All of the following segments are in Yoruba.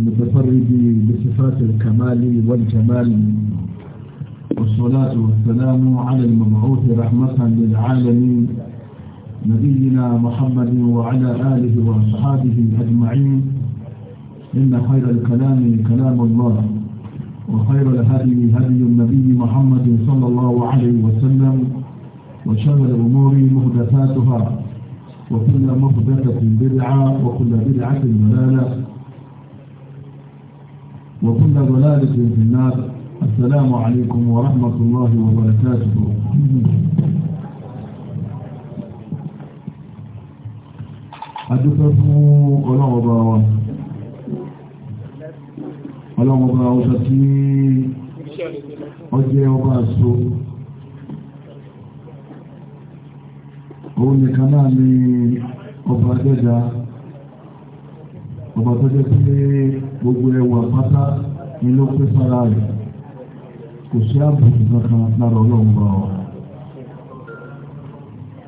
المتفرد بصفات الكمال والجمال والصلاة والسلام على المبعوث رحمة للعالمين نبينا محمد وعلى آله وأصحابه أجمعين إن خير الكلام كلام الله وخير الهدي هدي النبي محمد صلى الله عليه وسلم وشر الأمور مهدثاتها وكل مهدثة بدعة وكل بدعة ضلالة وكل ضلالة في النار السلام عليكم ورحمة الله وبركاته adúpẹ́ fún ọlọ́ọ̀bá wa ọlọ́ọ̀bá ọjọ́ tí ọjẹ́ ọba àṣò òun nìkan náà ni ọba adẹ́dàá ọba tó jẹ́ pé gbogbo ẹwà pátá ni ló pé sára rẹ̀ kò sí àbùkù kankan lára ọlọ́run bá ọ.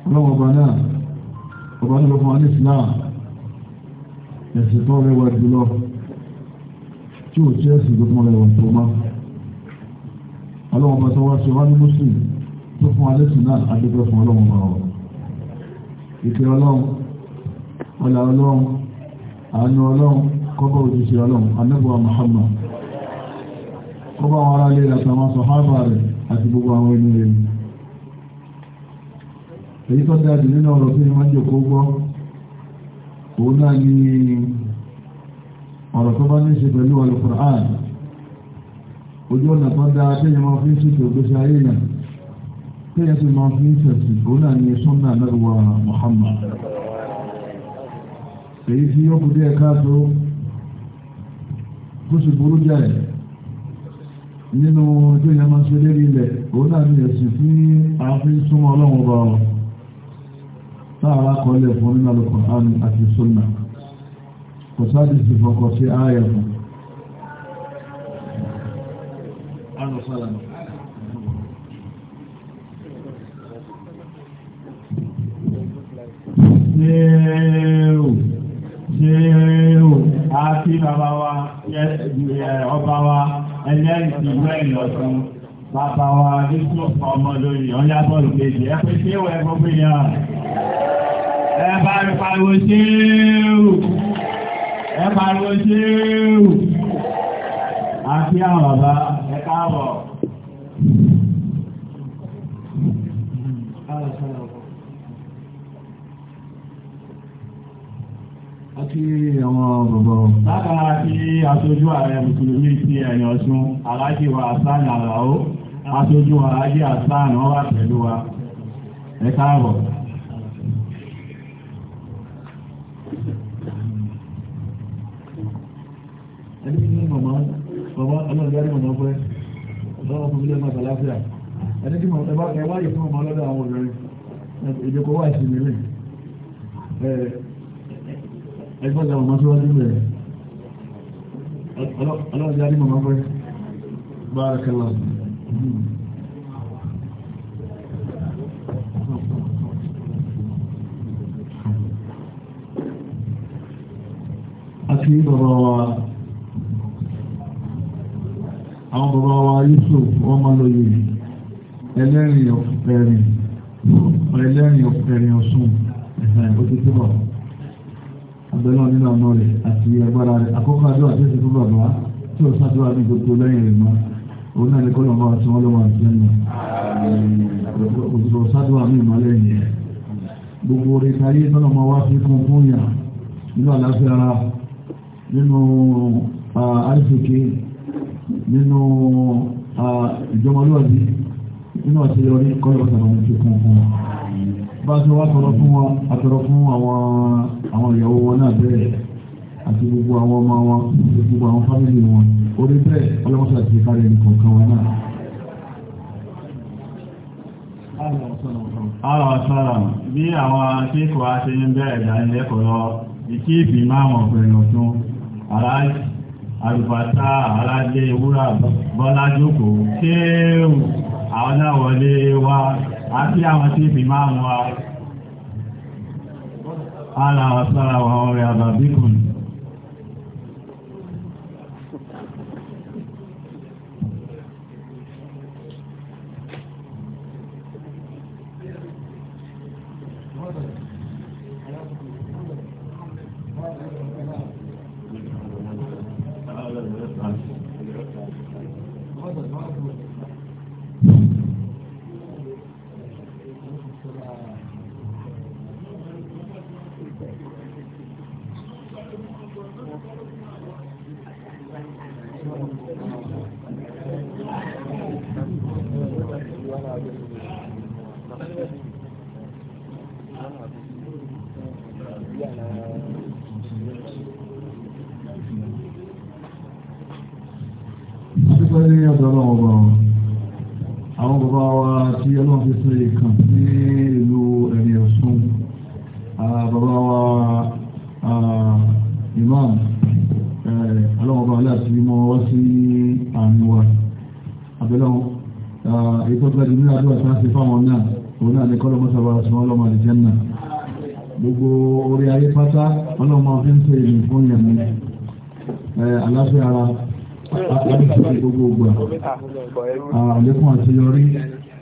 ọlọ́run ọba náà ọba náà ló fún wa ní Islam ẹ̀sìn tó rẹwà jùlọ tí ò jẹ́ ẹ̀sìn tó fún rẹwà tó má. ọlọ́run ọba tó wá sí wa ní muslim tó fún wa lẹ́sìn náà adúgbò fún ọlọ́run bá ọ. ìpè ọlọ́run ọlọ́run àánú ọlọ́run kọ́bà òjíṣẹ́ ọlọ́run anábùwà Muhammad kọ́bà àwọn aráalé àtàwọn sọ̀hábà rẹ̀ àti gbogbo àwọn ẹni rẹ̀ èyí tó dájú nínú ọ̀rọ̀ tó yẹ máa ń jòkó gbọ́ òun náà ni ọ̀rọ̀ tó bá ní ṣe pẹ̀lú Al-Qur'an ojú ọ̀nà tó dáa téèyàn máa fi ń ṣètò ìgbésí ayé yẹn téèyàn sì máa fi ń ṣẹ̀sìn òun náà ni sunna anábùwà Muhammad èyí tí yóò kú díẹ̀ káàtó kó sì burú jáì nínú ọjọ́ ìyá máa ń ṣe lérí ilẹ̀ òun náà ní ẹ̀sìn tí a fi súnmọ́ ọlọ́run bá ọ táàrà kọlẹ̀ fún nínú Al-Kùránì àti Sunnah kò sáàdì sí fọkọ̀ sí ààyè fún Yeah ṣéèrò àti bàbá wa ọba wa ẹlẹ́rìí ìlú ẹ̀lọ́sùn bàbá wa nígbà ọmọ lórí ọ̀yá bọ́ọ̀lù kejì ẹ pé ṣéèrò pé yà ẹ ẹ kí àwọn bàbá wọn. látara kí aṣojú ààrẹ mùsùlùmí ti ẹ̀yìn ọ̀ṣun aláàjì wa hasan alao aṣojú aláàjì hasan wọn pẹ̀lú wa ẹ káàbọ̀. ẹni ní màmá màmá ọlọ́ọ̀dárí fẹ́ ọlọ́wọ́ ẹgbọ́n ìyàwó máa tíwájú bẹ̀rẹ̀ ọlọ́ọ̀dẹ́ adé màmá fẹ́ bá ara kẹlá àti bàbá wa àwọn bàbá wa Yusuf wọ́n máa lọ yìí ẹlẹ́rìn ọ̀fẹ́rin ọ̀sùn ẹ̀hàn ó ti tó bàbá àbẹ̀lọ́ nínú àmọ́ rẹ̀ àti agbára rẹ̀ àkọ́kọ́ àdúrà tí ó ti fún bàbá tí ó sàdúrà ní gbogbo lẹ́yìn rẹ̀ mọ́ òun náà ní kọ́lọ̀ máa sọ ọlọ́wọ́ àti ẹnu òṣìṣẹ́ sàdúrà ní ìmọ̀ lẹ́yìn rẹ̀ gbogbo orí káyé tọ́lọ̀ máa wá fi kún fún yà nínú àlàáfíà ara nínú àìsèké nínú ìjọmọlúwàbí nínú àṣeyọrí kọ́lọ̀ sàrọ̀ bá ṣe wá tọrọ fún wọn àtọrọ fún àwọn ìyàwó wọn náà bẹ́ẹ̀ àti gbogbo àwọn ọmọ wọn àti gbogbo àwọn fámìlì wọn orí bẹ́ẹ̀ ọlọ́mọṣẹ́ àti ìkárẹ̀ nìkan kan wọn náà. Àwọn ọ̀sọ̀rọ̀ bí àwọn akẹ́kọ̀ọ́ aṣe ń bẹ̀rẹ̀ ìdánilẹ́kọ̀ọ́ lọ, ìkí ìbímọ àwọn ọ̀pẹ̀rẹ̀ ọ̀tún, aláìsí àlùbàtà aládé ewúrà bọ́lá jókòó kéèrù àwọn náà wọlé wá àti àwọn tí ìfì máa mú wa. Àlàwàsára wọn rẹ̀ àbàbíkùn. wọ́n ti ṣe ìkàn ní ìlú ẹ̀rìn ọ̀ṣun bàbá wa imam aláwọ̀bá aláàtí mọ́ wá sí àmì wa abẹ́lẹ́wọ̀n ìtọ́gbẹ́dì ní àdúrà tí wọ́n ti fáwọn náà òun náà ní kọ́lọ́mọ́sàbà ṣùgbọ́n ọlọ́mọ àlìjẹ́nà gbogbo orí ayé pátá ọlọ́mọ fi ń pè ní fún yẹn ní àlàáfíà ara àti gbogbo ògbà àlékún àti yọrí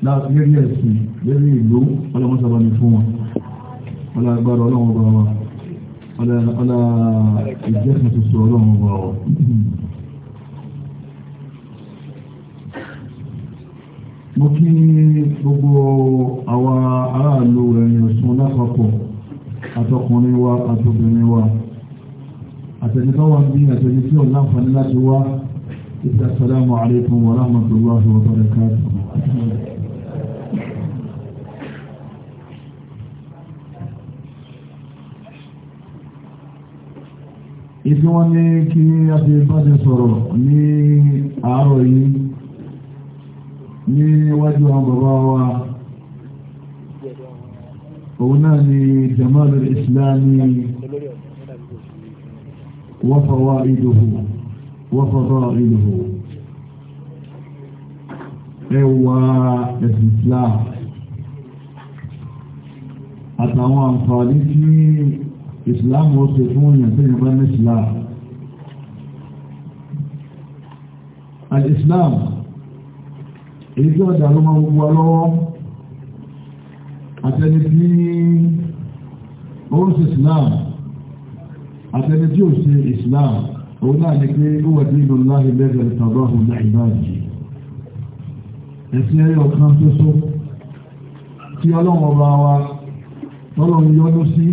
lórí ẹ̀sìn lórí ìlú ọlọ́mọ́sọ̀bọ̀ ní fún wọn ọlá agbára ọlọ́run bá wa ọlá ìjẹ́sìn tuntun ọlọ́run bá wa. mo kí gbogbo àwa aráàlú ẹ̀yìn ọ̀sùn lápapọ̀ àtọkùnrin wa àtobìnrin wa àtẹnitọ́ wa bí àtẹnití ò láǹfààní láti wá ìdásálàmù alaykum wa rahmatullahi wa barakatuh. ìfí wọ́n ní kí a ti bájẹ sọ̀rọ̀ ní àárọ̀ yìí ní wájú àwọn bàbá wa òun náà ni jamalul islami wa fawaiduhu wa fadailuhu ẹwà ẹ̀sìn àtàwọn àǹfààní tí ìsìláàmù ó ṣe fún èèyàn tó yẹn bá ní ìsìláàmù al-islam èyí tí ọjà ló máa gbogbo ọlọ́wọ́ àtẹni tí ó ń ṣe islam àtẹni tí ó ṣe islam òun náà ni pé ó wà ní ìlú láàrin lẹ́gbẹ̀ẹ́ tàbí àwọn ọmọ ìbáàjì ẹ̀sìn ẹyọ kan tó só tí ọlọ́wọ́ bá wa tọ́lọ́ yọ́nú sí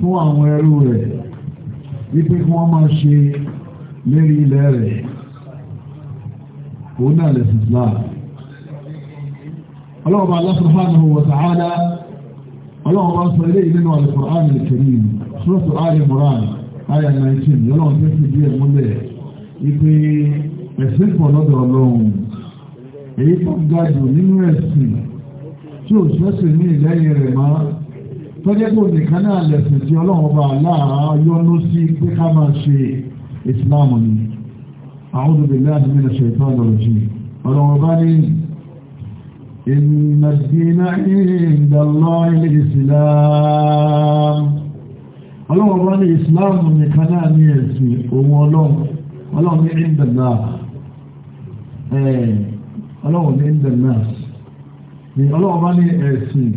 fún àwọn ẹrú rẹ̀ wípé kí wọ́n máa ṣe lérí ilẹ̀ rẹ̀ òun náà lẹ̀sìn Islam ọlọ́ọ̀bá Allah subhanahu wa ta'ala ọlọ́ọ̀bá sọ ilé ìlẹ́nu al-Qur'an al-Karim sọ́tọ̀ ààrẹ moran ààrẹ 19 lọ́lọ́wọ́n tó fi díẹ̀ múlẹ̀ wípé ẹ̀sìn pọ̀ lọ́dọ̀ ọlọ́run èyí tó ga jù nínú ẹ̀sìn tí ò sẹ́sìn ní ìlẹ́yìn rẹ̀ máa tọ́jẹ́ tó nìkan náà lẹ̀sìn tí ọlọ́run bá láàá yọ́nú sí pé ká máa ṣe islam ni a'udhu billahi minash shaitanir rajim ọlọ́run bá ní inna ad-dina inda Allahi al-islam ọlọ́run bá ní islam nìkan náà ní ẹ̀sìn ohun ọlọ́run ọlọ́run ní inda ọlọ́run ní inda ni ọlọ́run bá ní ẹ̀sìn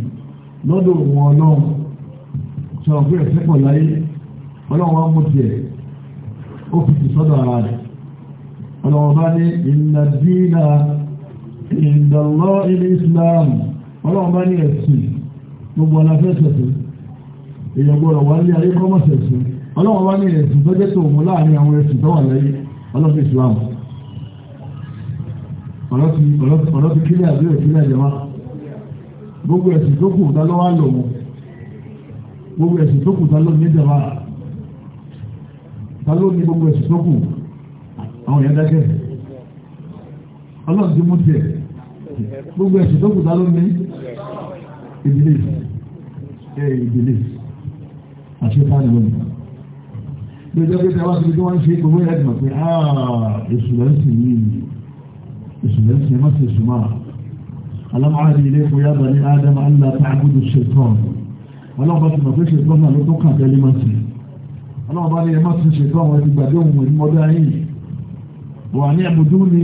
lọ́dọ̀ ohun ọlọ́run sọ̀rọ̀ pé ẹ̀sẹ̀ pọ̀ láyé ọlọ́run wa mú tiẹ̀ ó fi tìsọ́dọ̀ ara rẹ̀ ọlọ́run bá ní inna dina inda Allah ilé islam ọlọ́run bá ní ẹ̀sìn gbogbo aláfẹ́sẹ̀sẹ̀ èèyàn gbọ́dọ̀ wà ní ayé kọ́mọ̀sẹ̀sẹ̀ ọlọ́run bá ní ẹ̀sìn tó jẹ́ tó mú láàrin àwọn ẹ̀sìn tó wà láyé ọlọ́run islam ọlọ́run kílẹ̀ àbí òkílẹ̀ jẹ́ gbogbo ẹ̀sìn tó kù dá lọ́wọ́ gbogbo ẹ̀sìn tó kù ta ló ní ìjọba ta ló ní gbogbo ẹ̀sìn tó kù àwọn èèyàn dákẹ́ ọlọ́run ti mú tiẹ̀ gbogbo ẹ̀sìn tó kù ta ló ní ìdílé ẹ̀ ìdílé àṣetá ni wọ́n ní lójọ́ pé tí a bá ti tó wọ́n ń ṣe gbogbo ẹ̀dùn mọ̀ pé èṣù lẹ́ ń ní ìlú èṣù lẹ́ ń sìn mọ́sẹ̀ èṣù máa alámọ̀ àdìyẹ kò yá bàní ádámù allah ta'budu shaitan ọlọ́ọ̀bá ti mọ̀ pé ṣètò náà ló tó kàn tẹ́lẹ̀ máa ti ọlọ́ọ̀bá ní ẹ má ti ṣètò àwọn ẹbí gbàdé òun ìlú mọ́dá yìí wà ní àbùdó ní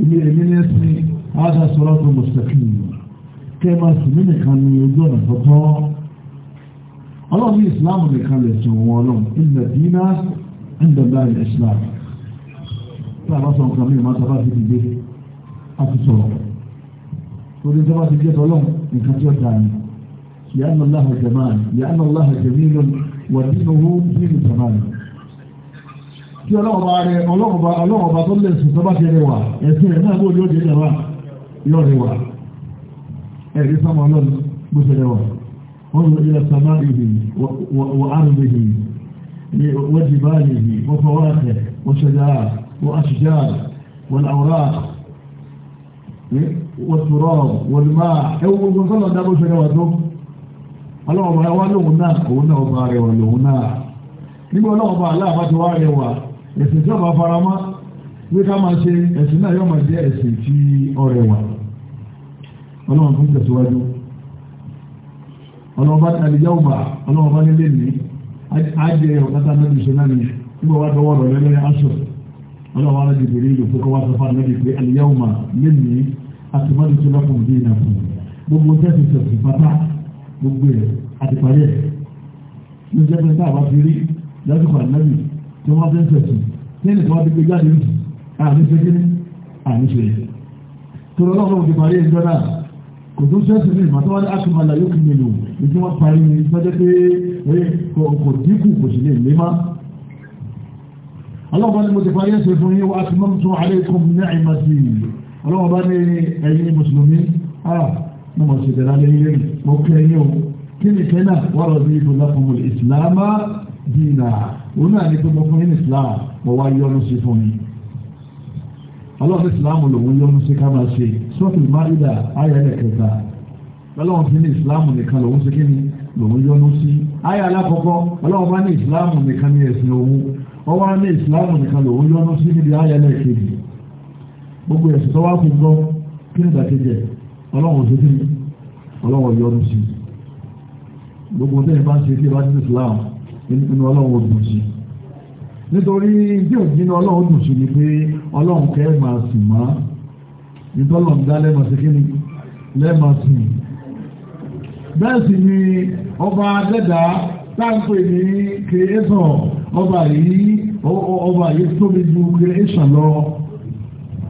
ilé ẹ̀mí ní ẹ̀sìn ága sọ̀rọ̀ tó mustaqim kẹ́ máa sùn mí nìkan ní ojú ọ̀nà tọ́tọ́ ọlọ́ọ̀bí ìsìláàmù nìkan lè sùn wọn ọlọ́run ilẹ̀ dínà ń dọ̀dá ilẹ̀ ìsìláàmù tí a bá sọ nǹkan mìíràn máa ti dìde a ti sọ̀rọ̀ torí tí a bá ti jẹ́ tọ́lọ́ nǹkan tí ó dáa ni لأن الله جمال لأن الله جميل ودينه دين جمال kí ọlọ́ọ̀bá rẹ̀ ọlọ́ọ̀bá ọlọ́ọ̀bá tó lè sùn tọ́bá ṣe rẹwà ẹ̀sìn ẹ̀ náà bó ló jẹ́ rẹwà yọ rẹwà ẹ̀rí sọmọ ọlọ́run bó ṣe rẹwà wọ́n lọ ilẹ̀ sàmá ìhì wọ àrùn ìhì ní wọ́jì báyìí ìhì wọ́n fọwọ́ àtẹ̀ wọ́n ṣẹjá wọ́n aṣíjá wọ́n àwòrá wọ́n tùrọ̀ wọ́n máa ẹwọ́n gbọ́n ọlọ́wọ́ bá wá lóhun náà òun náà bá rẹwà lóhun náà nígbà ọlọ́wọ́ bá aláàbá ti wá rẹwà ẹ̀sìn tí ọba faramá wí ká máa ṣe ẹ̀sìn náà yóò máa jẹ́ ẹ̀sìn tí ọ rẹwà ọlọ́wọ́ fún tẹ̀síwájú ọlọ́wọ́ bá tàbí yáwùbá ọlọ́wọ́ bá nílé ní ajẹ́ ọ̀tátá náà ní sọ́nà ní nígbà wá tọwọ́ rọ̀ lẹ́lẹ́ aṣọ ọlọ́wọ́ ara jìbìrì ìlú pé kọ́ wá sọ fún ànábì pé àlìyáwùmá gbogbo ẹ̀ àtìparí ẹ̀ ló jẹ́ pé táwọn fi rí lásìkò ànábì tí wọ́n fẹ́ sẹ̀sùn ní ìlú wọn ti gbé jáde ní àmì ṣe kí ni àmì ṣe tó lọ́wọ́ ti parí ẹjọ́ náà kò tó sẹ́sùn ní ìmọ̀ tó wá ní àtìmọ̀lá yóò kí nílò ìdí wọn parí ní sọ́jọ́ pé kò dínkù kò sì lè lé má ọlọ́wọ́ ni mo ti parí ẹ̀sẹ̀ fún yín wá àtìmọ̀ tó alaikum ni'mati ọlọ́wọ́ bá ní ẹ̀yin mùsùlùmí ah, mo mọ̀ sí ìdára lẹ́yìn lẹ́yìn mo kí ẹ̀yìn o kí ni kẹ́nà wà lọ sí ibùdó fún ìsìlámà dìínà òun náà ní pé mo fún yín ìsìlámà mo wá yọ́nú sí fún yín ọlọ́run ìsìlámù lòun yọ́nú sí ká máa ṣe sọ́ọ̀tù máìdà ayẹyẹ kẹta ọlọ́run fi ní ìsìlámù nìkan lòun ṣe kí ni lòun yọ́nú sí ayé alákọ̀ọ́kọ́ ọlọ́run bá ní ìsìlámù nìkan ní ẹ̀sìn òun ọwọ́ á ní ìsìlámù nìkan lòun yọ́nú sí níbi ayẹyẹ kejì gbogbo ẹ̀sìn tó wá kú gbọ́ kí ni ìdàkejì ẹ̀ ọlọ́run tó kí ọlọ́run yọrù sí gbogbo tẹ́yìn bá ń ṣe kí ẹ bá ti Islam nínú ọlọ́run dùn sí nítorí tí ò nínú ọlọ́run dùn sí ni pé ọlọ́run kẹ́ máa sìn mọ́ ìtọ́lọ̀ ń dá lẹ́mọ̀ sí kí ni lẹ́mọ̀ sí bẹ́ẹ̀ sì ni ọba dẹ́dà táǹpé ní creation ọba yìí ọba yìí tóbi ju creation lọ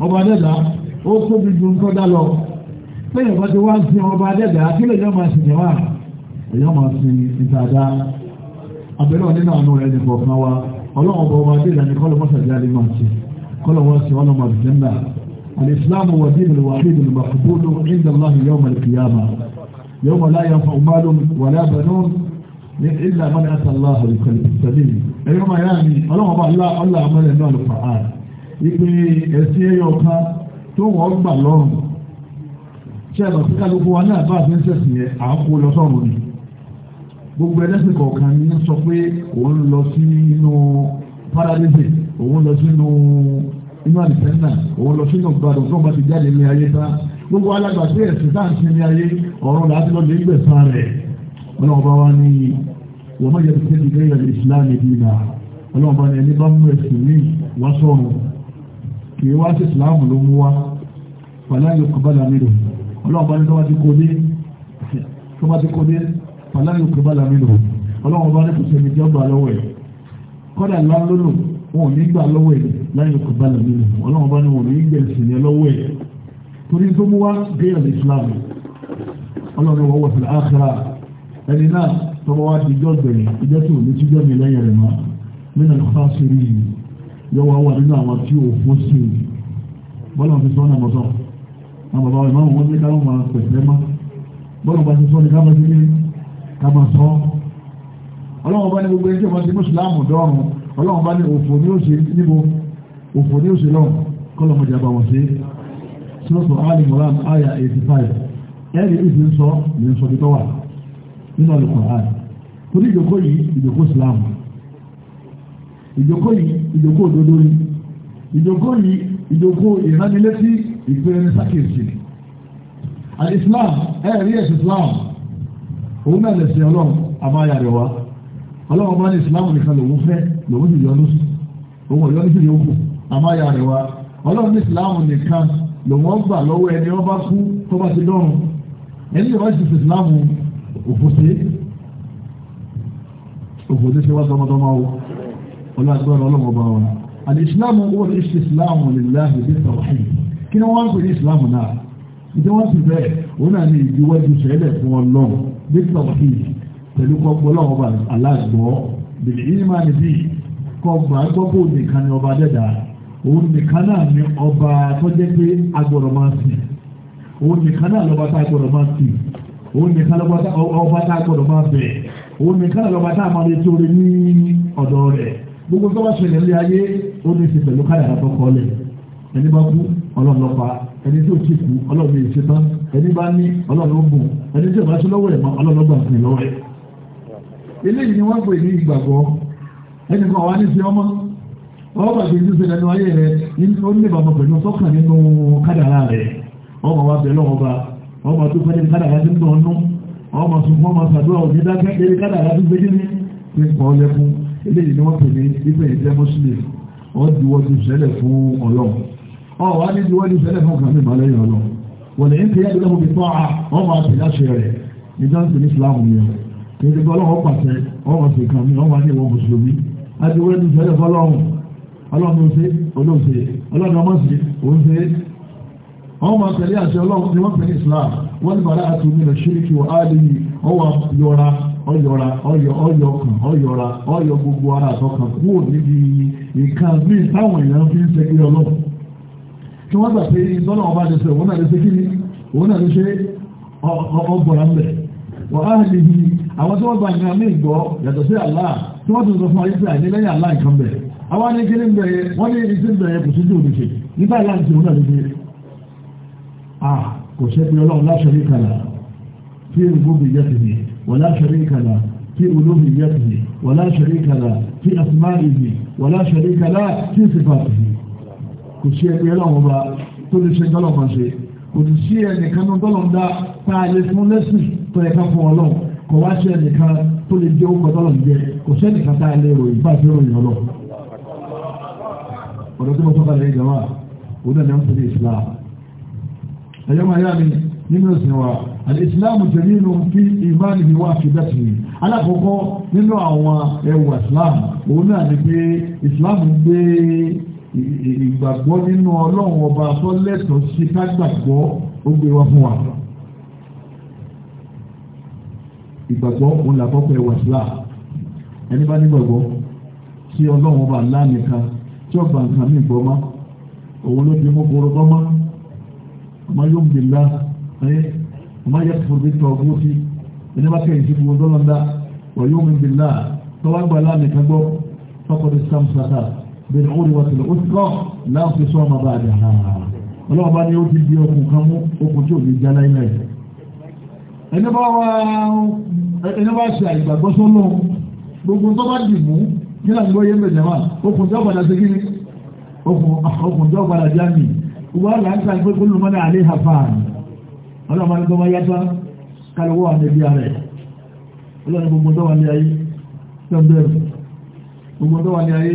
ọba dẹ́dà ó tóbi ju nǹkan dá lọ lẹ́yìn ọba tí wọ́n ń sin ọba adẹ́gà kí lè yọ́ máa sìn wá èyàn máa sin ìtajà abẹ́rẹ́ ọ̀nínà àánú rẹ̀ ní kọ̀ọ̀kan wa ọlọ́run ọba ọba adẹ́gà ní kọ́lọ́ mọ́sàdé alẹ́ máa ṣe kọ́lọ́ wọ́n ṣe ọlọ́mọ àbìjẹ́ńdà alìsílámù wà bí ìlú wà bí ìlú màkúbúlù ìdá láhì yọ́ mọ̀ ìkìyàmà yọ́ mọ̀ láyà fún ọmọlùm wà lábẹ́nún ní ìlà mọ́ni àtàlá tó wọ́n gbà lọ́rùn tí a lọ sí kálukú wa náà bá a fi ń sẹ̀sìn yẹn à ń kó lọ sọ́run ni gbogbo ẹlẹ́sìn kọ̀ọ̀kan ní sọ pé òun lọ sí inú paradise òun lọ sínú inú àlìsẹ́nà òun lọ sínú gbàdùn tó bá ti jáde ní ayé tán gbogbo alágbà tí ẹ̀sìn tá à ń sin ní ayé ọ̀run láti lọ́ọ́ lè ń gbẹ̀sà rẹ̀ ọlọ́run bá wá ní wọ́n má jẹ́ ti tẹ́lẹ̀ gẹ́gẹ́ ìyàlẹ̀ ìsìláàmù ìdílà ọlọ́run bá ní ẹni bá mú ẹ̀sìn ní wá sọ̀run kì í wá sí ìsìláàmù ló mú wá pàlá yóò ọlọ́ọ̀bá ní tọ́wọ́ ti kó dé tọ́wọ́ ti kó dé pàlàyé òkè bá làmì lò ọlọ́wọ́ bá ní kò sẹ́ni tí ó gbà lọ́wọ́ ẹ̀ kọ́dà ńlá lónà wọn ò ní gbà lọ́wọ́ ẹ̀ láyé òkè bá làmì lò ọlọ́wọ́ bá ní wọn ò ní gbẹ̀ sí ní lọ́wọ́ ẹ̀ torí tó mú wá géèyàn Islam ọlọ́run wọ́n wọ̀ sílẹ̀ ákàrà ẹni náà tọ́wọ́ wá ti jọ́ gbẹ̀yìn ìjọ́ tí ò ní tíjọ́ mi lẹ́yìn rẹ̀ mọ́ nínú ìfá sírí yọ wá wà nínú àwọn tí ò sí i bọ́lá fi sọ́nà mọ́tọ́ àwọn bàbá ìmọ̀ wọn ní káwọn máa pẹ̀lẹ́ mọ́ bọ́ọ̀lù bá ti sọ ní káwọn ti ní káwọn sọ ọlọ́run bá ní gbogbo ẹjọ́ wọn ti mùsùlùmù dọ́rùn ọlọ́run bá ní òfò ní òsè níbo òfò ní òsè lọ́rùn kọ́lọ́mọdé àbàwọ̀ sí sọ́tọ̀ alimoran aya 85 ẹ̀rì ìfi ń sọ ní sọ bí tọ́wà nínú Al-Qur'an torí ìjòkó yìí ìjòkó Islam ìjòkó yìí ìjòkó òdodo ni ìjòkó yìí ìjòkó ìhánilétí ìgbéra ní sákèsì al-Islam ẹ̀rí ẹ̀sì Islam òun náà lẹ̀sìn ọlọ́run àbáyà rẹ̀ wá ọlọ́run bá ní Islam nìkan lòun fẹ́ lòun sì yọnu sí òun ọ̀yọ́nu sí yòókù àbáyà rẹ̀ wá ọlọ́run ní Islam nìkan lòun ọgbà lọ́wọ́ ẹni ọba kú tó bá ti lọ́run ẹni ìwà ìsìsì Islam òfòsè òfòsè ṣe wá tọmọtọmọ wọn ọlọ́run àti ọlọ́run ọba wọn al-Islam huwa al-istislam lillahi bit kí ni wọ́n ń pè ní islam náà ìdí wọ́n ti bẹ́ẹ̀ òun náà ní ìdíwọ́jú sẹ́lẹ̀ fún ọlọ́run nípa òfin pẹ̀lú kọ́gbọ́ lọ́wọ́ bá aláàgbọ́ bèrè yìí máa ní bí kọ́gbà gbọ́gbó nìkan ni ọba dẹ́dà òun nìkan náà ni ọba tó jẹ́ pé agbọ̀rọ̀ máa sìn òun nìkan náà lọ́ba tá agbọ̀rọ̀ máa sìn òun nìkan ọba tá agbọ̀rọ̀ máa bẹ̀ òun nìkan náà lọ́ba tá a máa lè tó rẹ ní ọ̀dọ̀ rẹ̀ gbogbo tó bá ṣẹlẹ̀ lé ayé ó ní í ṣe pẹ̀lú káyà àtọkọ lẹ̀ ẹni bá kú ọlọ́run ló pa ẹni tó ti kú ọlọ́run lè ṣe tán ẹni bá ní ọlọ́run ló bùn ẹni tí ìbáṣe lọ́wọ́ ẹ̀ mọ́ ọlọ́run ló gbà fún lọ́wọ́ ẹ̀. eléyìí ni wọ́n pè ní ìgbàgbọ́ ẹnì kan wà ní ti ọmọ ọwọ́ bàbá ìlú ṣe lẹ́nu ayé rẹ ó ní bàbá pẹ̀lú sọ́kàn nínú kádàrá rẹ ọmọ wa bẹ̀ lọ́wọ́ bá ọmọ tó fẹ́ ní kádàrá ti ń dùn ọ́nú ọmọ sunfọ́n ma ṣàdúrà òní dákẹ́ eré kádàrá ti fún ọlọ́run ọwọ́ á ní ìwọ́dí fẹ́lẹ́ fún kàmí ìbálẹ̀ yọ̀ lọ wọ̀lẹ̀ ń tẹ́yẹ́ tó lọ́kùnrin tọ́ a wọ́n máa tẹ̀lé àṣẹ rẹ̀ nígbà tó ní ìsìlámù yẹn kí ẹni gbọ́dọ̀ wọ́n pàṣẹ wọ́n máa ṣe kàmí wọ́n máa ní ìwọ̀n mùsùlùmí á ti wọ́n ní fẹ́lẹ́ fọlọ́run ọlọ́run ó ṣe olóòṣe ọlọ́run ọmọ ṣe òun ṣe wọ́n máa tẹ̀lé àṣẹ ọlọ́run tí wọ́n tẹ̀lé ìsìlámù wọ́n ní bàrá àtúnmí lọ ṣíríkì wọ́n á lè ọwọ́ yọra ọyọra ọyọ ọyọ kan ọyọra ọyọ gbogbo ara àtọkàn kúrò níbi ìkan ní táwọn èèyàn fi ń ṣe kí ọlọ́run kí wọ́n gbà ìtọ́nà ọba lè ṣe náà lè ṣe kí ni òun náà lè ṣe ọgbọ̀nà ń bẹ̀. wọ́n á lè fi àwọn tí wọ́n gba nǹkan mí gbọ́ yàtọ̀ sí àlá tí wọ́n tún sọ fún ayéṣẹ́ àìní lẹ́yìn àlá nǹkan bẹ̀. àwọn ní kíní bẹ̀rẹ̀ wọ́n ní ìṣe bẹ̀rẹ̀ kò sí ní òdìṣe nígbà láti òun náà lè ṣe. a kò ṣe pé ọlọ́run láṣẹrí kàlà tí olóbi yẹ ti ní wọ́n láṣẹrí kàlà tí olóbi yẹ kò sí ẹni ẹlọ́wọ́n bá tó lè ṣe tọ́lọ̀ máa ṣe kò sì sí ẹnìkan náà tọ́lọ̀ ń dá tá a lè fún lẹ́sìn tó yẹ ká fún ọ lọ́wọ́ kò wá sí ẹnìkan tó lè jẹ́ òkò tọ́lọ̀ ń jẹ kò sí ẹnìkan tá a lè ròyìn bá a fi ròyìn ọlọ́ ọ̀dọ́ tí mo tọ́ka lẹ́yìn jama òun náà ni wọ́n ti ní Islam ẹ̀yọ́ máa yá mi nínú ìsìn wa alìsìláàmù jẹ̀mí inú fi ìmáàlì ní wá fi bẹ́ẹ̀ tìí alákọ̀ọ́kọ́ nínú àwọn ẹwà Islam òun náà ni pé Islam ń gbé ìgbàgbọ́ nínú ọlọ́run ọba tó lẹ́tọ̀ọ́ sí ká gbàgbọ́ ó gbé wá fún wa. ìgbàgbọ́ òun làkọ́kọ́ ẹ̀wà sílá ẹni bá nígbàgbọ́ tí ọlọ́run ọba lánìkan tí ọba nǹkan mí gbọ́ má òun ló di mú gbòòrò bọ́ má ọmọ yóò ń bìlá ẹ ọmọ yẹ fún mi tọ́ ọgbó sí ẹni bá kẹ́yìn sí gbogbo dọ́lọ́ńdá wọ́n yóò ń bìlá tọ́wọ́ gbà lánìkan gbọ́ tọ́kọ̀ بالعروة الأسرة لا خصام بعدها ọlọ́run bá ní ó ti di okùn kan mú okùn tí ò lè jẹ́ láìláì ẹni bá wá ẹni bá ṣe àìgbàgbọ́ sọ́nà gbogbo tó bá dì mú nílà ń gbọ́ yé mẹ́jẹ̀ wá okùn tí ó padà ṣe kíni okùn tí ó padà já mi wọ́n là ń sàn pé kó ló mọ́ni àlè hafaan ọlọ́run bá ní tó bá yá tán kálíwọ́ wà níbi rẹ̀ ọlọ́run gbogbo tó wà ní ayé tó bẹ̀rù gbogbo tó wà ní ayé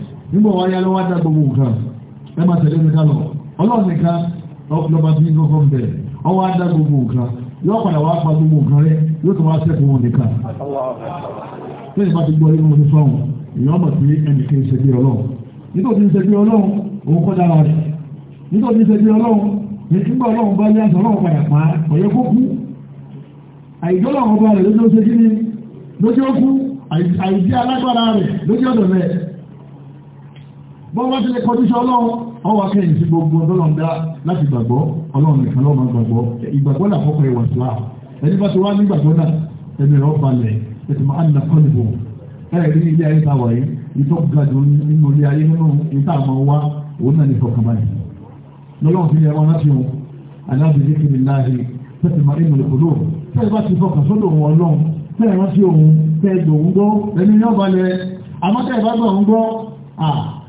nígbà wáyé ló wá dá gbogbo nǹkan ẹ máa tẹ̀lé mi ká lọ ọlọ́run nìkan lọ́ba bí gbogbo ń bẹ̀ ọ wá dá gbogbo nǹkan yóò padà wá pa gbogbo nǹkan rẹ yóò tó wá sẹ́kù wọn nìkan tí ìbá ti gbọ́ inú omi fáwọn èèyàn mọ̀ pé ẹnì kì í ọlọ́run nítorí ṣe bí ọlọ́run òun kọ́ dára rẹ̀ nítorí ṣe bí ọlọ́run ọlọ́run bọ́n wọ́n ti lè kọjú sí ọlọ́run wọ́n wá kẹ́yìn sí gbogbo ọlọ́run dá láti gbàgbọ́ ọlọ́run nìkan lọ́mọ gbàgbọ́ ìgbàgbọ́ là kọ́kọ́ ẹwà sí wa ẹni bá ti wá ní ìgbàgbọ́ náà ẹni rẹ̀ balẹ̀ ètò máa ń nà kọ́ nìbò ẹ̀rí ilé ayé ta wáyé ìtọ́ gàdù nínú ilé ayé nínú ìta àmọ́ wa òun náà ní fọkànbalẹ̀ lọ́lọ́run fi yẹ wọn láti wọn aláàbìlẹ̀ kìnnì láàyè tẹ́tì máa ń nà lọ́kọ́ lóòrùn tẹ́ẹ̀ bá ti fọkàn sódò wọn ọlọ́run tẹ́ẹ̀ rántí òun tẹ́ẹ̀ gbòǹgbò ẹni yọ́ balẹ̀ àmọ́ tẹ́ẹ̀ bá gbòǹgbò à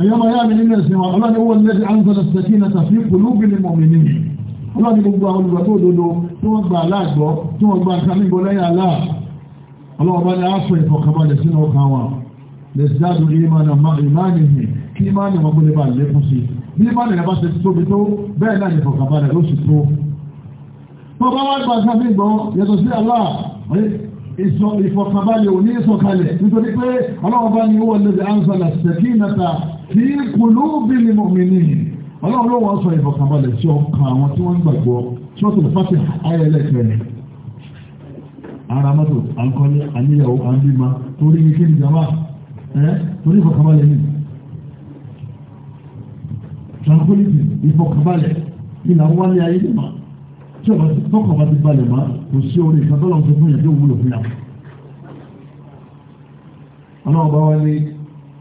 ẹ̀yọ́ máa yá mi nínú ẹ̀sìn wa ọlọ́ni wọ́n lẹ́sí anzala sakinata fi qulubil mu'minin ọlọ́ni gbogbo àwọn olùgbàgbọ́ òdodo tí wọ́n gba aláàgbọ́ tí wọ́n gba nǹkan níbo lẹ́yìn alá ọlọ́wọ́ bá ní aṣọ ìfọ̀kànbalẹ̀ sínú ọkàn wa lẹ́sídáàdù ìmánà ìmánì mi kí ìmánì wọn gbọ́dọ̀ bá lékún sí bí ìmánì rẹ̀ bá ṣe tóbi tó bẹ́ẹ̀ náà ní fi qulubil mu'minin ọlọ́run ló wọ́n sọ ìfọ̀kànbalẹ̀ sí ọkàn àwọn tí wọ́n ń gbàgbọ́ tí wọ́n tẹ̀lé fásitì ayẹlẹ́kẹ̀ẹ́ ara mọ́tò àǹkọ́lé àníyàwó àǹbímá torí ní kíni jama ẹ́ torí ìfọ̀kànbalẹ̀ ni tranquility ìfọ̀kànbalẹ̀ ìlà wálé ayé lè má tí ọba tí tọkàn bá ti balẹ̀ má kò sí orí ìfọ̀kànbalẹ̀ tó fún yàtọ̀ òwúlò fún yàtọ̀ ọlọ́run bá wá ní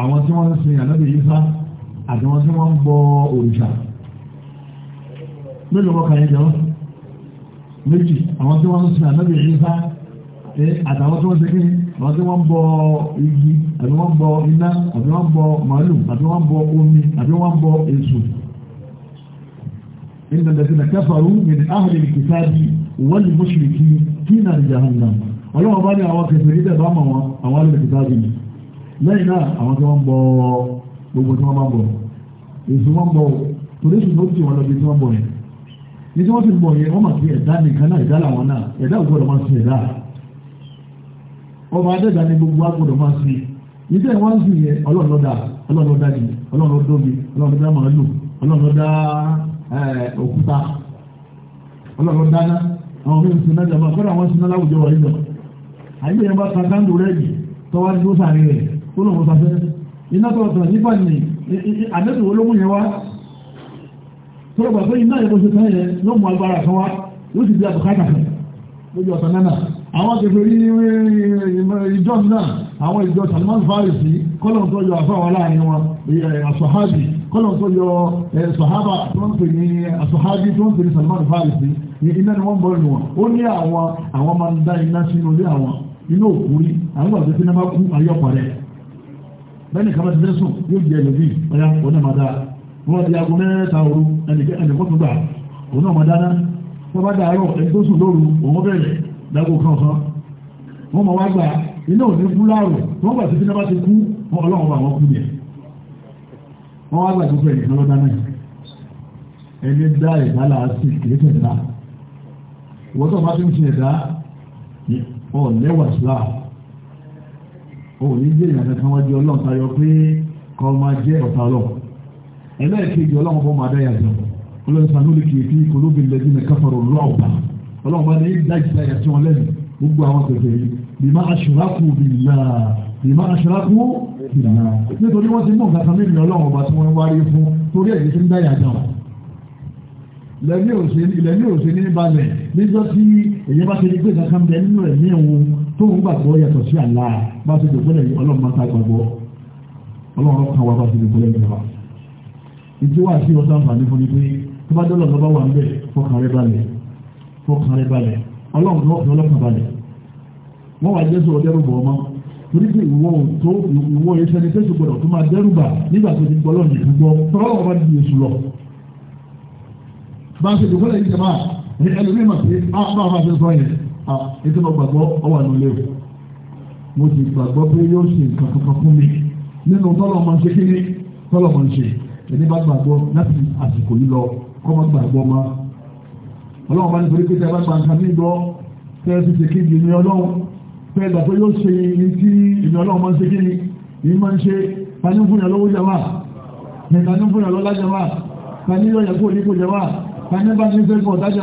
àwọn tí wọ́n ń sin ànábì Ìsá àti wọ́n tí wọ́n ń bọ òrìṣà mélòó wọ́n kàn yín jọ méjì àwọn tí wọ́n ń sin ànábì Ìsá àtàwọn tí wọ́n ṣe kíni àwọn tí wọ́n ń bọ igi àti wọ́n ń bọ iná àti wọ́n ń bọ màálù àti wọ́n ń bọ omi àti wọ́n ń bọ èso. إن الذين كفروا من أهل الكتاب والمشركين في نار جهنم. ọlọ́wọ́ bá ní àwọn kẹfẹ́ nígbà bá mọ̀ wọn àwọn alẹ́ kìtàbí ni lẹ́yìn náà àwọn tí wọ́n ń bọ gbogbo tí wọ́n máa ń bọ èso wọn bọ torí èso tó ti wọn lọ bí tí wọ́n bọ yẹn ní tí wọ́n ti bọ yẹn wọ́n mọ̀ sí ẹ̀dá nìkan náà ẹ̀dá làwọn náà ẹ̀dá ògbọ́dọ̀ máa sin ẹ̀dá ọba adẹ́dá ni gbogbo agbọ́dọ̀ máa sin ní tẹ́ wọ́n ń sin yẹn ọlọ́run ló dá ọlọ́run ló dá ni ọlọ́run ló dóbi ọlọ́run ló dá màálù ọlọ́run ló dá òkúta ọlọ́run ló dáná àwọn mí sin náà jàmbá kọ́dà wọ́n sin náà láwùjọ wà tó lòun sàfẹ́ iná tó ọ̀tọ̀ nípa ni, àdẹ́tù ológun yẹn wá tó lọ́gbà pé iná yẹn bó ṣe tán yẹn ló mú agbára kan wá ló sì bí àbùkátà fẹ́ lójú ọ̀tọ̀ náà àwọn akẹ́kọ̀ọ́ rí ìjọ náà àwọn ìjọ Salman Farisi kọ́lọ̀n tó yọ àfáwọn láàrin wọn asọ̀hábì kọ́lọ̀n tó yọ sọ̀hábà tó ń pè ní asọ̀hábì tó ń pè ní Salman Farisi iná ni wọ́n bọ̀rọ̀ wọn ó ní àwọn àwọn máa ń dá iná sínú ilé àwọn inú òkúrí àwọn àti sinimá kú ayọ́pọ̀ rẹ̀ bẹ́ẹ̀ni kama ti dẹ́sùn yóò jẹ lòdì ọ̀yà wọn náà máa dáa wọ́n ti aago mẹ́ta òru ẹnìkan tó gbà òun náà máa dáná wọ́n bá dàárọ̀ ẹni tó sùn lóru òun bẹ̀rẹ̀ dágò kankan wọ́n máa wá gbà iná òní kú láàrọ̀ wọ́n gbà títí náà bá ti kú ọlọ́run bá wọn kú yẹn wọ́n wá gbà tó fẹ́ ẹnìkan lọ́dá náà ẹni dá ẹ̀dá làásì kìí fẹ̀dá ìwọ́n tó bá ti ń fi ẹ̀dá ọ̀ lẹ́wà síláà òun ní jẹ́ ìyàtọ̀ kan wájú ọlọ́run tayọ pé kọ́ máa jẹ́ ọ̀tá ọlọ́run ẹlẹ́ẹ̀kejì ọlọ́run fọ́ máa dáyà jọ ọlọ́run sanu lè kì í fi kolóbi lẹ́dí ní káfọ̀rọ̀ lọ́ọ̀bà ọlọ́run bá ní dájú dáyà tí wọ́n lẹ́nu gbogbo àwọn pèsè yìí bímá aṣọ́rákù bìlá bímá aṣọ́rákù bìlá nítorí wọ́n ti mú nǹkan kan mímu ọlọ́run ọba tí wọ́n wárí fún torí ẹ̀yìn tí ń dáyà jọ ilẹ̀ ní òsè ní balẹ̀ níjọ́ tí èyí bá ti di pé kankan bẹ nínú ẹ̀mí òun tó ń gbàgbọ́ yàtọ̀ sí Allah bá a ti dùn fúnlẹ̀ yìí ọlọ́run máa ta gbàgbọ́ ọlọ́run kan wá bá a ti dùn fúnlẹ̀ yìí wa. ìdí wà sí ọ̀sán àǹfààní fún mi pé tó bá dọ́lọ̀ lọ́ba wà ń bẹ̀ fọkàn rẹ balẹ̀ fọkàn rẹ balẹ̀ ọlọ́run ló balẹ̀. wọ́n wá jésù ọdẹ́rù bọ̀ ọmọ torí pé ìwọ tó ìwọ ẹsẹ̀ ni tẹ́sí gbọdọ̀ di èṣù lọ. bá a ṣe dùn fúnlẹ̀ yìí sẹ́mà ẹlòmíràn pé ah, a Ah, ètò mo gbàgbọ́ ọwọ́ àná o mo sì gbàgbọ́ pé yóò ṣe nǹkan kankan fún mi nínú tọ́lọ̀ máa ń ṣe kíní tọ́lọ̀ máa ń ṣe ẹni bá gbàgbọ́ láti àsìkò yìí lọ kọ́ máa gbàgbọ́ ma ọlọ́run bá nítorí pé tẹ́ bá gba nǹkan mí gbọ́ tẹ́ ẹ ti ṣe kí ìgbìmí ọlọ́run tẹ́ ẹ gbà pé yóò ṣe ní tí ìgbìmí ọlọ́run máa ń ṣe kíní ìyí máa ń ṣe tani fún yàn lọ́wọ́ jẹ́wà tani fún yàn lọ́lá jẹ́wà tani yọ̀ yẹ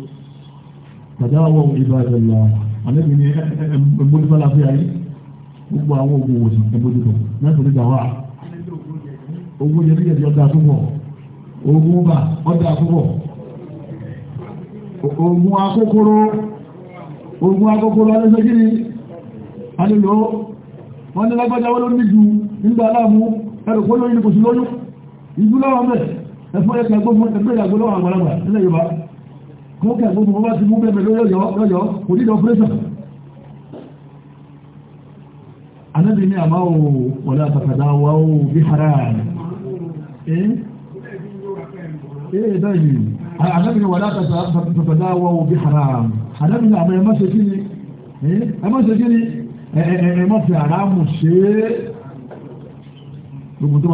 tàdáwọ̀ ìbàdàlà àlẹ́bí ní ẹgbẹ́lúfàlà fẹ́ ayé gbogbo àwọn ogun òsì ẹgbẹ́lúfà mẹ́sàn ní dàwà ogun yẹn yẹn ọ̀dà púpọ̀ ogun bà ọ̀dà púpọ̀ ogun akókóró ogun akókóró alẹ́sẹ̀ kiri alẹ́lọ́ wọ́n ní lágbájá wọ́n ló ní ju nígbà aláàmú ẹ̀rù kó lóyún kò sí lóyún ìdúlọ́wọ́ mẹ́ ẹ̀fọ́ ẹ̀kẹ́ gbogbo ẹgbẹ́ ìyàgbọ́ lọ́wọ́ àgbàlagbà nílẹ̀ Yorùbá kọ́kẹ́ gbogbo bá ti mú bẹ́ẹ̀ lọ́yọ́ kò nílò pírẹ́sàn anábì ní àmá o wọ̀lá àtàkàdá wa o bí hara ẹ́ ẹ́ báyìí anábì ní wọ̀lá àtàkàdá wa o bí hara anábì ní àmá ẹmá ṣe kí ni ẹmá ṣe kí ni ẹmá fi àrámù ṣe é gbogbo tó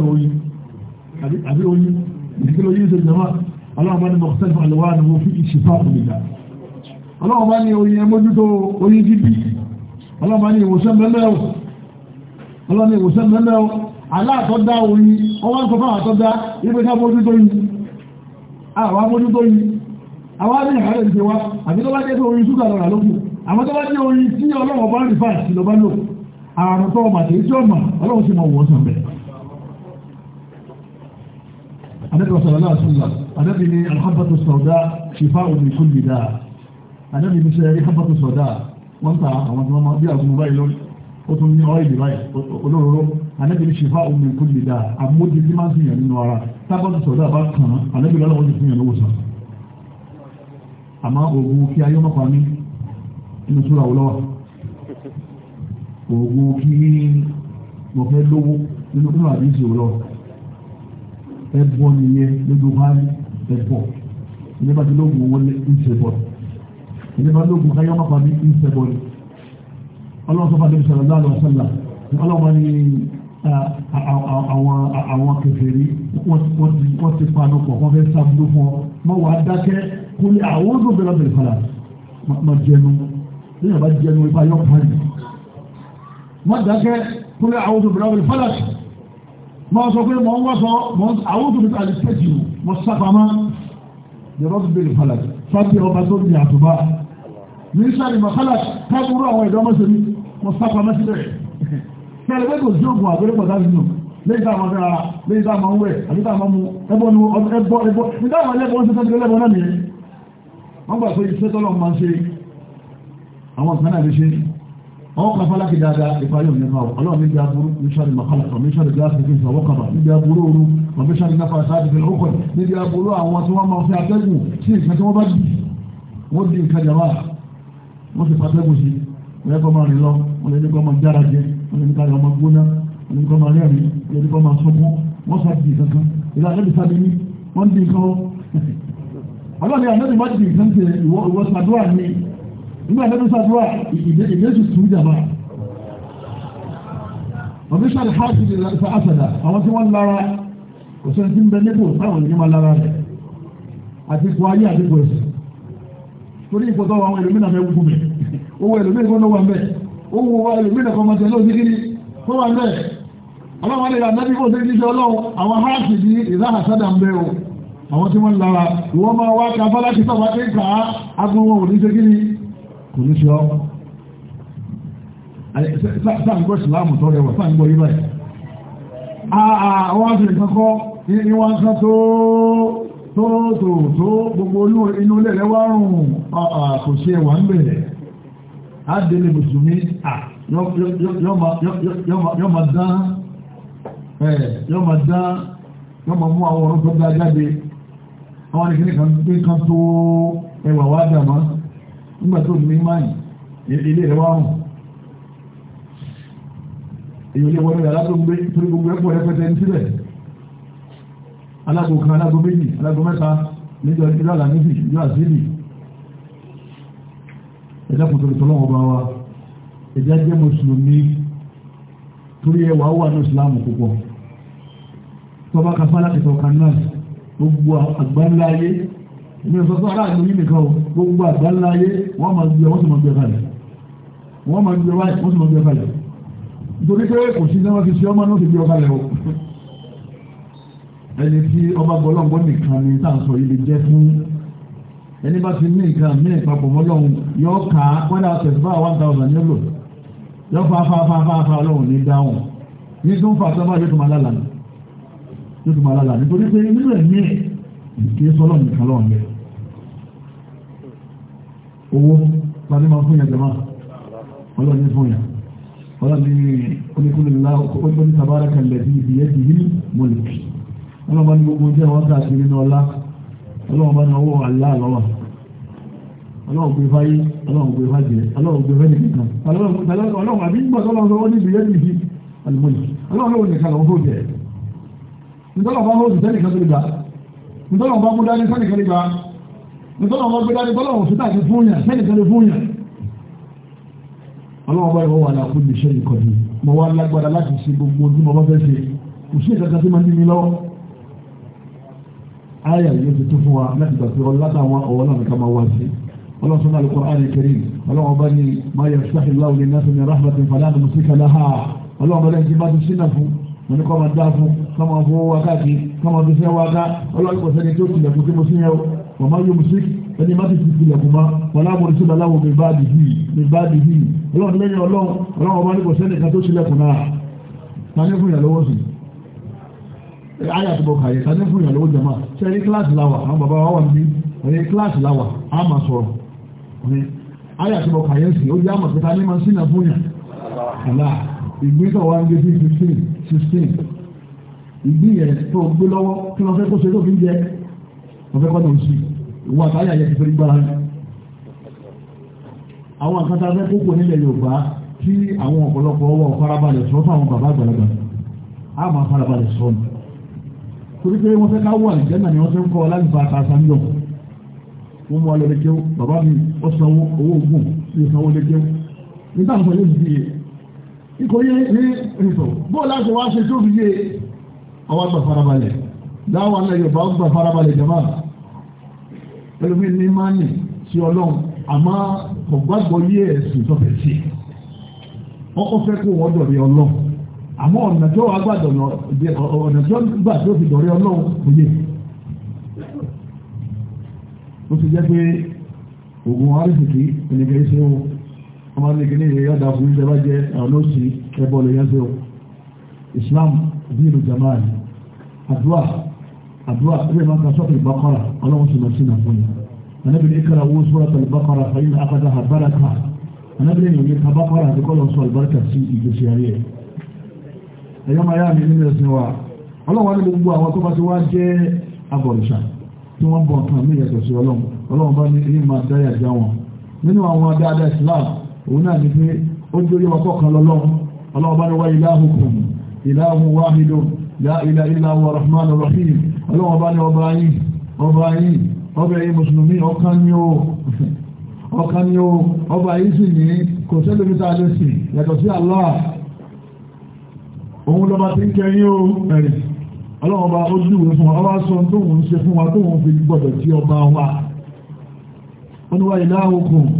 bá àbí oyin ìdíkẹ́ lóyún ìṣe ìjọba ọlọ́wọ́ bá ní mọ̀kútẹ́lì fún àlọ́wọ́ àdúgbò fún ìṣìfà òmìnira ọlọ́wọ́ bá ní oyin ẹmójútó oyin bíbí ọlọ́wọ́ bá ní ìwòsàn mẹ́lẹ́ o ọlọ́wọ́ ní ìwòsàn mẹ́lẹ́ o aláàtọ́dá oyin ọwọ́n tó fáwọn àtọ́dá ibi ká mójútó yìí àwọn mójútó yìí àwọn ní ìhàrẹ̀ ìṣe wa àbí tó bá jẹ́ oyin ṣúgà lọ́ra lókù àmọ́ tó bá jẹ́ oyin tí ọlọ́wọ́ bá rí fáìsì lọ bá lò àrùn tó ọmọ àti ìjọ́ ọmọ ọlọ́wọ́ sì mọ̀ wọ́n sàn bẹ́ẹ̀ anábì wọ́n sọ̀rọ̀ láàṣù là anábì ní alhábàtò sọ̀dá ṣìfá òmì kún lè dáa anábì ní sẹ́yẹ́ rí hábàtò sọ̀dá wọ́n ta àwọn tí wọ́n máa bí àgùn báyìí lórí ó tún ní ọ́ìlì báyìí olóróró anábì ní ṣìfá òmì kún lè dáa àmójì tí máa ń sìyàn nínú ara tábàtò sọ̀dá bá kàn án anábì lọ́lọ́wọ́ ti fìyàn lówó sàn àmọ́ òògùn kí ayé ọmọkàn ní inú súra olówó òògùn kí mo fẹ́ lówó nínú àdíṣe olówó ẹbọ nìyẹn lójú wáyé ẹbọ ìjọba tí lóògùn owó ìṣẹbọ ìjọba lóògùn káyọ́ máa pàdé ìṣẹbọ ni ọlọ́run sọ́fà lóbi sọ̀rọ̀ láàrín ọ̀sánlá ọlọ́run ní àwọn kèfèrí wọ́n ti panu pọ̀ wọ́n fẹ́ sábúdó fún ọ mọ wàá dákẹ́ kúlẹ̀ àwọn ọdún bẹ̀rẹ̀ bẹ̀rẹ̀ fàlà má jẹnu lẹ́yìn àbá jẹnu ipa yọ pàdé má dákẹ́ kúlẹ̀ àwọn ọdún bẹ̀rẹ̀ bẹ̀rẹ̀ fàlà mọ́ sọ pé mọ́ wọ́sọ àwọn òkúta alìsẹ́jì mọ́ sápamá ìrọ́bìnrin falak fàbí ọba tó ní àtúbá ní sáré mọ̀kálà káàkiri àwọn ìdánmọ́sẹ̀rí mọ́ sápamá síbẹ̀ fẹ́rẹ̀ pé kò sí ògùn àgbẹ̀rẹ̀ pọ̀tà nínú lẹ́yìn tá a máa fẹ́ ara lẹ́yìn tá a máa ń wẹ̀ àti tá a máa mú ẹbọ àwọn kan fọlákì dáadáa ìparí òní náà ọlọ́run mi já burú mísọ́rì mọ̀kànlá kọ̀mísọ́rì gáàsì fún ìṣòwò kaba mi já burú ooru kọ̀mísọ́rì náà fàṣà àti fẹ́rẹ̀ ọkọ̀ mi já burú àwọn tí wọ́n máa fi atẹ́gùn sí ìsìn tí wọ́n bá dì wọ́n di nǹkan jàmbá wọ́n ti fàtẹ́gùn sí wọ́n yẹ kọ́ máa rìn lọ wọ́n lè ní kọ́ máa jára jẹ wọ́n lè ní kọ́ máa gbóná wọ́n lè ní kọ́ máa rẹ́rìn nígbà lẹ́nu sàdúrà ìmẹ́jù sùn jàmá ọ̀bíṣà lè hajj lè fa àṣàdà àwọn tí wọ́n lára kò sẹ́ni tí ń bẹ nípò táwọn ènìyàn máa lára rẹ̀ àti ipò ayé àti ipò ẹ̀sìn torí ipò tó àwọn ẹlòmínà fẹ́ wù mí owó ẹlòmínà kọ́ ló wà mẹ́ owó ẹlòmínà kọ́ máa tẹ̀lé òsìkiri kó wà mẹ́ ọlọ́run alẹ́ ànábì kò sẹ́ni tíṣẹ́ ọlọ́run àwọn hajj ní ìlà àṣàdà ń bẹ o àwọn tí wọ́n lára ìwọ́n máa wá ka fálákì sọ̀rọ̀ kò ní ọ́ sáàgbọ́ ìsìláàmù tó rẹwà sáàgbọ́ yí báyìí àwọn àfihàn kọ́kọ́ ní wọ́n kan tó tó tó tó gbogbo inú ilé rẹwà kò ṣe wà ń bẹ̀rẹ̀ àdélé mùsùlùmí yọ́mà dán yọ́mà mú àwọn ọ̀rọ̀ dá jáde nígbà tó ní máyì ilé rẹ̀ wárùn èyí olè wọlé yàrá tó gbé torí gbogbo ẹ̀pọ̀ ẹ̀pẹ̀tẹ̀ ní sílẹ̀ alágbò kan alágbò méjì alágbò mẹ́ta níjọ ìjọ àlàmísì ìjọ àṣírí ẹ̀dá kò torí tọ́lọ́wọ́ bá wa ẹ̀dá jẹ́ mùsùlùmí torí ẹwà wà ní ìsìlámù púpọ̀ tọ́ba kan fálákìtọ̀ kan náà gbogbo àgbáńlá ayé ní ọ̀sọ̀tọ̀ aláàgbò yìí nìkan gbogbo àgbáńlá ayé wọ́n máa gbé wọ́n sì máa gbé kalẹ̀ wọ́n máa gbé wáyé wọ́n sì máa gbé kalẹ̀ nítorí pé kò sí náà fi ṣe ọmọ náà ti gbé ọkalẹ̀ o ẹni tí ọba gbọ́lọ́ngbọ́ nìkan ni tá à ń sọ yìí jẹ́ fún ẹni bá ti ní nǹkan mí ìpapọ̀ mọ́lọ́hún yọ ká wọ́n dà one thousand yẹ́lò yọ fa fa fa fa fa lọ́hùn ní dáhùn ní tó ń fa àtọ́bá yóò tó máa lálàá nítorí pé nínú ẹ̀mí ẹ̀ kì í sọ́lọ́ nìkan lọ́wọ́ mẹ́ owó tani máa fún yàn jama ọlọ́ni fún yàn ọlọ́ni oníkúlùlá oníkúlù tabára kan lẹ́bí ibi yẹ́ ti hílì mọ́lìkì ọlọ́run bá ní gbogbo jẹ́ wọ́n ká àti nínú ọlá ọlọ́run bá ní ọwọ́ àlá lọ́wọ́ ọlọ́run gbé fáyé ọlọ́run gbé fájẹ ọlọ́run gbé fẹ́ni nìkan ọlọ́run àbí gbọ́ sọ́lọ́run sọ́wọ́ nítorí wọn bá mú dání sẹ́nìkan ní gbà nítorí wọn bá gbé dání bọ́lá wọn fi tàbí fún yàn sẹ́nìkan ní fún yàn. ọlọ́wọ́n bá yọ wà láàkú lè ṣe nìkan ni mo wá lágbára láti ṣe gbogbo ojú mo bá fẹ́ ṣe kò sí ìkàkà tí máa ń dín lọ́wọ́. ayà yóò ti tó fún wa láti gbà pé ọlá táwọn ọ̀wọ́ náà nìkan máa wá sí ọlọ́sọ̀nà Kama tó ṣe wá ká ọlọ́pàá sẹ́ni tó tilẹ̀kùn tí mo sí yẹn o màmá yóò mú sí ẹni má ti ti tilẹ̀kùn ma wàlá mo ti bàlá wo mi bá di hì mi bá di hì ọlọ́run lẹ́yìn ọlọ́run ọlọ́run ọba níbo sẹ́ni kan tó tilẹ̀kùn náà tani fún ìyàlówó sí ayé tani fún ìyàlówó jama sẹ́ni kíláàsì làwà àwọn bàbá wa wà níbí ẹ̀yẹ kíláàsì làwà á máa sọ̀rọ̀ ayé àtúbọ̀ kàyé sí ó yá àmọ̀ pé tani máa ń sínà fún yàn ìgbésọ̀ wa ń gbé sixteen ìgbé yẹn tó gbé lọ́wọ́ kí wọ́n fẹ́ kó ṣe tó fi jẹ wọ́n fẹ́ kọ́ náà sí ìwọ àtàyà yẹn ti fẹ́ gbára rẹ̀. àwọn àkàtà fẹ́ kókò nílẹ̀ Yorùbá tí àwọn ọ̀pọ̀lọpọ̀ ọwọ́ farabalẹ̀ sọ fún àwọn bàbá àgbàlagbà á máa farabalẹ̀ sọ ni. torí pé wọ́n fẹ́ káwọ́ àlìjẹ́nà ni wọ́n fẹ́ kọ́ láti fa àtàṣà ń yọ. wọ́n mú alẹ́ lẹ́jẹ́ bàbá mi ó sanwó owó ògùn ní ìsanwó lẹ́jẹ́ nígbà tó yẹ ọwọ́ gbà farabalẹ̀ dáwọn alẹ́ yorùbá gbà farabalẹ̀ jama ẹlòmí ní máa nì sí ọlọ́run àmọ́ ọgbàgbọ́ yé ẹ̀sùn tó fẹ́ sí ọkọ̀ fẹ́ kó wọ́n dọ̀rí ọlọ́run àmọ́ ọ̀nà tó agbàdọ̀ ọ̀nà tó gbà tó fi dọ̀rí ọlọ́run kò yé ó ti jẹ́ pé oògùn arísìkí ẹnìkẹ́ ṣe ó ọmọ nìkẹ́ ní ìyá dàbí ìjọba jẹ́ àwọn òsì ẹbọ lè yẹ́ sí ó Islam bí ìlú jamaani àdúrà àdúrà ilé máa ń ka sọ́kì ìbákọ́ra ọlọ́run sì máa sí náà fún yìí anabi ní kára owó sọ́kì ìbákọ́ra fàyín akadá àbáraka anabi ní ìyẹn tabakọ́ra àti kọ́lọ̀ sọ àlùbáríkà sí ìgbésí ayé ẹ̀ ẹ̀yọ́ máa yá mi nínú ẹ̀sìn wa ọlọ́run ní gbogbo àwọn tó bá ti wá jẹ́ abọ̀rìṣà tí wọ́n bọ̀ nǹkan mí yàtọ̀ sí ọlọ́run ọlọ́run bá ní ilé máa dáyà já wọn nínú àwọn dáadáa Islam òun náà ní pé ó dórí ọkọ̀ kan lọ́lọ́run ọlọ́run bá ní wá ìlàhùn kùn ìlàhùn wáhídùn لا إله إلا هو الرحمن الرحيم اللهم باني وباني وباني وباني مسلمين وكانيو وكانيو وباني سيني كوسيلو متعلسي يتوسي الله òun lọ́ba tí ń kẹrin ó ẹ̀rìn ọlọ́run bá ó júwe fún wa ọba sọ tóun ń ṣe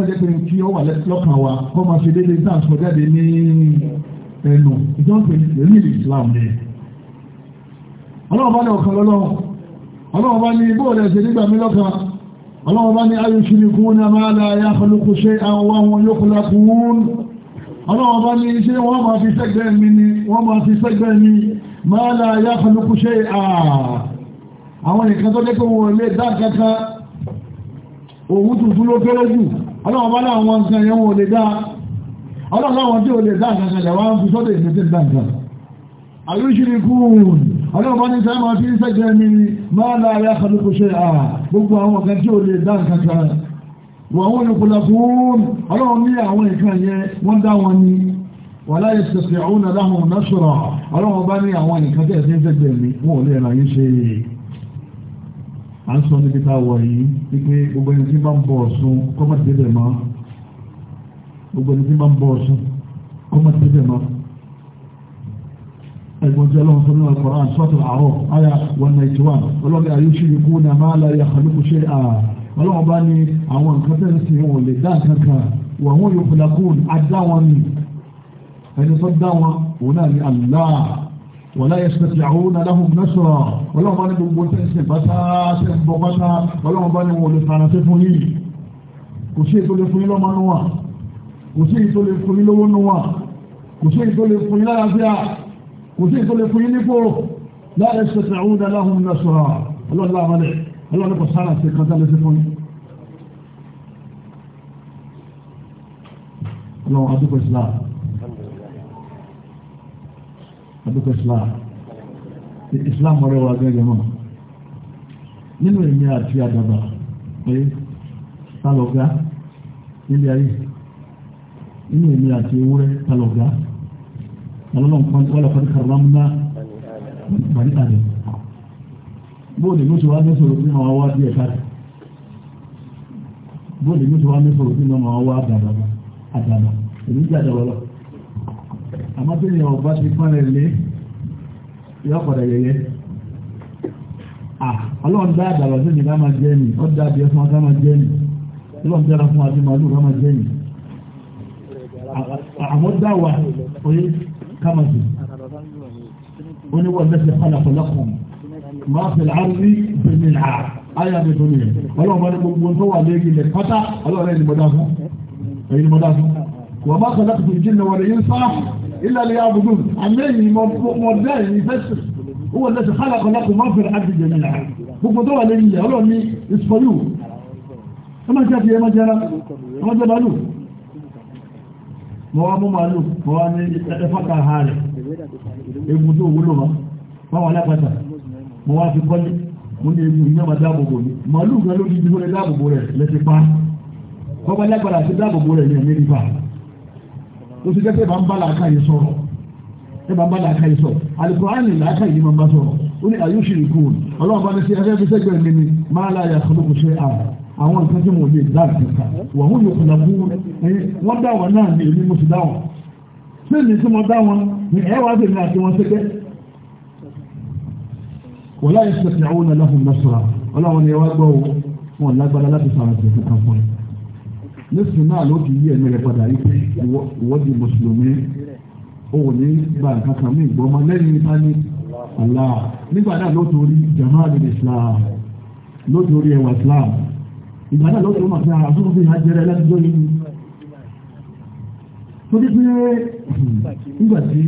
kọjá pé kí ọ wà lọ́kàn wa kọ́ máa ṣe déédéé sáà sọ jáde ní ẹnu ìjọba ìlú Islam ni ọlọ́wọ́ bá ní ọ̀kan lọ́lọ́wọ́ ọlọ́wọ́ bá ní bóòlù ẹ̀sẹ̀ nígbà mí lọ́kan ọlọ́wọ́ bá ní ayushirikuna ma la yakhluqu shay'an wa hum yukhlaqun ọlọ́wọ́ bá ní ṣé wọ́n máa fi sẹ́gbẹ́ mi ni wọ́n máa fi sẹ́gbẹ́ mi ma la yakhluqu shay'an àwọn nìkan tó dé pé wọ́n lè dá kankan òun tuntun ló kéré jù ọlọ́wọ́n bá láwọn wọn kan yẹn wọn ò lè dá ọlọ́wọ́n láwọn tí ò lè dá àkàkàlẹ̀ wọn fi sọ́dọ̀ èdè tí dá ní sáà máa ní àwọn nǹkan yẹn wọ́n dá wọn ní wàlá ìṣẹ̀ṣẹ̀ òun náà náà sọ̀rọ̀ ọlọ́wọ́n bá ní àwọn nǹkan tẹ̀sí ń mi wọ́n lè ràn yín ṣe à ń sọ níbi tá a wọ̀ yìí wípé gbogbo ẹni tí bá ń bọ̀ ọ̀ṣun kọ́mọ̀tì débẹ̀ mọ́ gbogbo ẹni tí bá ń bọ̀ ọ̀ṣun kọ́mọ̀tì débẹ̀ mọ́ ẹgbọn jẹ lọhùn tó ní wọn kọrọ àṣọtò àrọ àyà one ninety one ọlọ́bẹ àyùṣe ikú ní àmàlà yà kàlùkù ṣe à ọlọ́wọ́n bá ní àwọn nǹkan tẹ́lẹ̀ sí wọn lè dá nǹkan kan wà wọ́n yóò kula kún adá wọn ni ẹni tó dá wọn òun náà ní Allah wọ́n láyé sẹ́tì àwọn aláhùn mẹ́sọ̀rọ̀ ọlọ́run bá ní gbogbo tẹ́sí pátá tẹ́ ń bọ̀ pátá ọlọ́run bá ní wọn ò lè fara sí fún yìí kò sí ètò lè fún yín lọ́mọ nù wà kò sí ètò lè fún yín lówó nù wà kò sí ètò lè fún yín lálàáfíà kò sí ètò lè fún yín nípò láyé sẹ́tì àwọn aláhùn mẹ́sọ̀rọ̀ ọlọ́run láàmọ́lẹ̀ kò sára sí kan tẹ́lẹ̀ sí fún yín. ọlọ́run adúgbò àdúgbò islam islam ọ̀rẹ́ wa gẹ́gẹ́ mọ́ nínú èmi àti àdàbà pé tálọ̀gá nílé ayé nínú èmi àti ewúrẹ́ tálọ̀gá wọ́lọ̀kọ́dí kàrámúná bàní àdẹ̀ bóòlì ló ti wá ní sọ̀rọ̀ nínú àwọn wá díẹ̀ káàkiri bóòlì ló ti wá ní sọ̀rọ̀ nínú àwọn wá àdàbà àdàbà èmi jẹ́ àdàbà lọ́wọ́ àmọ́ tí èèyàn ọba ti pọ́n rẹ̀ lé yóò padà yẹyẹ ọlọ́run dá àdàlọ́ sí ni ká máa jẹ́ ni ó dá abẹ́ fún wa ká máa jẹ́ ni ọlọ́run dára fún wa sí màálù ká máa jẹ́ ni àmọ́ dá wa oyé ká máa sùn ó ní wọ́n lẹ́sẹ̀ padà pọ̀lọ́kùn máa fi إلا ليعبدون عمالي مودعي يفسر هو الذي خلق لكم ما في الأرض جميعا gbogbo tó wà lórí ilẹ̀ ọlọ́ ní ìsọ̀lú ọmọ jẹ́ fi ẹmọ jẹ́ra ọmọ jẹ́ bàálù mọ́ wá mú màálù mọ́ wá ní ẹfọ́ta ha rẹ̀ egun tó wúlò wá wọ́n wà lápàtà mọ́ wá fi kọ́lé mú ní egun ìyọ́mà dáàbòbò ní màálù gan ní ẹ̀mí kò sí jẹ́pẹ́ bá ń bá làákà yìí sọ̀rọ̀ ẹ bá ń bá làákà yìí sọ̀rọ̀ alukur'ani làákà yìí máa ń bá sọ̀rọ̀ ó ní àyè òṣèlú kù ọlọ́run bá ní sí ẹgbẹ́ fífẹ́gbẹ́ mi ni máa láyà àkọlùkù ṣe à àwọn nǹkan tí mo lè dá àtìkà wà hún yòókù làbú wọn dá wọn náà ní èmi mo ti dá wọn ṣé èmi tí mo dá wọn ni ẹ wá bèèrè àti wọn ṣẹgbẹ́ wọlá yẹn ṣe ṣe àwọn ọlọ́run lọ́sọ̀rọ̀ ọlọ́run ni ẹ wá gbọ́ wọn lágbára láti sàràtì kankan fún yìí nísìnyí náà ló ti yí ẹ̀mí rẹ̀ padà yìí pé ìwọ́dì mùsùlùmí ó ní gba nǹkan kan ní ìgbọ́mọ lẹ́yìn nípa ní àlá nígbà náà ló torí jamaat islam ló torí ẹwà islam ìgbà náà ló torí màtí àtúntò fi hajẹrẹ lẹ́tọ́jọ́ yìí torí pé nígbà tí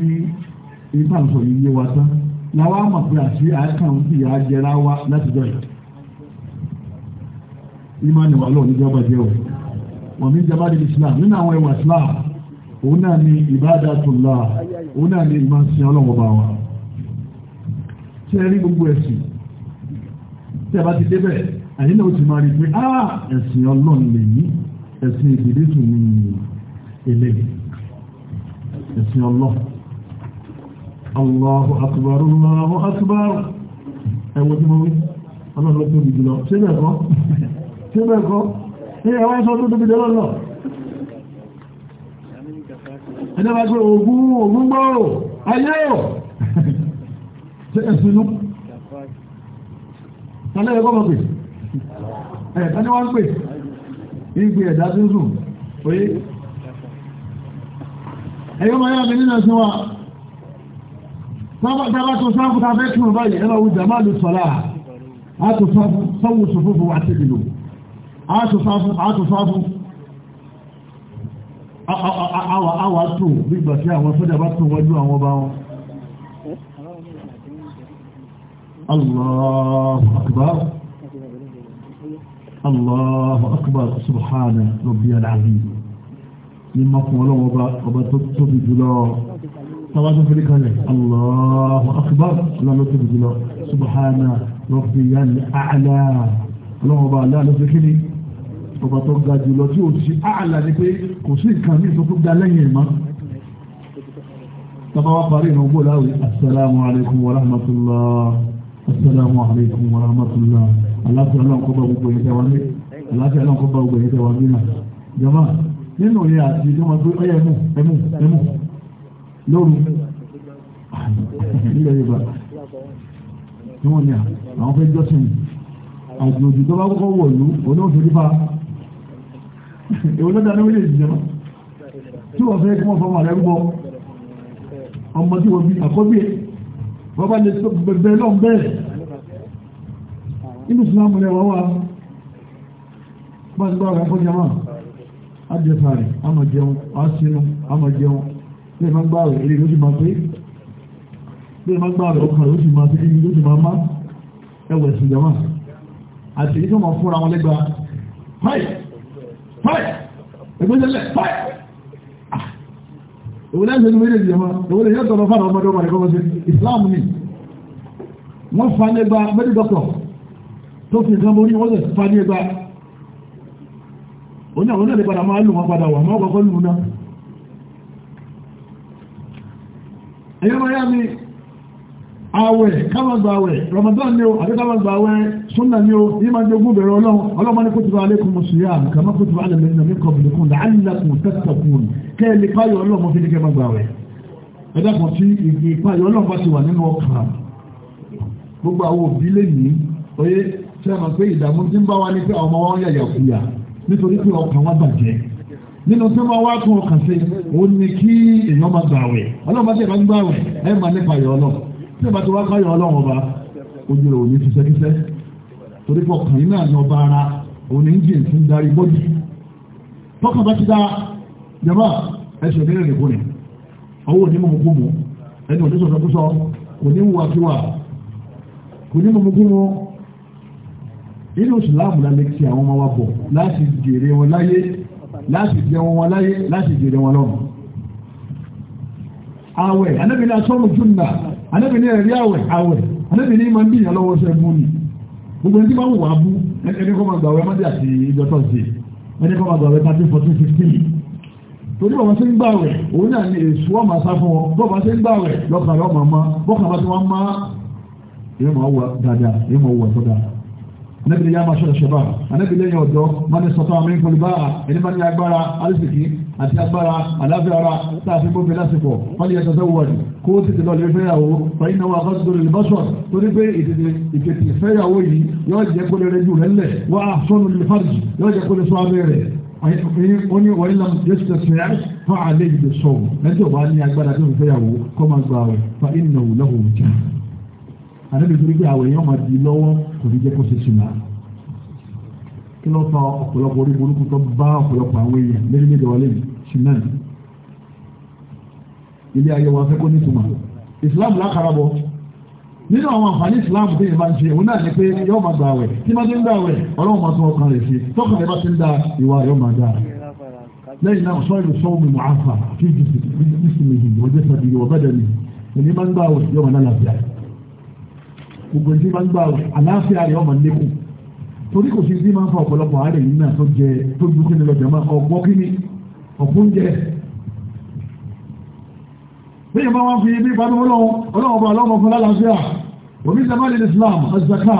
ìbá ń sọ yìí yé wa tán làwa mọ̀ pé àti àkàǹtì àjẹrà wa látijọ́ yìí ìmọ̀ ni wà lọ́ọ̀ níjọba jẹ́ o wọ̀mí jamadi islam nínú àwọn ẹwà islam òun náà ni ìbádatùlá òun náà ni ìmọ̀ sí ọlọ́wọ́ bá wa tí ẹ rí gbogbo ẹ̀sìn tí a bá ti débẹ̀ àyín náà ó ti máa rí pé á ẹ̀sìn ọlọ́run lè ní ẹ̀sìn ìdílé tún ní ilé ẹ̀sìn ọlọ́run Allahu akbar Allahu akbar ẹ̀wọ̀n tí mo wí ọlọ́run ló tóbi jùlọ ṣé bẹ́ẹ̀ kọ́ ṣé bẹ́ẹ̀ kọ́ ní ẹwọ́n sọ tó tóbi lọ́lọ́ ẹlẹ́wà pé ogun ogun gbọ́rọ̀ ayé ò ṣe ẹ̀sìnú tọ́lẹ́ ẹ̀kọ́ mọ̀ pé ẹ̀ẹ̀ta ní wọ́n pè ìgbé ẹ̀dá tí ó sùn pé ẹ̀yọ́ ma yára nínú ẹ̀sìn wa sábà tó sáfù tàbí kí wọ́n báyìí ẹ̀rọ wù jàmáàlù àátùfáfú àátùfáfú àwà tó gbígbà tí àwọn sọ́jà bá tó wọ́jú àwọn ọba wọn Allahu akbar Allahu akbar subhana rabbiyal azim ní makon ọlọ́wọ́ ọba tó tóbi jùlọ tàbátó fẹ́lẹ́ kalẹ̀ Allahu ọba tó ga jùlọ tí ò sí àlà ni pé kò sí nǹkan mi tó tó da lẹ́yìn ìmọ̀ tọ́ba wa parí ìrìn ògbó láwùí asalaamu alaykum wa rahmatulah asalaamu alaykum wa rahmatulah aláfíà náà kọ́ bá gbogbo yẹn tẹ́ wá ní aláfíà náà kọ́ bá gbogbo yẹn tẹ́ wá ní náà jama nínú yẹn àti ìjọba pé ọyẹ ẹmu ẹmu ẹmu lóru ilẹ̀ yorùbá ni wọ́n ní àwọn fẹ́ jọ́sìn àjòjì tó bá wọ̀lú oníwòsàn nípa èwo lọ́dà lórí èdè jẹ́ tí wọ́n fẹ́ kí wọ́n fọmọ rẹ̀ gbọ́ ọmọ tí wọ́n bí àkọ́bí wọ́n bá lè bẹ̀rẹ̀ lọ́n bẹ́ẹ̀ inú ìsìlámù rẹ̀ wọ́n wá bá ti bá ọ̀rẹ́ fún jama àjẹsà rẹ̀ àmọ̀ jẹun àṣínú àmọ̀ jẹun lè má gbá rẹ̀ èrè ló ti máa pé lè má gbá rẹ̀ ọkàn ló ti máa pé ibi ló ti máa má ẹwẹ̀ fáyẹ̀ ìgbésẹ̀lẹ̀ fáyẹ̀ ah. ìwòlẹ́ ìṣẹ́lú méjèèjì ẹ̀mọ́ ìwòlẹ́ yóò tọrọ fáwọn ọmọdé ọmọ ẹ̀kọ́ sí Islam ni wọ́n fa ní ẹgbà mẹ́díkọ́tọ̀ tó fi nǹkan borí wọ́n sì fa ní ẹgbà oní àwọn onílẹ̀ padà máa lù wọn padà wà máa kọ́kọ́ lù náà ẹ̀yọ́ máa àwẹ̀ kámàgbà àwẹ̀ Ramadan ni o àti kámàgbà àwẹ̀ súnà ni o yìí máa jogún bẹ̀rẹ̀ ọlọ́run ọlọ́run ní kutiba alaykum as-siyam kama kutiba ala alladhina qablikum la'allakum tattaqun kẹ́ẹ̀lì páyọ̀ ọlọ́run fi ní kẹ́ máa gbà àwẹ̀ ẹ̀dá kan tí ìgbì páyọ̀ ọlọ́run bá ti wà nínú ọkàn gbogbo àwọn òbí lẹ́yìn oyé tí a máa wọ́n wá tún ọkàn sí òun ni kí èèyàn máa gbà àwẹ̀ ọlọ́run bá tẹ̀ bá ń gbà àwẹ̀ máa nípa ìyọ́ ọlọ́run tí ìbá tó wá káyọ̀ ọlọ́run ọba ojú rẹ̀ ò ní fisẹ́kísẹ́ torí pọ̀ kàn yín náà ní ọba ara òun ní engine ti ń darí bọ́dì tọ́kàn bá ti dá jàmbá ẹsẹ̀ nílẹ̀ nìkú ni ọwọ́ òní mọ̀mọ́ kúmù ẹni òní sọ̀tọ̀ kúsọ kò ní wùwà kíwà kò ní mọ̀mọ́ kúmù inú ìsìláàmù lálẹ́ kí àwọn ọmọ wa bọ̀ láti jèrè wọn láyé láti jẹ wọn wọn láyé láti jèrè wọn lọ́rùn àwẹ̀ anábìlẹ̀ asọ́mù júnà anábì ní ẹ̀rí àwẹ̀ àwẹ̀ anábì ní máa ń bìyàn lọ́wọ́ sẹ́ mú ni gbogbo ẹni tí máa ń wà á bú ẹni kọ́ máa gbà wẹ́ mọ́tì àti ìjọ tọ́sí ẹni kọ́ máa gbà wẹ́ thirteen fourteen fifteen torí bàbá ṣe ń gbà wẹ̀ òun náà ni èso ọmọ asá fún ọ bàbá ṣe ń gbà wẹ̀ lọ́kàn lọ́mọ ọmọ bọ́kàn bá ti wọ́n má èèmọ̀ wọ dáadáa èèmọ̀ wọ tó dáa anábì ní yá máa ṣọ̀rọ̀ ṣọ̀bà anábì lẹ́yìn ọ̀dọ́ máa ní sọ́tọ́ àmì ìkọlùbá ẹni máa ní agbára alẹ́sìkì àti agbára àláfíà ara tààfin bóbi lásìkò wọ́n lè ẹ̀sọ̀sọ́ wọ̀dì kó tètè lọ lè fẹ́yàwó fẹ́yìn náà akọ́sọ̀tò lè bọ́sọ̀ tó ní pé ìtètè ìtètè fẹ́yàwó yìí yóò jẹ́ kó lè rẹ jù lẹ́lẹ̀ wá sọ́nù lè fàájì yóò jẹ́ kó lè sọ abẹ́ rẹ̀ ó ní wọ́n ilẹ̀ jésù tẹ̀sán yá fún alẹ́ ìdè sọ̀wọ́ ẹjọ́ wa ní agbára tó ń fẹ́yàwó kọ́ máa gba àwẹ̀ fa ìnáwó lọ́wọ́ òjà àdébìtì kí ló fa ọ̀pọ̀lọpọ̀ orí burúkú tó bá ọ̀pọ̀lọpọ̀ àwọn èèyàn lórílẹ̀‐èdè wa lẹ́yìn ṣìnà ní. ilé ayé wa fẹ́ kó ní ìtumọ̀ ìsìláàmù lákàrà bọ̀ nínú àwọn àǹfààní ìsìláàmù tó yẹ máa ń ṣe òun náà ní pé yóò máa gbà wẹ̀ tí máa ti ń gbà wẹ̀ ọlọ́run máa tún ọkàn rẹ̀ sí tọkàn rẹ̀ bá ti ń da ìwà yóò máa dáa lẹ́yìn náà sọ ìlú sọ́wọ́mù mọ̀áfà kí ìsìnmìhì ọjọ́ ìsàbìyì ọ̀bẹ̀dẹ̀ mi èmi máa ń gbà wẹ̀ yóò máa lálàáfíà gbogbo ìdí máa ń gbà wẹ̀ àlàáfíà rẹ̀ ọmọ nílẹ̀kùn torí kò sí bí máa ń fa ọ̀pọ̀lọpọ̀ àárẹ̀ yìí náà tó jẹ tó ju kí ni lọ jàmá ọ̀pọ̀ kí ni ọ̀pọ̀ jẹ. bẹ́ẹ̀ bá wọn fi bí ìbámu ọlọ́run ọlọ́run ọba ọlọ́run fún lálàáfíà omi samali islam azaka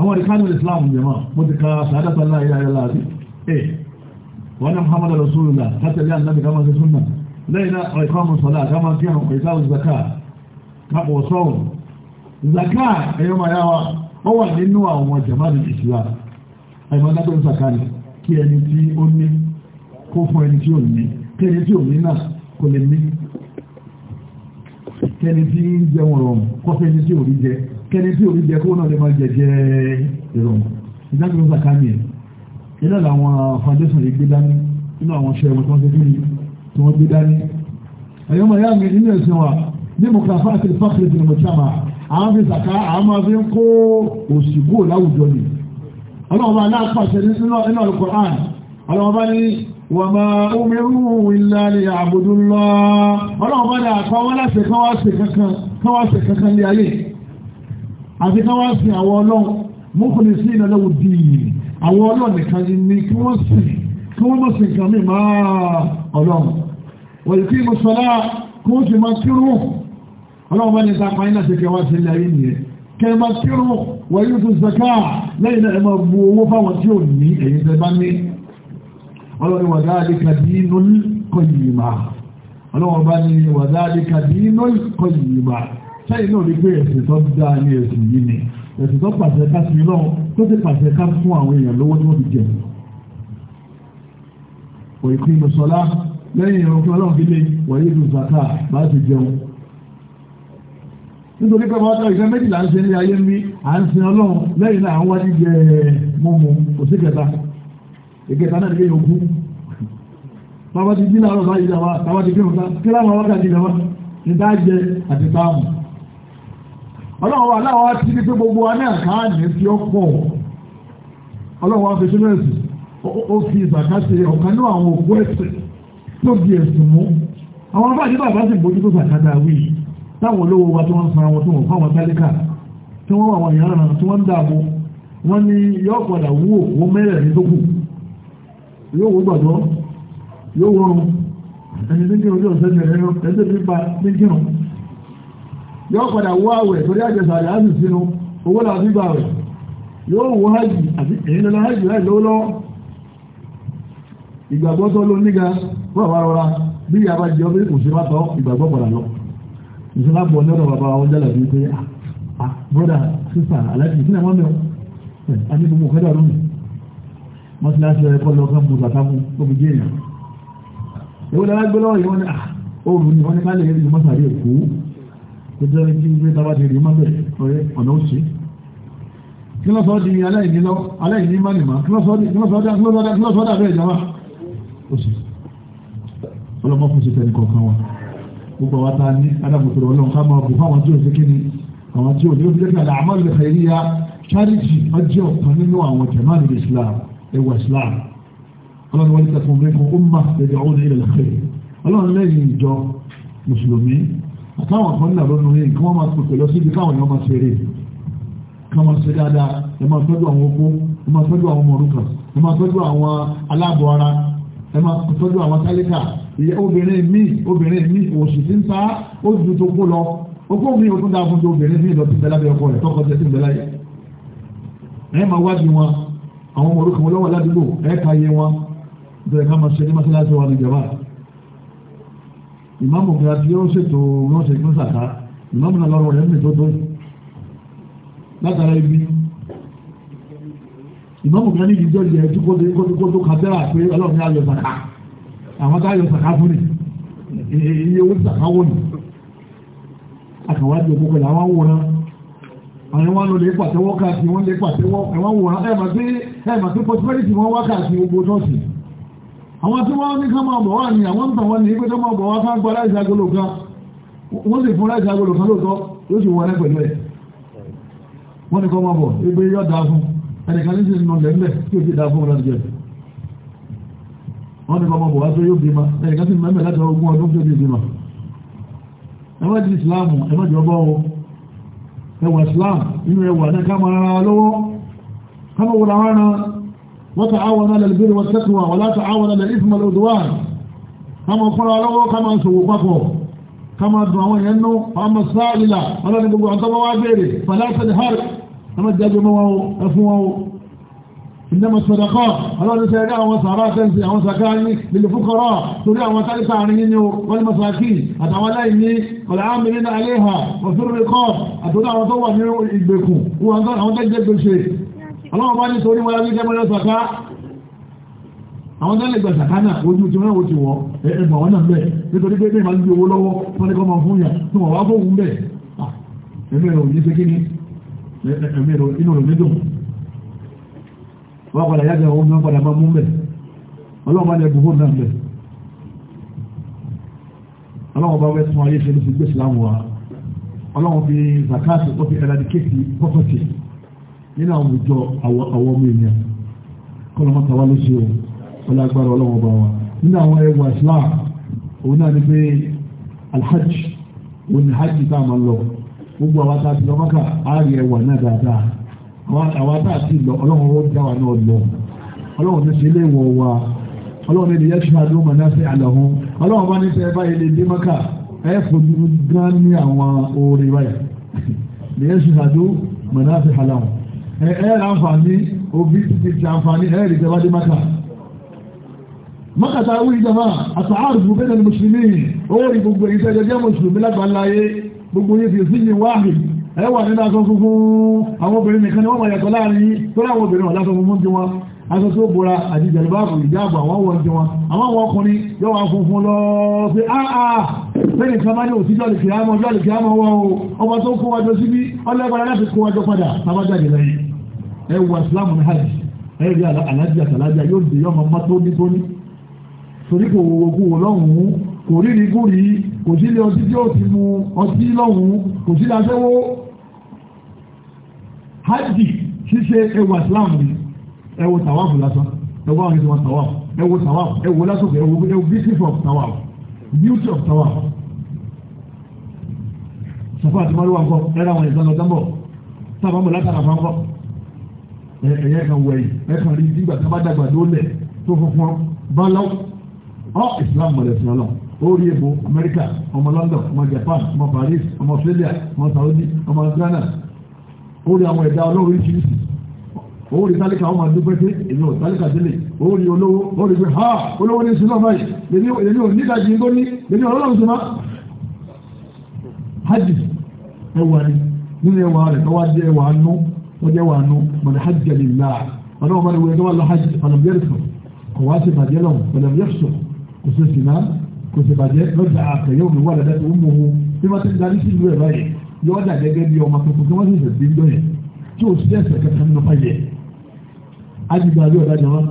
àwọn ìkànnì islam jẹ̀mọ́ mo ti ka sàádàtà náà ilé ayé láàbí wọn náà muhammadu rasulullah kátàlí ànábì ká máa ṣe súnà lẹ́yìn náà ọ̀ìkọ́ àmọ́ sọ̀lá ká máa kí àwọn ìkàwé wọ́n wà nínú àwọn jamaní ìṣúra àìmọ́ dágbé ìsàkálẹ̀ kí ẹni tí ó ní kó fún ẹni tí ò ní kí ẹni tí ò ní náà kò lè ní kí ẹni tí ń jẹ wọn rọrùn kó fún ẹni tí ò rí jẹ kí ẹni tí ò rí jẹ kó náà lè máa jẹ jẹ ìrọ̀rùn ìdágbé ìsàkálẹ̀ iná làwọn foundation yìí gbé dání nínú àwọn ṣẹ́ ẹ̀wọ̀n tó ń ṣe kí tí wọ́n gbé dání ẹ̀yọ́mọ̀ yá mi nínú ẹ̀sìn wa ní mùkàfà àti fáfíìsì ni mo ṣàmà àwọn fi sàká àwọn máa fi ń kó òsì kúrò láwùjọ ni ọlọ́wọ́ bá aláàpàṣẹ nínú Al-Qur'an ọlọ́wọ́ bá ní wà máa umiru illa liya'budullah ọlọ́wọ́ bá ní àpáwọ́ láti káwàṣẹ kankan lé ayé àti káwàṣẹ àwọn ọlọ́run mọ́kànlẹ̀ sí ìlọ́lọ́wọ́ dìí àwọn ọlọ́run nìkan ni kí wọ́n sì kí wọ́n sì kàmí máa ọlọ́run wọ̀lùkí mùsọ́lá kó sì máa kírùn ọlọ́wọ́ bá ní sápa iná ṣe kẹwàá sí ilẹ̀ yìí nìyẹn kẹma kírù wọ̀nyí tó zaka lẹ́yìn náà ẹmọ bu owó fáwọn tí ò ní èyí tẹ bá ní ọlọ́wọ́ wàdáàdìkà dínú kọ̀yìmá ọlọ́wọ́ bá ní wàdáàdìkà dínú kọ̀yìmá sẹ́yìn náà rí pé ẹ̀sìn tó dáa ní ẹ̀sìn yìí ni ẹ̀sìn tó pàṣẹ ká sí lọ́wọ́ tó ti pàṣẹ ká fún àwọn èèyàn lówó tí wọ́n fi jẹ òyìnbó sọlá lẹ́yìn ìrọ̀kùn ọlọ́run fi wọ̀nyí tó zaka bá ti jẹun nítorí pé wọ́n tọ́ ìfẹ́ méjìlá ń ṣe ní ayé ń bí à ń sin ọlọ́run lẹ́yìn náà àwọn wájú jẹ mọ́mú kò sí kẹta ìkẹta náà lè yòókù bàbá ti jí láàárọ̀ báyìí làwà tàwa ti fi nǹkan kí láwọn wákàtí làwà ní tá jẹ àti táàmù ọlọ́run wa láwọn wá ti ní pé gbogbo wa náà ká ní fi ọ́ pọ̀ ọlọ́run wa fi sínú ẹ̀sìn ó fi ìbàkásẹ̀ ọ̀kan náà àwọn òkú ẹ̀sìn tó di ẹ̀sìn mú àwọn abájí bàbá sì bójú tó sàkádà wíì táwọn olówó wa tí wọ́n san àwọn tó wọ́n fáwọn tálíkà tí wọ́n àwọn èèyàn ràn tí wọ́n ń dààmú wọ́n ní yọ́ padà wú òkú mẹ́rẹ̀ẹ́rin tó kù yóò wó gbàgbọ́ yóò wọ́run ẹni tí ń kírun yóò sẹ́sẹ̀ ẹ̀rọ ẹ̀sẹ̀ tí ń pa tí ń kírun yóò padà wó àwẹ̀ torí àjẹsà rẹ̀ á sì sínú owó làbí gbà rẹ̀ yóò wó hajj àti èyí lọ́la hajj láì lówó ìgbàgbọ́ tó ló níga fún àwọn arọra bí ìyá bá jẹ́ ọ ìṣọ́lá bọ̀ lọ́rọ̀ bàbá wọn jẹ́ lọ́dún pé ah, ah broda sista aláàjì ìpínlẹ̀ wọn mẹ́wọ́ àti eh, gbogbo òkèdè ọ̀run mi wọ́n ti láti ẹ̀kọ́ lọ kán bu bàtà mu omi jẹ́ èèyàn èwo lára gbé lọ́wọ́ ìwọ́n ni ah oòrùn ni wọ́n ní ká lè rí mọ́sàrí èkó tó jẹ́ kí gbé tábà ti rí mọ́bẹ̀ ọ̀nà òsì kí lọ́ sọ́ di aláìní lọ aláìní mánìmá kí lọ́ sọ́ gbogbo àwọn ta ní alábòsòrò ọlọ́run ká máa bù fáwọn tí ò sí kí ni àwọn tí ò ní ojú kẹta àmọ́ lè fẹ́ yíya charity ọjọ́ ọ̀kan nínú àwọn jamaní islam ẹwà islam ọlọ́run wọlé tẹ̀sán mẹ́kọ̀ọ́ ó má lẹ́dẹ̀ ọ̀hún ní ilẹ̀ lọ́kẹ́ ọlọ́run lẹ́yìn ìjọ mùsùlùmí àtàwọn kan náà lónìí yìí kí wọ́n máa pèpè lọ síbi káwọn èèyàn máa ṣeré ká máa ṣe dáadáa ẹ máa tọ́jú àwọn opó ẹ máa tọ́jú àwọn ọmọ ẹ máa tọ́jú àwọn aláàbọ̀ ara ẹ máa tọ́jú àwọn tálíkà ìyẹ́ obìnrin míì obìnrin míì òṣì tí ń ta ó ju tó kó lọ okó mi ò tún dáa fún tó obìnrin míì lọ ti bẹ lábẹ́ ọkọ rẹ̀ tọkọ tẹ ti bẹ láyé ẹ máa wádìí wọn àwọn ọmọ orúkọ lọ́wọ́ ládùúgbò ẹ ka yé wọn bẹ̀rẹ̀ ká máa ṣe ní mọ́ṣáláṣí wa ní ìjọba ìmáàmù kìlá tí ó ṣètò wọn ṣe gbọ́n sàkà ìmáàmù náà lọ́rọ̀ rẹ̀ ń tó tó tó kàdẹ́rà pé àwọn tó ayọ̀ sàká fún ni iye owó sàká wò ni àkàwádìí òkúkọ làwọn wòran àwọn wọn lò lè pàtẹ́wọ́ káàkiri wọn lè pàtẹ́wọ́ ẹ̀wọ̀n wòran ẹ̀mà sí ẹ̀mà sí pọtifẹ́rìtì wọn wá káàkiri gbogbo nọ́ọ̀sì àwọn tí wọ́n ní ká máa bọ̀ wá ní àwọn ń tàn wọn ní pé tó máa bọ̀ wá ká gba láìsí agolo kan wọ́n sì fún láìsí agolo kan lóòótọ́ yóò sì wọlé pẹ̀lú ẹ̀ wọ́n ní kọ́ máa bọ̀ ebi yóò dáa fún ẹnìkan ní sì nù lẹ́ńbẹ̀ tí ó sì dáa fún wọn láti jẹ́ wọ́n ní kọmọ bọ̀wá tó yóò bí ma ẹ̀yẹ̀ kan sí mẹ́mẹ́ láti ogún ọdún tó bí ma ẹwà ti islamu ẹwà jọ bọ́ ọ ẹwà islam inú ẹwà ní ká máa rárá lọ́wọ́ ká máa wùlà wọn wọ́n ta àwọn náà lẹ́lẹ́ bírí wọ́n tẹ́kùwà wọ́n láti àwọn náà lẹ́lẹ́ ìfìmọ̀ lọ́dọ́wà ká máa إنما الصدقات الله سيدنا وصارا تنسي وصكاني للفقراء تريع وثالث عنين والمساكين أتوليني والعاملين عليها وفي الرقاب أتولى وضوى من إجبكم وأنتجد بالشيء الله ما نسوني ولا بيجي من الزكاة àwọn tó lè gba ṣàkánà ojú tí wọ́n ti wọ́ ẹgbà wọn náà bẹ́ẹ̀ nítorí pé bẹ́ẹ̀ máa ń gbé owó lọ́wọ́ wọ́n ní kọ́ máa fún yà tí wọ́n wá fóun bẹ́ẹ̀ ẹ̀mẹ́rẹ̀ òní ṣe inú rẹ̀ nídùn wọ́n padà yá gẹ̀rọ omi wọ́n padà máa mú mẹ́ ọlọ́run máa lẹ gbogbo náà mẹ́ ọlọ́run bá wẹ́ tún ayé ṣe ní ti gbèsè láwọn wa ọlọ́run fi zakat ó fi ẹ̀rọ kéèkì pọ́pọ́tì nínú àwùjọ àwọn ọmọ ènìyàn kọ́ lọ́mọ tàwa ló ṣe o wọ́n lé agbára ọlọ́run bá wa nínú àwọn ẹwà Islam òun náà ni pé alhaj òun ni hajj tá a máa lọ gbogbo àwọn tá a ti àwọn àtà àti ìlọ ọlọ́run ó dá wa náà lọ ọlọ́run ní sílé ìwọ̀ wa ọlọ́run ní ìyá ṣùgbọ́n àdó mọ̀ náà sí àlàhún ọlọ́run bá ní sẹ́ báyìí lè dé mọ́kà ẹ̀ fojú gán ní àwọn oore báyìí ìyá ṣùgbọ́n àdó mọ̀ náà sí àlàhún ẹ̀ ẹ̀ láǹfààní òbí ti ti àǹfààní ẹ̀ rí ìjọba dé mọ́kà mọ́kà wí ìjọba àtàárùfù bẹ́ẹ̀ ni mùsùlùmí ó rí gbogbo ìṣẹ́jọ́ jẹ́ mùsùlùmí lágbàláyé gbogbo yìí fi sí ní wáhìí ẹ wà nínú aṣọ funfun àwọn obìnrin nìkan ni wọ́n máa yàtọ̀ láàrin tó láwọn obìnrin wà láṣọ funfun tí wọ́n aṣọ tó bora àti jẹ̀lúbáàbù ìjáàbù àwọn wọ́n jẹ wọn àwọn àwọn ọkùnrin yóò wá funfun lọ pé àà lẹ́yìn kan máa ní òtíjọ́ lè kìí àmọ́ jọ́lè kìí àmọ́ wọ́n o ọba tó kó wájọ síbí ọlẹ́gbàrá láti kó wájọ padà tábájáde lẹ́yìn ẹ wà islamu ní hajj ẹ rí alájí àtàlájá yóò dé yọmọ mọ́tónítóní torí kò wọ́wọ́ kú wọ́ lọ́hùn-ún kò rí rí gúrí kò sí ilé ọtí tí ó ti mu ọtí lọ́hùn kò sí aṣẹ́wó hajj ṣíṣe ẹwà islam ni ẹwọ tàwáfù lásán ẹwọ àwọn ìṣòwò tàwáfù ẹwọ tàwáfù ẹwọ lásòkè ẹwọ ẹwọ beauty of tàwáfù beauty of tàwáfù sọfọ àti mọ́lúwà ńkọ ẹ̀rọ àwọn ìṣàn lọ́dọ́ bọ̀ sábà mọ̀ látara fún ọkọ ẹ̀yẹ kan wẹ̀yìn ẹ̀ kan rí nígbà tí bá dàgbà lólẹ̀ tó funfun bá lọ ọ́ ìsìlámù mọ̀lẹ́sìn ọlọ́run orí èbò amẹ́ríkà ọmọ london ọmọ japan ọmọ paris ọmọ australia ọmọ saudi ọmọ ghana orí àwọn ẹ̀dá ọlọ́run ìṣiríṣi orí tálíkà ọmọ dúpẹ́ pé èmi ò tálíkà délé orí olówó orí pé ha olówó ní sinú ọmọ yìí lèmi ò nídàjì ń gbóní lèmi ọlọ́run sinú hajj ẹwà ni nínú ẹwà rẹ̀ tọ́wá jẹ́ ẹwà nú ọjọ́ ẹwà nú mọ̀lẹ́ hajj lillah ọlọ́run mọ̀lẹ́ wẹ̀ tọ́wá lọ hajj ọ̀nà bẹ́ẹ̀ kò sì bàjẹ́ lọ́jà àfẹ́ yóò mi wà dáadáa tó ń mú un bí wọ́n ti ń darí sí ìlú ẹ̀ báyìí yóò dà gẹ́gẹ́ bí ọmọ tuntun tí wọ́n sì sẹ̀sì ń dọ̀yẹ̀ tí ò sí ẹ̀sẹ̀ kẹta nínú fàyẹ̀ ajígbà bí ọ̀dájà wọn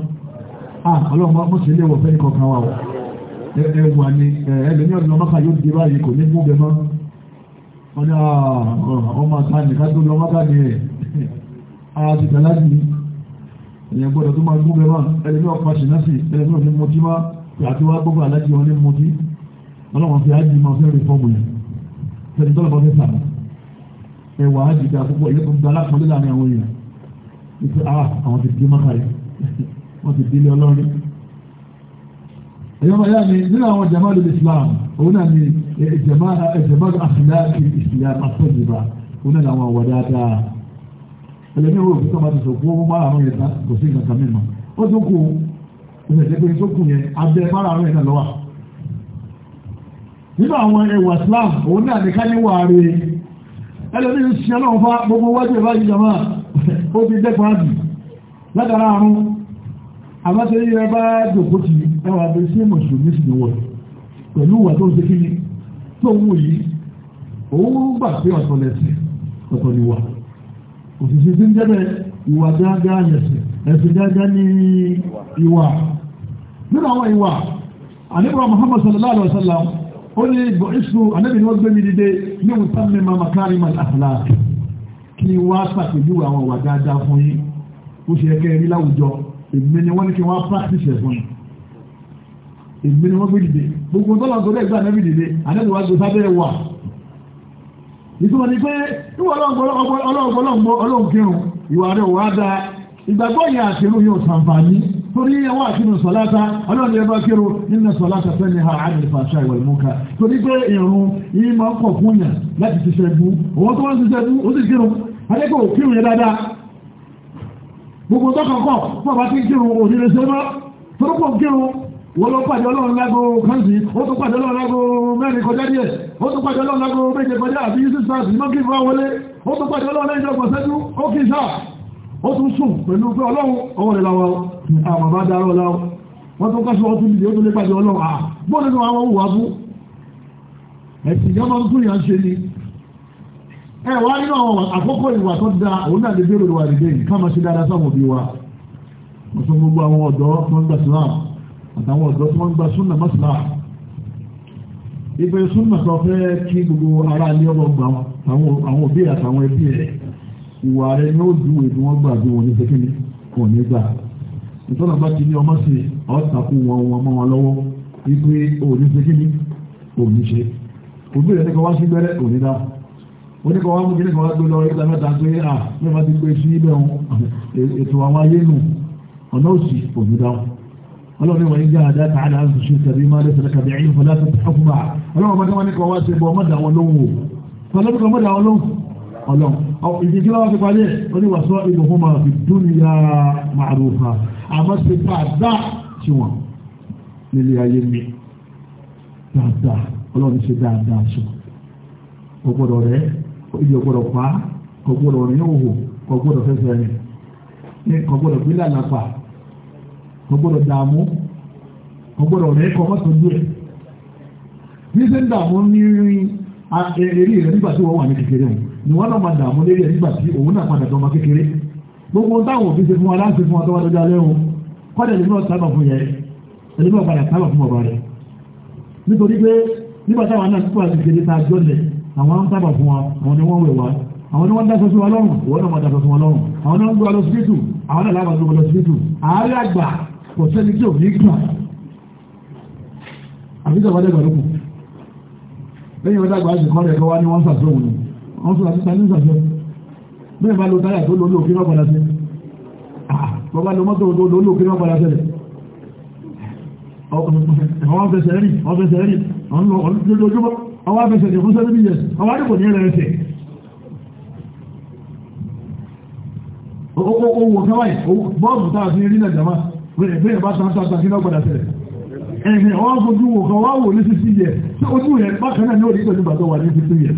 a ọlọ́run wọn sì léwọ̀ fẹ́ kọ̀ọ̀kan wa ọ̀ ẹ wà ní ẹlẹ́ni ọ̀dùn ọmọkà yóò di báyìí kò ní mú bẹ mọ́ wọn ni ọmọ àtàní ká tó lọ ọmọ àtàní rẹ̀ àti tàlájì ẹ̀yẹ̀ gbọ́dọ̀ tó máa gún bẹ mọ́ ẹlẹ́ni ọ̀pá ṣìnásì àti wá gbogbo alájí wọn ní mojí ọlọ́wọ́n fi ájì máa fẹ́ rí fọ́ọ̀mù yẹn sẹ́ni tọ́lọ̀ bá fẹ́ sàmì ẹ̀wà ájì dá púpọ̀ ìyẹn tó ń dalá kan lílà àwọn èèyàn ìpè ah àwọn ti di mọ́kàlẹ̀ wọ́n ti dílé ọlọ́rin. ẹ̀yọ́ bàyá mi nínú àwọn jamaa lórí Islam òun náà ni jamaa jamaa àfìláàkì Islam àtọ́jìbá òun náà làwọn àwọ̀ ìrìn àti pé tó kù yẹn abẹ́ fara rẹ̀ náà lọ́wọ́ nínú àwọn ẹwà Islam òun náà nìkan ní wà rè ẹlẹ́ni ń ṣiṣẹ́ náà fa gbogbo wájú ìbá yìí jọba ó ti dẹ́kun àbì látara àrùn àbáṣe yìí ẹ bá jòkó ti ẹwà bẹ sí mùsùlùmí sì wọ pẹ̀lú ìwà tó ń ṣe kíni tó ń wù yìí òun gbà pé ọ̀tọ̀ lẹ́sìn ọ̀tọ̀ ni wà òṣìṣẹ́ tí ń jẹ́ bẹ́ẹ̀ ìwà dáadáa yẹ̀sìn ẹ̀sìn dáadáa ní ìwà nínú àwọn ìwà àníbọ̀ Muhammad sallallahu alaihi wasallam ó ní ìgbò ìṣù àníbì ni wọ́n gbé mi dìde ní òun sáà mímọ makari mal akhlaq kí ni wá pàtẹ́jú àwọn ìwà dáadáa fún yín ó ṣe ẹkẹ rí láwùjọ èmi ni wọ́n ní kí wọ́n practice ẹ̀ fún yín èmi ni wọ́n gbé dìde gbogbo tọ́lá tó dẹ́gbà àníbì dìde àníbì wá gbé sábẹ́ wà ìtumọ̀ ni pé ìwọ ọlọ́ọ̀gbọ́ ọlọ́ọ̀gbọ́ ọlọ́ọ̀gbọ́ ọlọ́ọ̀gbẹ́rùn ìwà rẹ̀ wà dáa ìgbàgbọ́ yẹn àṣírí yóò sàǹfààní torí ẹwà àfihàn sọ̀láta ọlọ́run ẹbá kírò nínú sọ̀láta fẹ́ ní ha àdìrí fàṣà ha torí pé ìrún yìí máa ń pọ̀ fún yàn láti ṣiṣẹ́ bú òun tó wọ́n ṣiṣẹ́ bú ó sì kírò adékò ya dada dáadáa gbogbo tọkọ̀kọ̀ fún àbá tí kírò òdìrẹ ṣe mọ́ torókò kírò wọ́n lọ pàdé ọlọ́run lágbo kánsì ó tó pàdé ọlọ́run lágbo mẹ́rin kọjá díẹ̀ ó tó ó tún sùn pẹ̀lú pé ọlọ́run ọwọ́ rẹ̀ lọ́wọ́ àwọn bá dáró ọlọ́run wọ́n tún kọ́ sí wọ́n tún lè ó tún lè pàdé ọlọ́run à bóòlù ní àwọn òwò ni ẹ wá nínú àwọn àkókò ìwà tó da òun náà lè bèrè ìwà ìdè yìí káàmà ṣe dáadáa sáwọn òbí wa wọ́n tún gbogbo àwọn ọ̀dọ́ tó ń gbà sílá àtàwọn ọ̀dọ́ tó ń gbà súnà mọ́sílá ìgbẹ́ súnà tó fẹ́ kí gbogbo ara ilé ọmọ gbà àwọn òbí àtàwọn ẹbí rẹ̀ ìwà rẹ ní ó dùn èdè wọn gbà bí wọn ní sẹkẹlẹ wọn ní gbà ìtọ́nà bá ti ní ọmọ sí ọ̀tàkù wọn wọn mọ́ wọn lọ́wọ́ wípé òní sẹkẹlẹ òní ṣe òbí rẹ ní kọ́ wá sí gbẹ́rẹ́ òní dá oníkọ̀ wá mú kí ní kọ́ wá gbé lọ ìgbà mẹ́ta pé à mẹ́fà ti pé sí ibẹ̀ wọn ètò àwọn ayé nù ọ̀nà òsì òní dá ọlọ́run wọ̀nyí jẹ́ àdá tààdà ń sùn tàbí má lẹ́sẹ̀ lẹ́ka bẹ̀rẹ̀ ìfọ̀dá tó tàkùmá ọlọ́run ọmọdé wọn ní kọ́ wá sí ibọ̀ ọmọdé àwọn lóhùn o tọ́lọ́dún kan àwọn lóhùn ọlọ́run ìdí tí wọ́n fi parí ẹ̀ ó ní wàásù ìbò fún màá fi dúnìyà màrúfà àmọ́ ṣe dáadáa tí wọ́n nílé ayé mi dáadáa ọlọ́run ṣe dáadáa tí wọ́n kò gbọ́dọ̀ rẹ̀ ìdí ọgbọ́dọ̀ pa kò gbọ́dọ̀ rìn òhò kò gbọ́dọ̀ fẹsẹ̀ rìn ní kò gbọ́dọ̀ gbélé àlàpà kò gbọ́dọ̀ dààmú kò gbọ́dọ̀ rẹ̀ kò mọ́tòjú ẹ̀ bí ṣe ń dààmú ní eré rẹ̀ nígbà tí wọ́n wà ní kékeré wọn ni wọ́n náà máa dààmú lérí ẹ̀ nígbà tí òun náà padà tọmọ kékeré gbogbo táwọn òbí ṣe fún wa láti fún wa tó wá lọ́jọ́ alẹ́ wọn kọ́dẹ̀ lè náà sábà fún yẹn ẹni náà padà sábà fún ọba rẹ̀ nítorí pé nígbà táwọn náà túbọ̀ àti kékeré tá a jọ lẹ̀ àwọn á ń sábà fún wa àwọn ni wọ́n wẹ̀ wá àwọn ni wọ́n dáṣọ sí wa lọ́rùn ìwọ́n náà máa dáṣọ sí wa lọ́rùn àwọn náà ń gbọ́ lọ síbítù àwọn náà lábàá gbọ́ lọ síbítù àárẹ̀ àgbà kò sẹ́ni tí ò ní gbà àbíkà wọlé gbàdúgbò lẹ́yìn ọ̀dàgbà àti kọ́lẹ̀ ẹ̀kọ́ wa ni wọ́n sàtọ́ òun ni àwọn tó làtúta ní ìgbàjẹ́ bí ẹ bá lo táyà tó lórí òfin ọ̀pàdà sí ah, bọ́bá lo mọ́tò tó lórí òfin ọ̀pàdà sí àwọn fẹsẹ̀ rí àwọn fẹsẹ̀ rí àwọn lójoojúmọ́ àwọn fẹsẹ̀ rí fún sẹ́lẹ̀ bíyẹ̀ àwọn àdìkò ní ẹ̀rẹ̀ ẹ̀sẹ̀ owó kẹwàá bọ́ọ̀bù táà sí rí fojú wò kan wá wò ní 50 years tí ojú yẹn bákan ní òní pẹ̀lú bàtọ̀ wà ní 50 years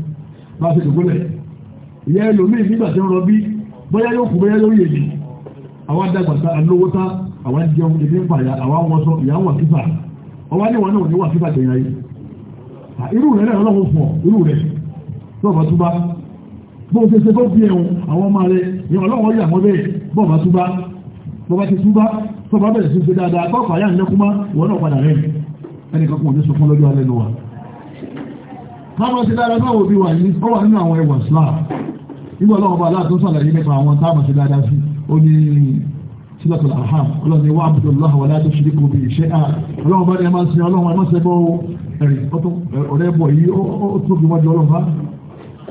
bá ṣe dùgbólẹ̀ ìyá ẹlòmíì nígbà tí ń rọ bí bóyá yóò kú bóyá yóò yèjì àwọn adágbàta alówótá àwọn jẹun ìdí ń pàyà àwọn wọṣọ ìyá wà kífà ọwá ní wọn náà ní wà kífà tẹ̀yà yìí irú rẹ̀ náà lọ́wọ́ fún ọ irú rẹ̀ lọ́ọ̀bà túbá bó ṣe ṣe bó bí ẹ̀hún àwọn ọmọ rẹ̀ ní ọlọ́wọ́ yà wọ́n bẹ́ẹ̀ bọ́ọ̀bà túbá bọ́ọ̀bà ti túbá bọ́ọ̀bà bẹ̀rẹ̀ sí ṣe dáadáa bọ́ọ̀bà yà ń lẹ́kúmá wọn náà padà rẹ̀ ẹnì kan kún òní sọ fún lọ́jọ́ alẹ́ nu wa báwọn ṣe dáadáa náà òbí wà ní ó wà nínú àwọn ẹwà Islam nígbà ọlọ́run bá aláàtún sàlàyé nípa àwọn táwọn ṣe dáadáa sí ó ní sílẹ̀tọ̀ àhàm ọlọ́run ni wà ábùdó lọ́hà wà láti ṣe dípò bíi iṣẹ́ à ọlọ́run bá ní ẹ máa ń sin ọlọ́run ẹ máa ń sẹ bọ́ ẹ̀rì ọ̀rẹ́ bọ̀ yìí ó tóbi wájú ọlọ́run bá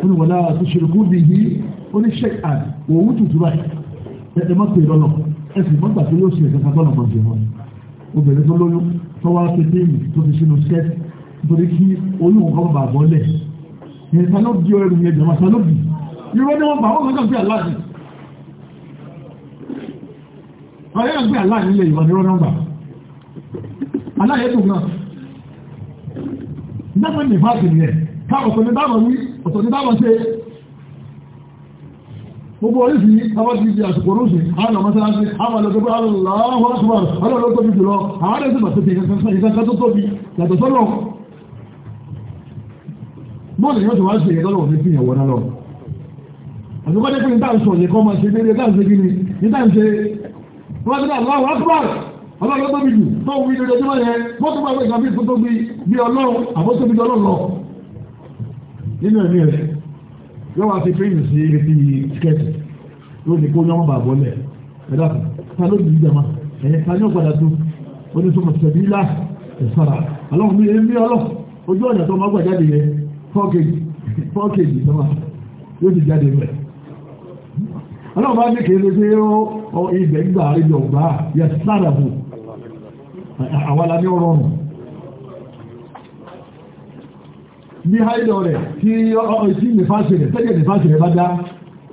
ó ní wọlá tó ṣe dípò bíi yìí ó ní ṣe à òwú tutù báyìí ẹ torí kí olóhùn kọ́ bà bọ́lẹ̀ ìrìn sanóbi ẹrù yẹn jọmọ sanóbi irọ́ ní wọ́n bà wọ́n kankan gbé aláàdì ọ̀rẹ́ yẹn gbé aláàdì ilẹ̀ ìwà nírọ́ nọ́mbà aláàyè dùn náà nígbà ní ìfáàsì rẹ̀ ká ọ̀tọ̀ ní dáàbọ̀ wí ọ̀tọ̀ ní dáàbọ̀ ṣe gbogbo oríṣìí abájú ibi àsìkò oríṣì àwọn ọmọsáàsì àwọn ọlọ́gbọ́n aláwọ̀ ọ̀tọ̀ ọlọ́gbọ́n tóbi jùlọ àwọn ẹ̀sìn bàtẹ́tẹ̀ ìkẹ́kẹ́ tó tóbi yàtọ̀ sọ́lọ́ bọ́ọ̀lù yóò ti wá ṣe ìyẹ́dọ́lọ̀ ní fi ìyẹ̀wọ̀ náà lọ. àtúkọ́ jẹ́ pé níta ń sọ ìyẹ̀kọ́ máa ṣe ní ilé dáǹṣe gíní níta ń ṣe wọ́n ti dá aláwọ̀ akbar ọlọ́run tó bí jù tó wí ní ojoojúmọ́ yẹn wọ́n tó bá gbé ìgbàgbé tó tóbi bí ọlọ́run àbótóbi ọlọ́run lọ. nínú ẹ̀mí rẹ̀ yóò wá fi fẹ́yìn sí ibi tíkẹ́ẹ̀tì ló ní kó yọmọ bàbọ̀ lẹ̀ ẹ̀dá ta ló di ìjàmá ẹ̀yẹ ta ní ọ̀padà tó oníṣòwò tẹ̀bílà ẹ̀sára ọlọ́run mi èmi ọlọ́ ojú fọ́kèjì fọ́kèjì yóò ti jáde mẹ́ ọlọ́run bá ní kéré pé ó ibẹ̀ gbà ilẹ̀ ọ̀gbà yẹ sáràbù àwọn alámi ọrọ̀rùn ní haidọ̀ rẹ̀ tí ọ̀sí nìfàṣẹ̀ tẹ́jẹ̀ nìfàṣẹ̀ bá dá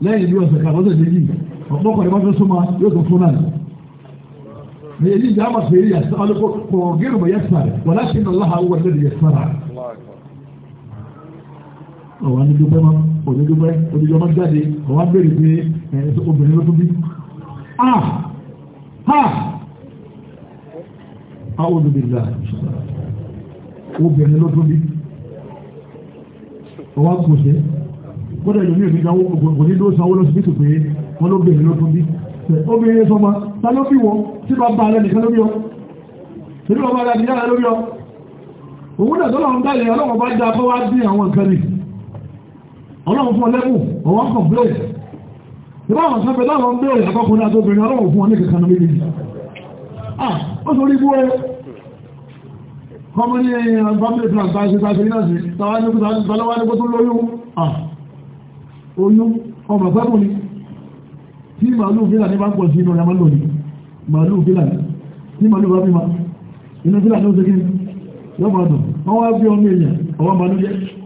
lẹ́yìn bí ọ̀sẹ̀ kan méjì ọ̀pọ̀kọ̀ bá fẹ́ súnmọ́ yóò ọ̀wá ní dúpẹ́ mọ́ òní dúpẹ́ òní ọmọ jáde ọ̀wá bèrè pé obìnrin ló tún bí. àwọn olùdíjà obìnrin ló tún bí ọwá kò sí gbọ́dọ̀ ìlú ní ìfìjà kò ní ló sanwó lọ́sí nítorí pé wọ́n ló bèèrè ló tún bí obìnrin sọmọ ta ló bí wọn tí bá bá alẹ́ nìkan lórí ọ tí bá bá alẹ́ nìkan lórí ọ òun náà tó lọ́wọ́ ń dáyẹ̀ ọlọ́wọ́ bá dá bá wá dín àwọn nǹkan nìkan ọlọ́run fún ọlẹ́kùn ọwọ́ ń kọ̀m̀plẹ̀ ìbá àwọn sọ́pẹ́ láwọn ń bèèrè àkọ́kùnrin àtòbìnrin ọlọ́run fún ọlẹ́kùn kan méjì ah ó sọ rí bú ẹ kọmọlé family plan bá ṣe tàbí náà sí tàwà ní kótó lóyún ah oyún ọmọ pẹ́kùn ni tí màálù fílà ní bá pọ̀ sí inú ọ̀yà máa lòní màálù fílà ní màálù bá bí ma inú fílà ní ó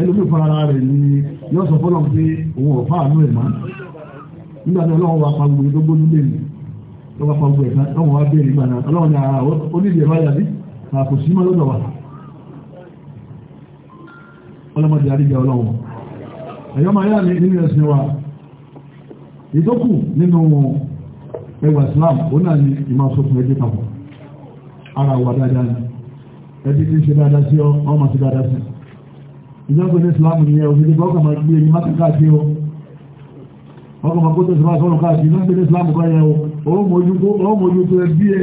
ẹlòmí fara rẹ̀ ni yóò sọ fọ́lọ́ pé òun ọ̀fà àánú ẹ̀ máa nígbà tí ọlọ́run wa pa gbogbo tó gbóni lé mi ló wá pa gbogbo ẹ̀ka ọ̀hún wa bẹ́ẹ̀ nígbà náà ọlọ́run yà á onídìí ẹ̀rọ ayàbí àpò sí má lọ́dọ̀ wa ọlọ́mọdé àríjà ọlọ́run ẹ̀yọ́ máa yára nínú ẹ̀sìn wa ìdókù nínú ẹwà Islam òun náà ni ìmọ̀ sọ́kùn ẹgbẹ́ papọ̀ ara wa dáadáa ni ẹbí tí ń ṣe dáadáa sí ọ ọ máa ṣe dáadáa sí ọ ìjọ́gbé ní islam ní òbílẹ̀ ọkọ̀ ma gbé ní mákàkà àti ọ ọkọ̀ ma kótó ìsìnbá sọ́rọ̀ káàkiri ní ìpínlẹ̀ islam kọ́ yẹ ọmọdún tó ẹbí ẹ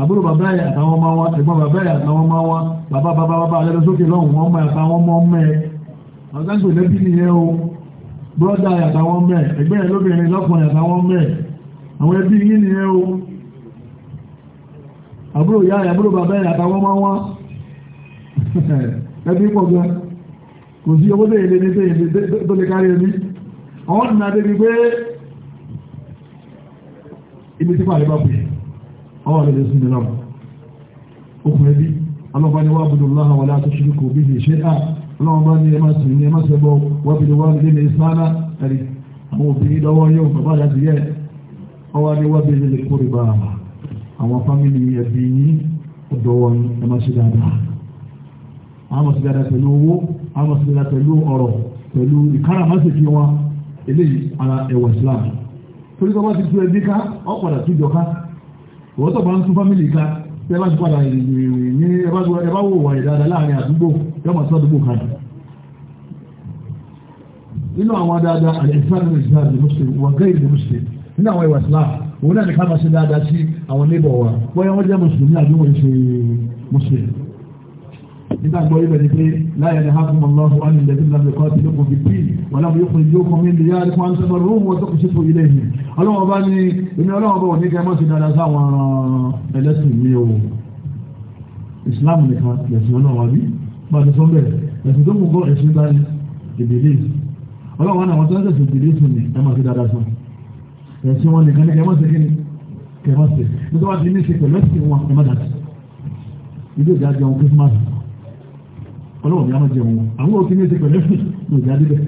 àbúrò bàbá ẹ àtàwọn ọmọ wa ẹ̀gbọ́n bàbá ẹ àtàwọn ọmọ wa bàbá bàbá bàbá alẹ́ sókè lọ́hùn ọmọ àtàwọn ọmọ ọmọ ẹ ọ̀gáǹgbè lẹ́bí nìyẹn o bọ́dà àtàwọn ọmọ ẹ ẹgbẹ́ ẹ lóbìnrin lọ́kùnrin àtàwọn ọmọ ẹ àwọn ẹbí yín nìyẹn o àbúrò yá àbúrò bàbá ẹ àtàwọn ọmọ wa ẹbí pọ̀ gan-an kò sí owó tẹ́yìn lé ní tẹ́yìn tó lè kárí ẹni àwọn ìnà débi pé ibi tí pàdé bá pè ọwọ́ rẹ̀ lè sún ìlànà okùnrin bí alọ́bàá ni wà bùdó láhà wà láti ṣe kò bí ṣe à ọlọ́wọ́n bá ní ẹ ní ẹ máa wà bùdó wà nílé sáánà ẹ̀rí àwọn obìnrin lọ́wọ́ yóò bàbá àti yẹ ọwọ́ ni wà bùdó lè kórè bá àwọn fámìlì ẹbí yín ọ̀dọ́ wọn ẹ dáadáa àwọn máa dáadáa pẹ̀lú owó àwọn sọ̀rọ̀ pẹ̀lú ọ̀rọ̀ pẹ̀lú ìkáràmásìkí wọn eléyìí ara ẹ̀wọ̀ islam torí tọ́ba ti tú ẹbí ká ọ padà tú jọ ká wọ́n tọ́ba ń tu fámìlì ká ẹ bá ti padà ní ẹ wò wà ìdáadáa láàrin àdúgbò yọmọ sí àdúgbò kan nínú àwọn islam ní islam ní muslim wọ́n gẹ́yìn ní muslim nínú àwọn ẹ̀wọ̀ islam òun náà ní ká máa ṣe dáadáa sí àwọn wa nígbà gbọ́ ibẹ̀ ni pé láyé ni hákùnmọ̀ lọ́wọ́ wọn ilẹ̀ tí lábẹ́ kọ́ sílẹ̀ kò fi tí wọn lábẹ́ yóò fún yóò fún mi lè yára fún àǹtí ọmọdé wọn tó kù sí fún ilé yìí ọlọ́wọ́n bá ní èmi ọlọ́wọ́n bá wọ̀ ní kẹ́mọ́ sí dáadáa sáwọn ẹlẹ́sìn mi o Islam nìkan lẹ̀sìn ọlọ́wọ́ bí bá a ti sọ bẹ́ẹ̀ lẹ̀sìn tó kù gbọ́ ẹ̀sìn báyìí ìbílẹ̀ ọlọ́wọ́n náà wọ́n tó ń tẹ̀sìn ìbílẹ̀ ọlọ́run ní àmọ́jẹ wọn àwọn òkè ní ẹsẹ̀ pẹ̀lú ẹ̀fìn ní òjá lílẹ̀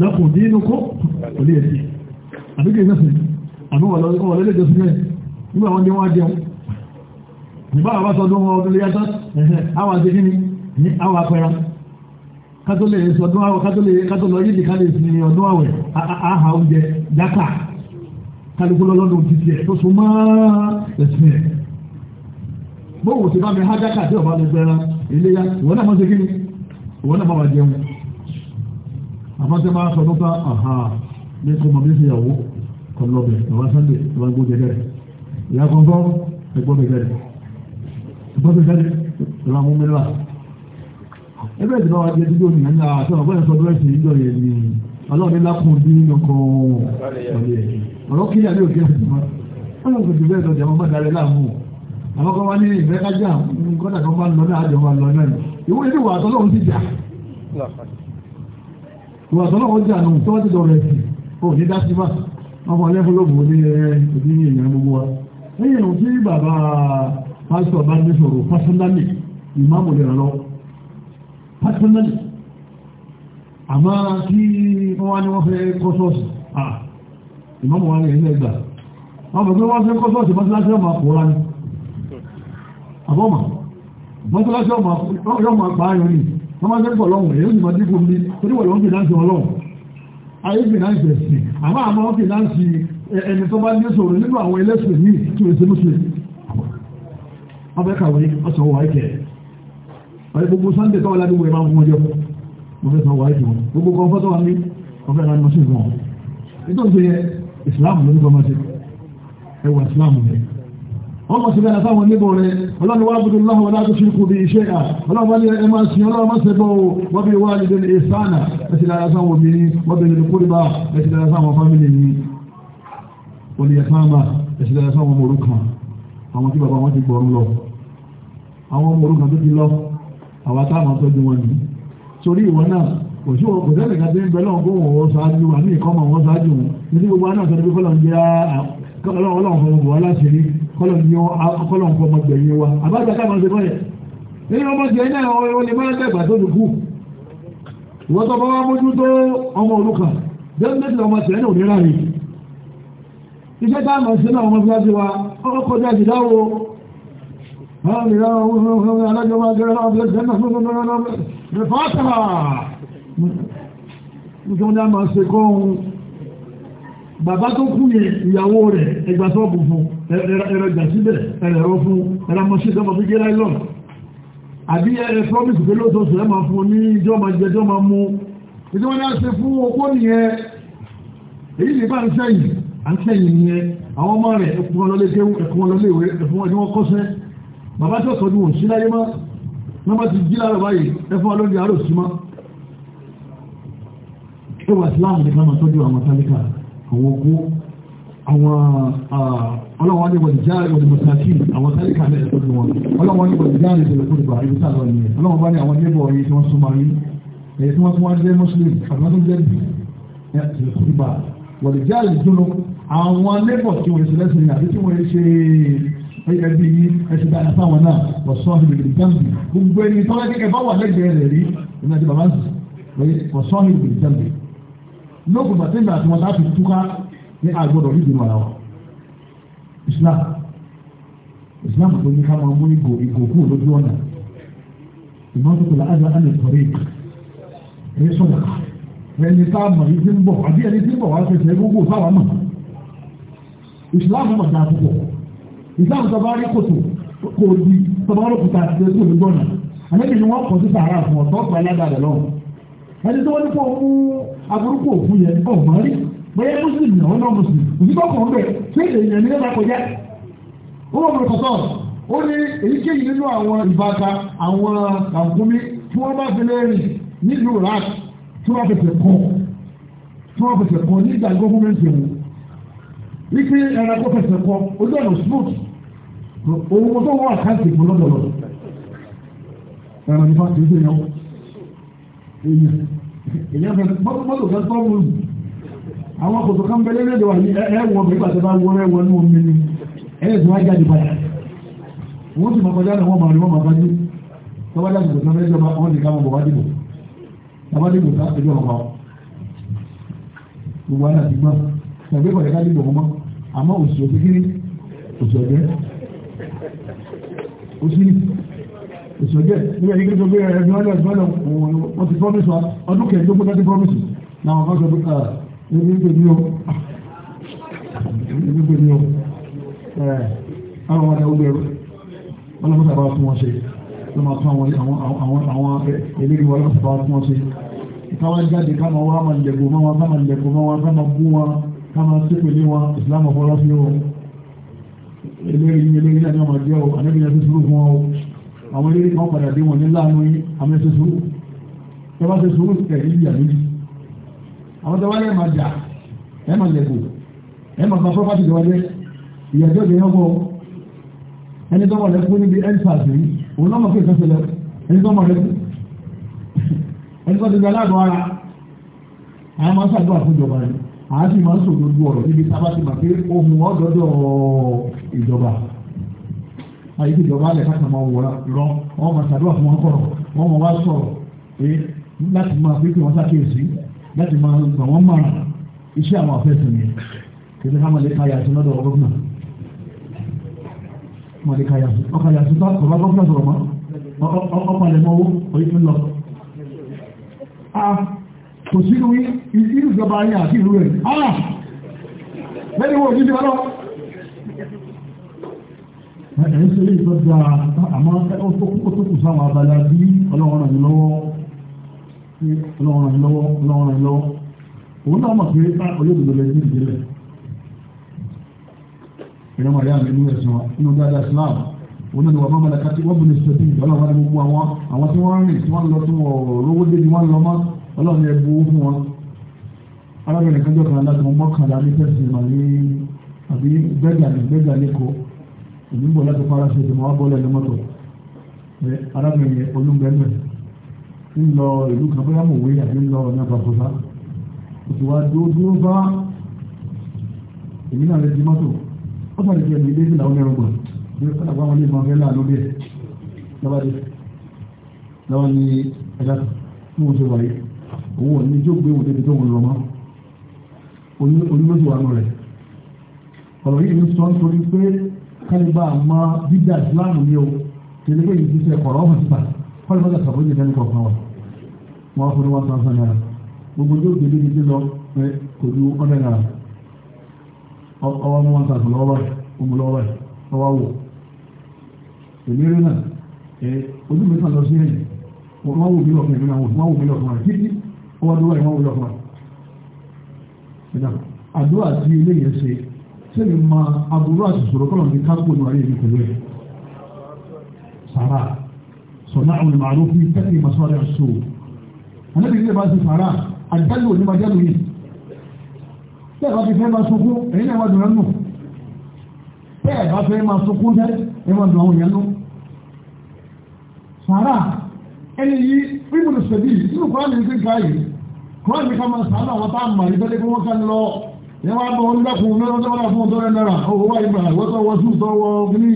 lọ́kùn dín inú kó pẹ̀lú ẹ̀sìn àbíkẹ́ ìsẹ́sìn àbí ọ̀lẹ́lẹ́dẹ̀ sílẹ̀ nígbà wọn ní wọ́n jẹun nígbà wọn bá sọdún wọn ọdún léyàtọ̀ àwọn àti kíni ní àwọn apẹra kátólẹ̀ sọdún àwọn kátólẹ̀ kátólọ̀ yìí nìkan lè sin ọdún àwẹ̀ àhà oúnjẹ dákà kálukú lọ́lọ́dún títí ẹ̀ tó so máa ẹ̀sìn ẹ̀ bóòwò ti bá mi há dákà tí ọba mi gbẹ́ra iléyà ìwọ́n náà mọ́ sí kíni ìwọ́n náà máa jẹun àbáṣe máa sọ nípa àhà ní kò mọ̀ bí sí ìyàwó kan lọ́bẹ̀ bàbá sunday bàbá gbó jẹgẹrẹ ìyá kọ̀ọ̀kan ẹgbọ́n mi jẹrẹ ẹgbọ́n mi jẹrẹ ìwà mú mi láà ẹgbẹ́ ìdìbò àwọn ajẹ́ dídó nìyẹn náà àti ọ̀gbọ́n ẹ̀sọ́ dúrẹ́sì ìjọ yẹn ni ọlọ́ọ̀ni lákùn bí nínú kan ọ̀rọ̀ kílíà ní òkè àti ọmọ ọlọ́ọ̀kùn jù bẹ́ẹ̀ lọ jẹ́ ọmọ mọ́ta rẹ̀ láàmú àwọn kan wá ní ìfẹ́ kájà kọ́dà kan bá ń lọ náà àjọ máa lọ náà ìwé ní ìwà àtọ́lọ́hún ti jà ìwà àtọ́lọ́hún jà nù tó wá ti dọ̀rọ̀ ẹ̀sìn kò ní dá sí bá ọmọ ẹlẹ́fọ́lọ́gbò ní ẹ̀ẹ́dì èèyàn gbogbo wa lẹ́yìn ìrùn tí bàbá pásítọ̀ bá ní sọ̀rọ̀ pásítọ̀lì ìmáàmù lè rán lọ pásítọ̀lì àmọ́ kí wọ́n wá ní wọ́n fẹ́ kọ́ sọ́ọ̀sì ìmáàmù wa ní ẹ̀yìn wọ́n fẹ́ kọ́ sọ́ọ̀sì mọ́síláṣí ọmọ àpòrá àbọ́mà mọ́sálásí ọmọ àgbà ayọ̀ ni wọ́n máa tẹ́lẹ̀ pọ̀lọ́wọ̀ èyí ni máa dínkù mi torí wọ̀lọ́wọ́ fìdáǹsì ọlọ́wọ́ ayé fìdáǹsì ẹ̀sìn àmọ́ àmọ́ fìdáǹsì ẹni tó bá ní sọ̀rọ̀ nínú àwọn ẹlẹ́sìn ní tí ó ṣe mùsùlùmí ọbẹ̀kàwé ọ̀sán wà ẹ̀kẹ́ ọ̀rẹ́ gbogbo sunday tọ́wọ́ ládùúgbò ẹ̀ máa ń fún ọjọ́ mo fẹ́ san wà ẹ̀kẹ́ wọn gbogbo kan fọ́tọ́ wa ní ọbẹ̀ ẹ̀rọ mọ́sí ìgbọ̀n nítorí islam ló ń gbọ́ islam wọ́n mọ̀ sí bẹ́ẹ̀ sáwọn níbò rẹ̀ ọlọ́run wá bùdó láwọn aláàtò sí kò bí iṣẹ́ à ọlọ́run wá ní ẹ máa sin ọlọ́run máa sẹ́bọ̀ o wọ́n bí wá nílé ní ìsáànà ẹ̀sìn lára sáwọn obìnrin wọ́n bí nílé kúrìbá ẹ̀sìn lára sáwọn fámìlì ní olùyẹ̀sáàmà ẹ̀sìn lára sáwọn mòrúkàn àwọn tí bàbá wọn ti gbọ́rún lọ àwọn mòrúkàn tó ti lọ àwọn táwọn tọ́jú wọn ní torí ìwọ ń bẹ lọ́wọ́ kó wọn wọ́n ṣáájú àmì ìkọ́mọ̀ wọn ṣáájú wọn ní gbogbo anáà sọ ní pé kọ́lọ̀ ń jẹ́ ọlọ́run wọn láti rí kọ́lọ̀ ní ọkọ́lọ̀ nǹkan ọmọgbẹ̀yìn wa àbájá káàmà ṣe bọ́yẹ̀ nínú ọmọgbẹ̀yìn náà ọ̀rọ̀ ní bá dàgbà tó dùkú wọ́n tọ́ bá wá mójú tó ọmọ olùkà dẹ́gbẹ́tì ọmọ tẹ̀ ní òmíràn rẹ̀ iṣẹ́ káàmà ṣe náà ọmọ fíláṣí wa ọkọ̀ kọjá sí dáwọ́ ọmọ mìíràn bàbá tó kú yẹn ìyàwó rẹ̀ ẹgbà sọ́ọ̀bù fún ẹ̀rọ ìgbà síbẹ̀ ẹ̀rọ fún ẹ̀rọ mọ́ṣẹ́ tó máa fi gé láìlọ́n àbí ẹ̀rọ promise pé lóṣooṣù ẹ̀ máa fún ní ìjọ máa jẹ ìjọ máa mú ìjọ wọn ṣe fún opó nìyẹn èyí ní bá ń sẹ́yìn à ń sẹ́yìn nìyẹn àwọn ọmọ rẹ̀ ẹkùn wọn lọlé kéwù ẹkùn wọn lọlé ìwé ẹkùn wọn ni wọ́n kọ́sẹ́ bàbá tó sọ́dún wọn sí láyé mọ́ wọ́n bá ti jí lára báyìí ẹfún àwọn ogún àwọn ọlọ́wọ́n ní wọ̀dí járe wọ̀dí mọ̀sáàkì àwọn tẹ́lẹ̀kà lẹ́yìn tó ní wọn ọlọ́wọ́n ní wọ̀dí járe tó lẹ́kọ̀ọ́ ìgbà ibi sáà lọ́yìn ọlọ́wọ́n bá ní àwọn níbọ̀ yìí tí wọ́n súnmọ́ yìí èyí tí wọ́n tún wọ́n jẹ́ muslim àbúrò tó jẹ́ bí lẹ́kọ̀ọ́ ìgbà wọ̀dí járe dúró àwọn níbọ̀ tí wọ́n ṣe lẹ́sìn àbí tí wọ́n ṣe ẹbí yìí ẹsẹ̀ dáadáa fáwọn náà wọ̀sọ́ọ̀hìn bìbìrì jàmbì gbogbo ẹni tọ́lá kékeré bá wà lẹ́gbẹ̀ẹ́ rẹ̀ rí ìnájú bàbá ń sìn wọ́sọ́ọ̀hìn bìbìrì jàmbì lókùn bàtí ìgbà tí wọn bá fi túká ní àgbọ̀dọ̀ ní ìdìmọ̀ ara wa Islam Islam tó ní ká máa mú ìgò ìgò kú lójú ọ̀nà ìmọ̀tótó la ájá ánì tọ̀rí ẹ̀ sọ̀rọ̀ ẹni tá a mọ̀ ní ti ń bọ̀ àbí ẹni tí ń bọ̀ wá fẹsẹ̀ gbogbo sáwà mọ̀ Islam mọ̀ dáa púpọ̀ Islam tó bá rí kòtò kò di tó bá rí kòtò àti ẹgbẹ́ òní gbọ́nà àlejò ni wọ́n kọ̀ sí sàárà fún ọ̀tọ́ ọ̀pọ̀ aládàá rẹ̀ lọ́wọ́ ẹni aburúkú òkú yẹn ọ̀ mọ́ rí bẹ́ẹ̀ mùsùlùmí àwọn náà mùsùlùmí òsìkọ́ kan bẹ̀ ṣé èèyàn ní ẹ̀ka kọjá ó wọ́n mọ̀ kọ̀tọ̀ ó ní èyíkéyìí nínú àwọn ìbáta àwọn àǹkúmí tí wọ́n bá fi lẹ́rìn nílùú rat tí wọ́n fẹsẹ̀ kọ́ tí wọ́n fẹsẹ̀ kọ́ nígbà gọ́fúnmẹ́ntì wọn wípé ẹranko fẹsẹ̀ kọ́ ojú ọ̀nà smooth òun tó wọ́n àkáǹtì èyàn fẹ́ mọ́tò fẹ́ tọ́ wọ́n àwọn kòtò kan bẹ́lẹ́ lẹ́dọ̀ wà ní ẹ̀wọ̀n bí pàtẹ́ bá wọ́n ẹ̀wọ̀n ní omi ni ẹ̀yẹ̀ tí padà wọ́n sì máa kọjá wọ́n máa wọ́n máa bá dé tọ́wọ́ ìṣòjẹ́ ní ẹ̀yí kí gbogbo ẹ̀rẹ́ ìgbọ́nà ìgbọ́nà wọ́n ti promise wa ọdún kẹẹ̀ẹ́dógún láti promise náà wọ́n sọ pé ẹ̀ẹ́dí ń gbèmí o ẹ̀ẹ́dí ń gbèmí o ẹ̀ẹ́ àwọn ọmọdé ó gbèrú ọlọ́mọdé àbá fún wọn ṣe ló máa tún àwọn eléyìí wọn lọ́sọ̀tà fún wọn ṣe káwọn jáde káwọn wá máa jẹ̀gbọ́ máa wọn máa jẹ̀gbọ́ máa wọn máa bú wọn káwọn ṣépè ní wọn ìsìlámù ọ̀fọ́lọ́fíò eléyìí eléyìí náà ni wọ́n máa àwọn eléré kan padà dé wọn ní láàánú yín àmì ṣe sùúrù tẹ bá ṣe sùúrù tẹ̀lé ìyà lórí àwọn tẹ wá lẹ́ẹ̀ máa jà ẹ̀ máa lẹ̀kọ̀ ẹ̀ máa gba property tó wájẹ́ ìyàjọ́ ìdè yẹn wọ ẹni tó wà lẹ́kọ́ níbi endsars yìí òun náà mọ̀ pé ìkan ṣẹlẹ̀ ẹni tó mọ̀ lẹ́kọ́ ẹni tó ti di aláàbọ̀ ara àwọn máa ń ṣàdúrà fún ìjọba yìí àá sì máa ń sòdodo ọ̀rọ̀ níbi sábà ti mà pé ohun ọ̀dọ́dọ̀ ìjọba àyíkú ìjọba alẹ́ káàkiri máa wọ̀ rán wọ́n máa ṣàdúrà fún wọn kọ̀rọ̀ wọ́n máa wá sọ̀rọ̀ pé láti máa pé kí wọ́n ṣàkíyèsí láti máa gbà wọ́n máa iṣẹ́ àwọn afẹ́sẹ̀ yẹn kìí ká mọ̀lẹ́ káyà sí lọ́dọ̀ gómìnà mọ̀lẹ́ káyà sí ọkọ̀ yà sí tọ́kọ̀ bá gómìnà sọ̀rọ̀ mọ́ ọkọ̀ lẹ̀ mọ́wó orí fún lọ. kò sínú irú ìjọba ayé àti ìlú rẹ̀ ah! bẹ́ẹ̀ ni wọ́n ò ẹ̀yìn ṣe lè tọ́jú àmọ́ ó tó kù sáwọn abala bí ọlọ́run ràn lọ́wọ́ ọlọ́run ràn lọ́wọ́ ọlọ́run ràn lọ́wọ́ òun náà mọ̀ pé bá olóògbé lọ sí ìdílé ìrìn àmọ́ àríyá mi ní ẹ̀sìn wa nínú dáadáa Islam òun náà ni wà mọ́mọ́lá kátí wọ́n bu ní sẹ́tì ọlọ́run wà ní gbogbo àwọn àwọn tí wọ́n rìn tí wọ́n lọ tí wọ́n rówó dé ni wọ́n èmi ń bọ̀ láti para ṣe ìmọ̀ abọ́lẹ̀ ní mọ́tò arábìnrin yẹn olúmbẹ́lẹ̀ ń lọ ìlú kan bóyá mò ń wé àbí ń lọ ọ̀nà àbàfọ́sá òtù wa dúró dúró bá èmi náà lè di mọ́tò ó bá lè di ẹ̀mí ilé ìlà ọ̀nà ẹ̀rọ̀gbọ̀n bí ó sábà wọn lè mọ ọ̀fẹ́ láàánú bẹ́ẹ̀ lọ́wọ́dé lọ́wọ́ ní ẹ̀dá mú un ní jókòó ìwòdé tó ń lọ wà nù rẹ̀ ọ̀rọ̀ yìí ń sọ nítorí pé kẹlẹgbà àmọ́ jíjà ìsìláàmù ni o kẹlẹgbà yìí ti ṣe kọ̀rọ̀ ọ̀hún síta kọ́lé bá gàtà fún ìjẹ́ni kọ̀ọ̀kan wa wọn fún wọn sàn sàn náírà gbogbo tó gbèdé ní lọ pé kò ju ọ̀dẹ̀ náírà ọwọ́ mú wọn sàn sàn lọ́wọ́ báyìí ọmọ lọ́wọ́ báyìí ọwọ́ wò èmi rí náà ẹ ojú mi sàn lọ sí ẹ̀yìn wọn wò mí lọ́kùnrin mi náà wọn wò mí lọ́kùnrin rẹ̀ títí ọwọ́ dúró ẹ̀ wọn wò lọ́kùnrin rẹ̀ àdúrà tí ilé yẹn ṣe sẹ́ni ma aburú àṣìṣòro kọ́lọ̀ ní kápò ní ayé mi pẹ̀lú ẹ̀ sàrà sọ̀nà àwọn ìmàlú fún tẹ́lẹ̀ ìmọ̀sọ́rẹ́ àṣò àlẹ́bí ilé bá ti sàrà àjálù òní máa jálù yìí bẹ́ẹ̀ bá ti fẹ́ máa sunkún èyí náà wà dùn lẹ́nu bẹ́ẹ̀ bá fẹ́ máa sunkún tẹ́ ẹ máa dùn àwọn ìyẹnu sàrà ẹni yìí bíbélì sẹ̀bí nínú kọ́lá yẹn wá bọ̀ onídàkùn mẹ́rin tó wọ́n fún ọ̀tọ́rẹ́ náírà owó wáyé gbà wọ́tọ̀ wọ́sùn tọwọ́ ní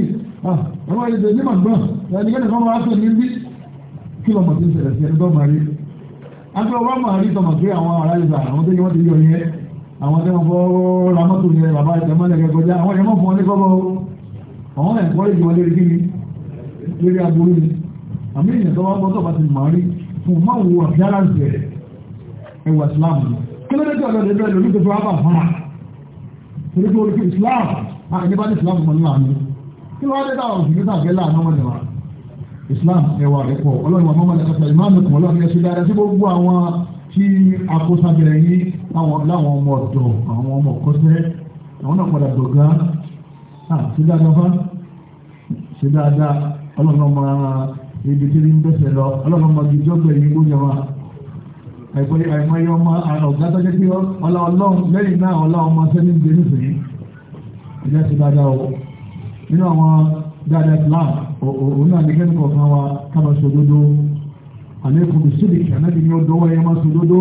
ẹ̀wọ́n yìí tẹ̀ nígbà gbọ́n ẹnikẹ́ni kan máa tẹ̀ níbi kí lọ́mọ tí ń ṣẹlẹ̀ sí ẹni tó máa rí aṣọ wa máa rí tọmọ pé àwọn ará ìgbà àwọn tó yẹ wọ́n ti yọ yẹn àwọn tó fọ́ ramọ́tò yẹn bàbá ìtẹ̀mọ́lẹ̀ kẹkọjá àwọn yẹn mọ̀ fún ọ ní kọ́bọ̀ àwọn ẹ̀kọ́ ìjọ lérí kí ni lérí aburú ni àmì ìyẹn tó wá gbọ́ tó bá ti máa rí fún máa wo àfíàlà ń bẹ̀rẹ̀ ẹwà ìsìlámù kí ló dé tí ọ̀dọ́ torí pé olùkí islam àìní bá ní islam mọ̀ nílà ní kí ló wá dé táwọn òṣèlú tàbí láàánú ọmọdé wa islam ẹwà rẹ pọ̀ ọlọ́run àwọn ọmọdé kọsẹ̀ ìmáàmù kan ọlọ́run ẹ̀ṣẹ̀ dáadáa sí gbogbo àwọn tí akóṣàbẹ̀rẹ̀ yìí láwọn ọmọ ọ̀dọ́ àwọn ọmọ ọ̀kọ́sẹ́ àwọn náà padà dọ̀gá ṣe dáadáa fá ṣe dáadáa ọlọ́run ọmọ ibi tí ń bẹ̀sẹ̀ lọ ọlọ́run ọmọ ibi tí ó bẹ̀rẹ̀ yìí gbóyàwó àìmọye ọmọ ọ̀gá tọ́jú pé ọlá ọlọ́run lẹ́yìn náà ọlá ọmọ sẹ́ni ń gbé nísìnyí ẹ̀jẹ̀ ti dáadáa o nínú àwọn dáadáa Islam òun náà ní kẹ́ni kọ̀ọ̀kan wa kábà sódodo àlékún sídìk ànábi ni ó dọ́wọ́ ẹ̀yẹ máa sódodo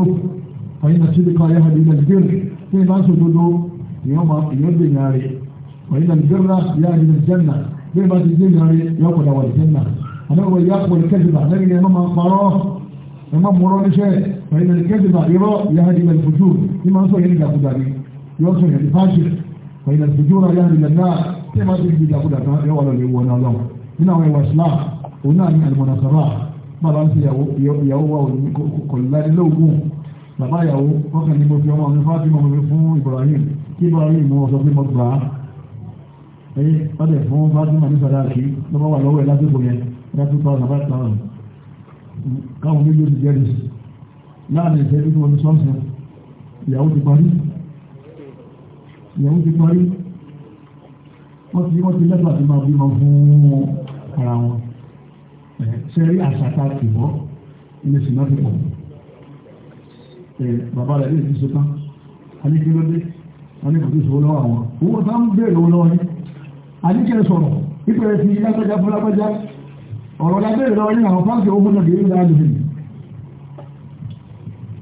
ọ̀yìn náà sídìk ọ̀yẹ́ hàbí ilẹ̀ gbèrè tí ìbá sódodo ìyọ́ máa ìyọ́ dè ní àárẹ̀ ọ̀yìn náà gbèrè yá ilẹ̀ jẹ́nà bí ìbá ti dè ní àárẹ̀ yọ فإن الكذب يرى يهدي إلى الفجور لما سوى يلقى قدامي يوصل إلى الفاشل فإن الفجور يهدي إلى النار كما تجد قدامي يولى ليوانا الله هنا هو إسلام هنا من المناصرات ما لأنت يهوى كل ذلك لوقوم bàbá ìyàwó ọkàn ní mo fi ọmọ mi fátímọ̀ mi fún Ibrahim kí Ibrahim mo sọ pé mo gbà á ẹyẹ ọdẹ fún fátímọ̀ ní sàdáàkì lọ́wọ́ wà lọ́wọ́ ẹ̀ lásìkò yẹn láti pa ọ̀nà bá tàn án káwọn méjì ti jẹ́rìí láàrin ẹ̀fẹ́ nínú ọdún sọ́ọ̀sẹ̀ ìyàwó ti parí ìyàwó ti parí wọ́n ti wọ́n ti lẹ́tọ̀ àti máa bímọ fún ara wọn ṣe rí àṣàkà tìbọ́ ilé sì náà ti pọ̀ bàbá rẹ̀ lè ti ṣe tán a ní kí ló dé a ní kò tí ìṣòro lọ́wọ́ àwọn owó tá ń béèrè owó lọ́wọ́ ní a ní kẹ́ sọ̀rọ̀ ìpẹ̀rẹ̀ ti lágbájá fún lágbájá ọ̀rọ̀ lágbájá lọ́wọ́ ní àwọn fáńkì owó náà kì í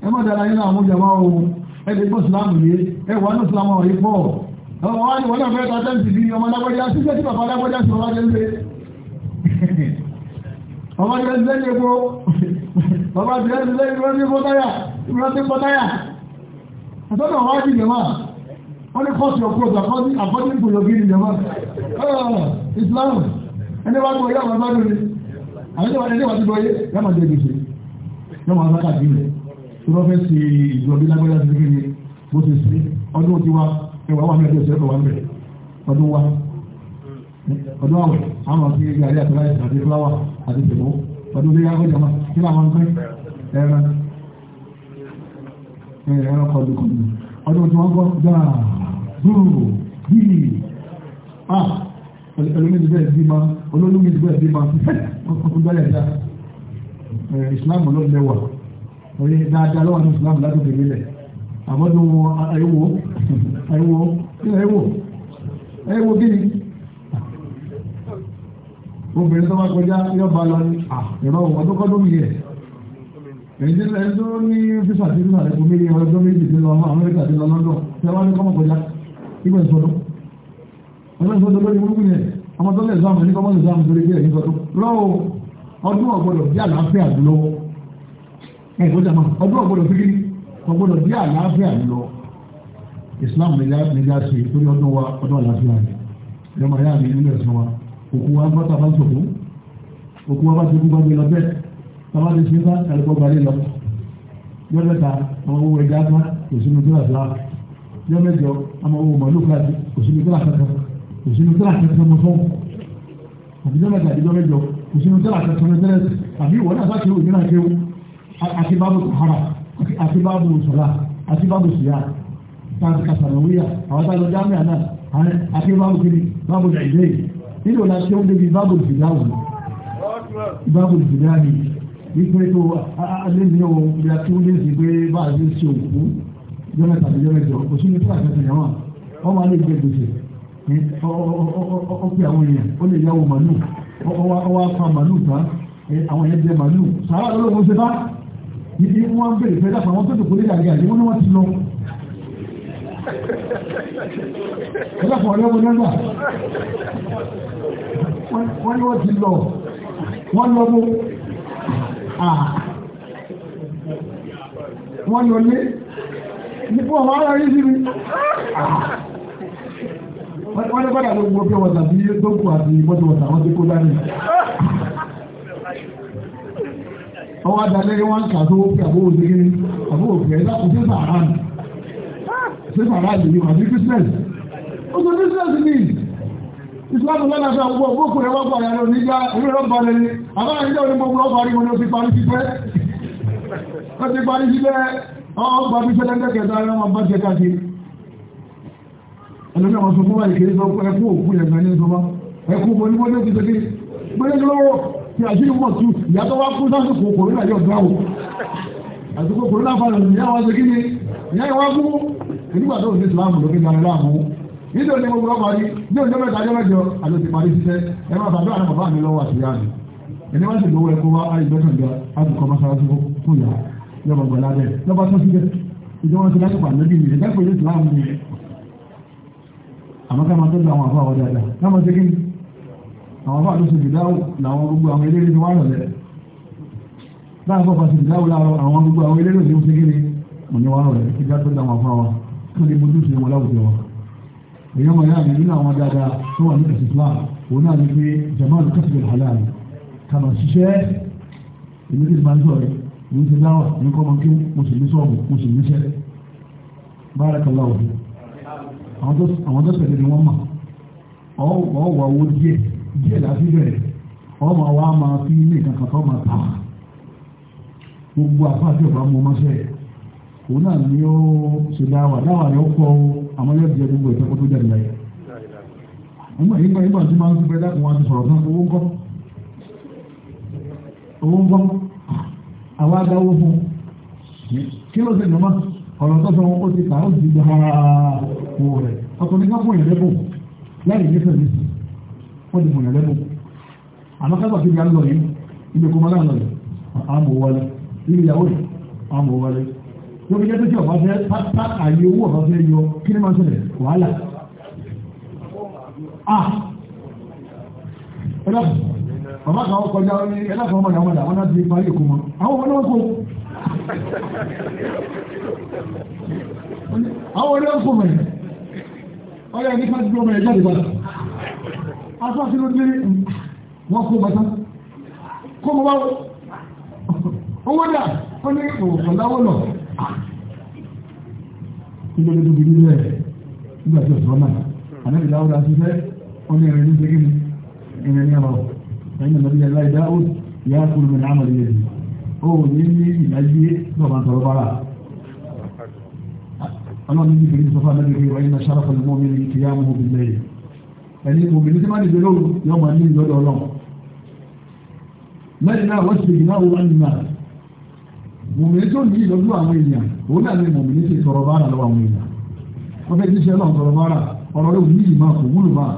ẹ má dára yín láàmú jàmá o ẹ lè gbọ́ ìsìlámù yìí ẹ wà ní ìsìlámù ọ̀rọ̀ yìí pọ̀ ọmọ wa ni wọn náà fẹ́ ta tẹ́ǹtì bí ọmọ alágbọ́dá sí jẹ́ tí bàbá alágbọ́dá sí ọmọ adẹ́lẹ́ ọmọ adẹ́lẹ́ ní epo bàbá adẹ́lẹ́ ní wọ́n ní epo táyà ìwọ́n ti pọ̀ táyà àtọ́nà wa di jẹ̀mọ́ wọ́n ní kọ́ọ̀tù ọ̀pọ̀ àkọ́dí àkọ́dí ìgbòyògì jẹ̀mọ́ ìsìlámù ẹni wá gbọ́ yàrá bá dùn ní àwọn ẹni wá ti gbọ́ yé yàrá tí wọ́n fẹ́ ṣe ìjọbí lágbára sí kí ni bó ṣe sí ọdún tiwa ẹwà wà ní ẹgbẹ́ ìṣẹ́kọ̀ wà ń bẹ̀ ọdún wa ọdún àwẹ̀ àwọn àti gàrí àti láì àti fúláwà àti tẹ̀mọ́ ọdún ilé yàgò jama kí ni àwọn ń pẹ́ ẹran ẹran kọlu kọlu ọdún tí wọ́n gbọ́ dáa dúró bíi ah olómìnir bẹ́ẹ̀ bí ma olómìnir bẹ́ẹ̀ bí ma ọkùnrin bẹ́ẹ̀ dá ìsìlámù ló lẹ́wàá orí dáadáa lọ́wọ́ ní ìsìlámù ládùúgbò nílẹ̀ àmọ́dún ẹ̀wò ẹ̀wò ẹ̀wò ẹ̀wò gíní obìnrin tó bá kọjá yóò bá lọ ní ìrọ̀ ọdún kọ́dún mi yẹ ẹ̀jẹ̀ ẹni tó ní fífà tí fífà lẹ́kọ̀ọ́ mi ní ọdún méjì tí lọ Amẹ́ríkà tí lọ London tí a bá ní kọ́mọ kọjá ìgbà ìsọdún ọdún ìsọdún lórí burúkú yẹn ọmọ tó lẹ̀ sáàmù ní kọ́mọ lẹ̀ sáàmù torí bí ẹ̀yìn sọdún lọ́wọ́ ọdún ọ̀gbọ́dọ̀ bí àlàáfíà lọ́wọ́ ẹ̀ gbọ́dọ̀ mọ̀ ọdún ọ̀gbọ́dọ̀ fi kí ọgbọ́dọ̀ bí àlàáfíà lọ Islam nígbà sí torí ọdún wa ọdún àlàáfíà rẹ̀ ìjọba yára mi nílẹ̀ sọ wa òkú wa gbọ́ tàbá sòkó òkú wa bá ti kú gbàgbé lọ bẹ́ẹ̀ tàbá ti sinmi náà ẹ̀rọ balẹ̀ lọ yọ́dọ̀ ta àwọn owó ẹja kan òsínú tó àṣà yọ́ mẹ́jọ àwọn owó màlúù káàdì òsínú tó àṣà kan òsínú tó àṣà kan mọ́ fún òbí yọ́ àti bábù sahara àti bábù sọlá àti bábù sìyà tàbí kàtàlówíyà àwọn tàbí jámíà náà àti bábù kiri bábù dàìdé nínú ọ̀la tí ó ń débi bábù ìfìdá wù bábù ni wípé tó alẹ́ni ò ìyá tí ó lè sí pé bá a lè ṣe òkú jọ́nà tàbí jọ́nà jọ kò sí ní tí àti ẹ̀yàn wà wọ́n máa lè jẹ gbèsè ọ̀pẹ àwọn èèyàn ó lè yáwó màlúù ọwọ́ apá màlúù tán àwọn èèyàn jẹ màlúù sàrà lọ́wọ́ ṣe bá ibi wọn bèrè fẹ́ dàpọ̀ àwọn tó dòkó lé àríyá yìí wọ́n ní wọ́n ti lọ. ẹ dàpọ̀ ọ̀rẹ́ wọn lọ́gbà wọ́n ní wọ́n ti lọ wọ́n lọ mú wọ́n lọ lé nípa ọmọ ara yìí sí mi wọ́n ní padà ló gbọ́ pé wọ́n tàbí tó kù àti mọ́tò wọ́n tàwọn tó kó dání ọwọ́ adalẹ́rẹ́ wọn kà tó fi àbúrò sí kí ni àbúrò fi ẹ̀dá kò sí sàárà nì sí sàárà nì ni wàbí christmas ó sọ christmas ni islam lọ́nà fẹ́ ọgbọ́ òkú rẹ̀ wọ́pọ̀ rẹ̀ lónìí já orí rẹ̀ balẹ̀ ni àbára ìjọ ni gbogbo ọkọ̀ rí wọn ti parí sípẹ́ ó ti parí sípẹ́ ọgbà bí sẹ́lẹ̀ kẹta rẹ̀ wọn bá jẹ káàkiri ẹlòmí àwọn sọ fún wa ìkéré sọ ẹkú òkú rẹ̀ mẹ́rin sọ wá ẹkú mo ní wọ́n ní òkú tí a ṣe mọ̀ tú ìyàtọ̀ wá fún sásìkò kòrónà yóò gbá o àsìkò kòrónà fàlẹ̀ ìyá wa ṣe kí ni ìyá ìwá mú nígbà tó ní ìsìlámù lókè máa láàmú nígbà tó ní gbogbo ọmọ rí ní òjò mẹ́ta ọjọ́ mẹ́jọ àti ti parí ṣiṣẹ́ ẹ máa tàbí àwọn bàbá mi lọ́wọ́ àti ìyá mi ẹni wá sì lówó ẹkọ wá àìgbẹ́kànjọ láti kọ́ mọ́ṣáláṣí fún ìyá yọmọ gbọ̀lá bẹ́ẹ̀ lọ́ba tó síbẹ̀ ìjọba ti lásìkò àlẹ́bí mi ìjọba ìsìlámù ni àmọ́ ká máa tó lọ àwọn àbọ̀ àwọn dáadáa ká máa ṣe kí ni àwọn bá ló ṣe ìdáwò làwọn gbogbo àwọn eléré ti wá rọ̀lẹ́ láàbọ̀ bá ṣe ìdáwò láàrọ̀ àwọn gbogbo àwọn eléré ti ń ṣe kéré wọ́n ní wá rọ̀lẹ́ kí dá tó dá wọn fún wa kí wọ́n lè mójú ṣe wọn láwùjọ wa èyí ọmọ yára nínú àwọn dáadáa tó wà ní ẹ̀sìn Islam òun náà ní pé jamal kásìlẹ̀ halal kàmá ṣiṣẹ́ èmi ti máa ń sọ̀rọ̀ èmi ti dáwà ní kọ́ máa ń kí mo sì ní sọ́ọ̀bù mo sì níṣẹ́ bárakallahu àwọn tó ṣẹlẹ̀ ni wọ́n mọ̀ ọ̀ wà owó díẹ̀ díẹ̀ láti bẹ̀rẹ̀ ọmọ wa máa fi ní kankan tó máa tà gbogbo àfáàtì ọ̀pá mọ ọmọṣẹ́ òun náà ni ó ṣe dáwà dáwà ni ó kọ́ ìtẹ́kọ́ tó jáde láyé. yìí máa ń fi ti sọ̀rọ̀ fún owó ń kọ́ owó ń kọ́ àwa dáwó fún kí ló ṣe nàmá ọ̀rọ̀ tó sọ wọn ti kà ó ti rẹ̀ ká fún ó lè bùnà lẹ́bù àmọ́ kápá kí ni a ń lọ yìí ilé kó máa náà lọ yìí àmọ́ wọlé ilé ìyàwó yìí àmọ́ wọlé ló fi jẹ́ tó tí ọba fẹ́ pátá àyè owó ọba fẹ́ yọ kí ni máa ń ṣẹlẹ̀ wàhálà ah ẹ̀dá bàbá kan kọjá ní ẹ̀dá ọmọdé ọmọdé àwọn náà ti parí èkó mọ́ àwọn ọmọdé wọn kó àwọn ọmọdé wọn kó mẹ́rin ọ̀rẹ́ ẹni ká aṣọ àti ló délé wọ́n kó bàtà kó bọ́ báwo owó dà ó ní ọ̀pọ̀láwó lọ. ilé ìlú bìbí rẹ̀ nígbà tí ọ̀sán náà àná ìdáwó la ti fẹ́ wọ́n ní ìrìn ní ṣe kí ni ìrìn ní àbáwọ̀ ẹ̀yìn nàbí ẹ̀lá ìdáwó ìyá kúrò mi náà mọ̀ lè rí ó ní ní ìdájí lọ́ba tọrọ bára. ọlọ́run ní ìgbèrè sọ́fà náà sára pẹ̀lú mọ́ ẹni obìnrin tí má dìde lóru yọ máa ní ìjọdọ̀ ọlọ́run mẹ́rin náà wọ́n ti gbìyànjú àwọn wọn nínú àná mòmìnir tó ní ìlọ́dún àwọn èèyàn òun náà ní mòmìnir ti sọ̀rọ̀ bára lọ́wọ́ àwọn èèyàn wọ́n fẹ́ jíṣẹ́ náà sọ̀rọ̀ bára ọ̀rọ̀ rẹ̀ òní ìmọ̀ kò wúlò máa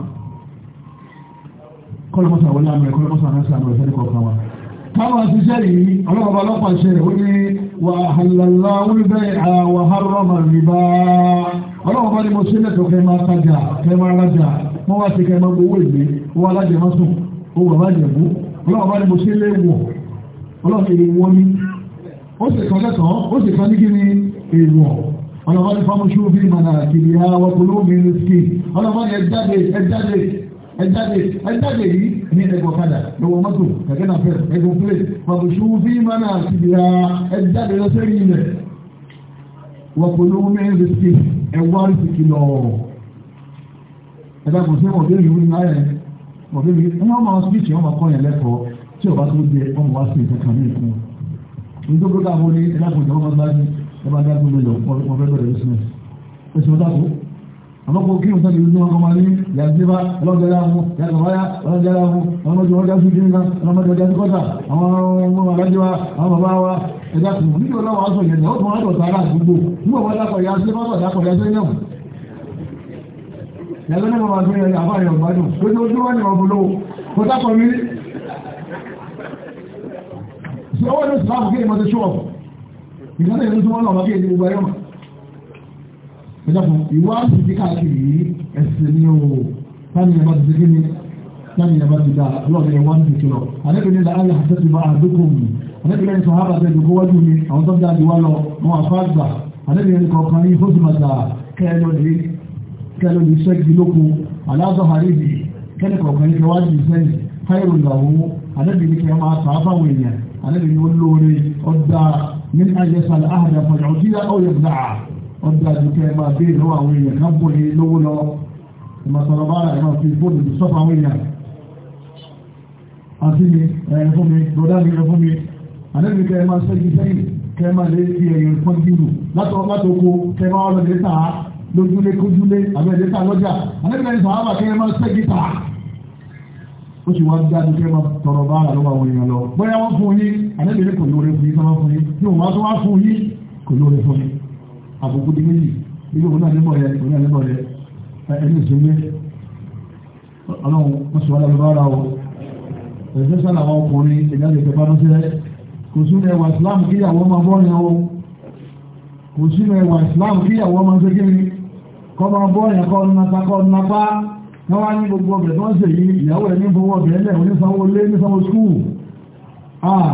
kọ́lọ́mọ́sà wọlé àmì kọ́lọ́mọ́sà náà sàmì ọ̀fẹ́ ní mo ṣe lẹ́tọ̀ọ́ kẹ́ máa tajà kẹ́ máa rajà wọ́n wá sí kẹ́ mọ́ owó ìgbé owó alájẹmọ́ sùn owó alájẹmú ọlọ́wọ́ bá ní mo ṣe lé wọ̀ ọlọ́wọ́ èyí wọ́n ní ó sì kan lẹ́tọ̀ọ́ ó sì kan ní kí ni èèwọ̀ ọlọ́wọ́ ní fámúṣú bí mànà kiri àwọn olómi ní ski ọlọ́wọ́ ní ẹjáde ẹjáde ẹjáde ẹjáde yìí ní ẹgbọ̀ kadà lọ́wọ́ mọ́tò kẹ̀kẹ́ náà fẹ́ ẹgbọ̀ pé fámúṣú bí mànà kiri ẹjáde lọ́sẹ̀ yìí lẹ̀ wọ́pọ̀ olómi ní ski ẹwọ́ àrísìkì lọ́ọ̀ ẹ̀dá kò sí ọ̀dọ́ ìlú ní ayẹ̀ ọ̀dọ́ ìlú ní wọ́n máa spíìtì wọ́n kọ́ yẹn lẹ́kọ̀ọ́ tí ọba tó jẹ ọmọ wa sí ìtẹ̀kàn ní ìpín wọn. èyí tó gbọ́dọ̀ àwọn ẹ̀dá kò jẹ́ wọ́n máa ní ẹ̀bá dágbó mi lọ wọ́n fẹ́ bẹ̀rẹ̀ business. oṣù tó dáko àmọ́ kò kí nǹkan ìlú ní yàtìbá ọlọ́gbẹ̀rẹ̀ àwọn yàtọ̀wáyà ọlọ́gbẹ̀rẹ̀ àwọn ọlọ́mọdé wọn àwọn ọmọ wọn lẹ́gbẹ́ náà wà gbé àbá rẹ̀ ọ̀gbádùn lójú ojú wà ní ọ̀bùlò kò tápọ̀ mi owó ní ìsìláàmù kí ìmọ̀ ti ṣọ́ ọ̀pọ̀ ìgbàlẹ̀ ìlú tí wọ́n lọ́wọ́ kí èdè gbogbo ayọ́mà ìjọpọ̀ ìwọ́ àti ti káàkiri ẹ̀sìn ní o láti ẹ̀bá ti kí ni láti ẹ̀bá ti dá lọ́ọ̀dẹ̀ ẹ̀wá ti ti lọ àdébìnrin ní láàyè àti ti bá àdókòwò kẹ́lẹ́ lè ṣẹ́ kí lóko aláàzọ̀hárí bì kẹ́lẹ́ kọ̀ọ̀kan yìí wá jù sẹ́yìn káyọ̀ ìlàwó alẹ́bìí ni kẹ́ máa tà á fáwọn èèyàn alẹ́bìí ni ó lóore ọ̀dà ní àyẹ̀sà àhàdà fọ̀yọ̀ kí á ọ̀yẹ̀ gbà ọ̀dà ju kẹ́ máa bẹ́ẹ̀ lọ́wọ́ àwọn èèyàn ká bọ̀ ní lówó lọ ìmọ̀sọ̀rọ̀ bára ẹ̀ máa fi fóònù tó sọ́fà àwọn èèyàn àti mi ẹ̀ fún mi bọ̀dá mi ẹ̀ fún mi alẹ́bìí kẹ́ máa ṣẹ́gi sẹ́yìn kẹ́ máa lé fi ẹ̀yìn fọ́ndìrù látọ̀ látọ̀ kó kẹ́ máa lọ lójúlé kójúlé àbẹ̀lẹ́ ta lọ́jà àlẹ́bìnrin sàhábà kí ẹ máa ṣẹ́gi tà ó sì wá dájú kí ẹ máa tọrọ bá àlọ́ àwọn èèyàn lọ bóyá wọ́n fún yín àlẹ́bìnrin kò lóore fún yín tó wọ́n fún yín tí òun wá tó wá fún yín kò lóore fún yín àbùkù di méjì nígbà òun náà níbọ̀ yẹ òun náà níbọ̀ yẹ ẹni ìsinmi ọlọ́run wọ́n sì wá lọ́wọ́ bá ara o ẹ̀sẹ̀ sálà àwọn ọkùnrin ìdájọ́ ìjọba lọ́sẹ̀ kò sún ẹwà ìsìláàmù kíyàwó máa bọ́ ni o kò sún ẹwà ìsìláàmù kíyàwó máa ń ṣe kí ni kọmọ bọ́ọ̀yẹ̀ kọlu napa kọlu napa wọ́n wá ní gbogbo ọbẹ̀ tó ń ṣe yí ìyàwó ẹ̀ ní fọwọ́ ọbẹ̀ ẹlẹ́ onísanwó lé nísanwó skúù àà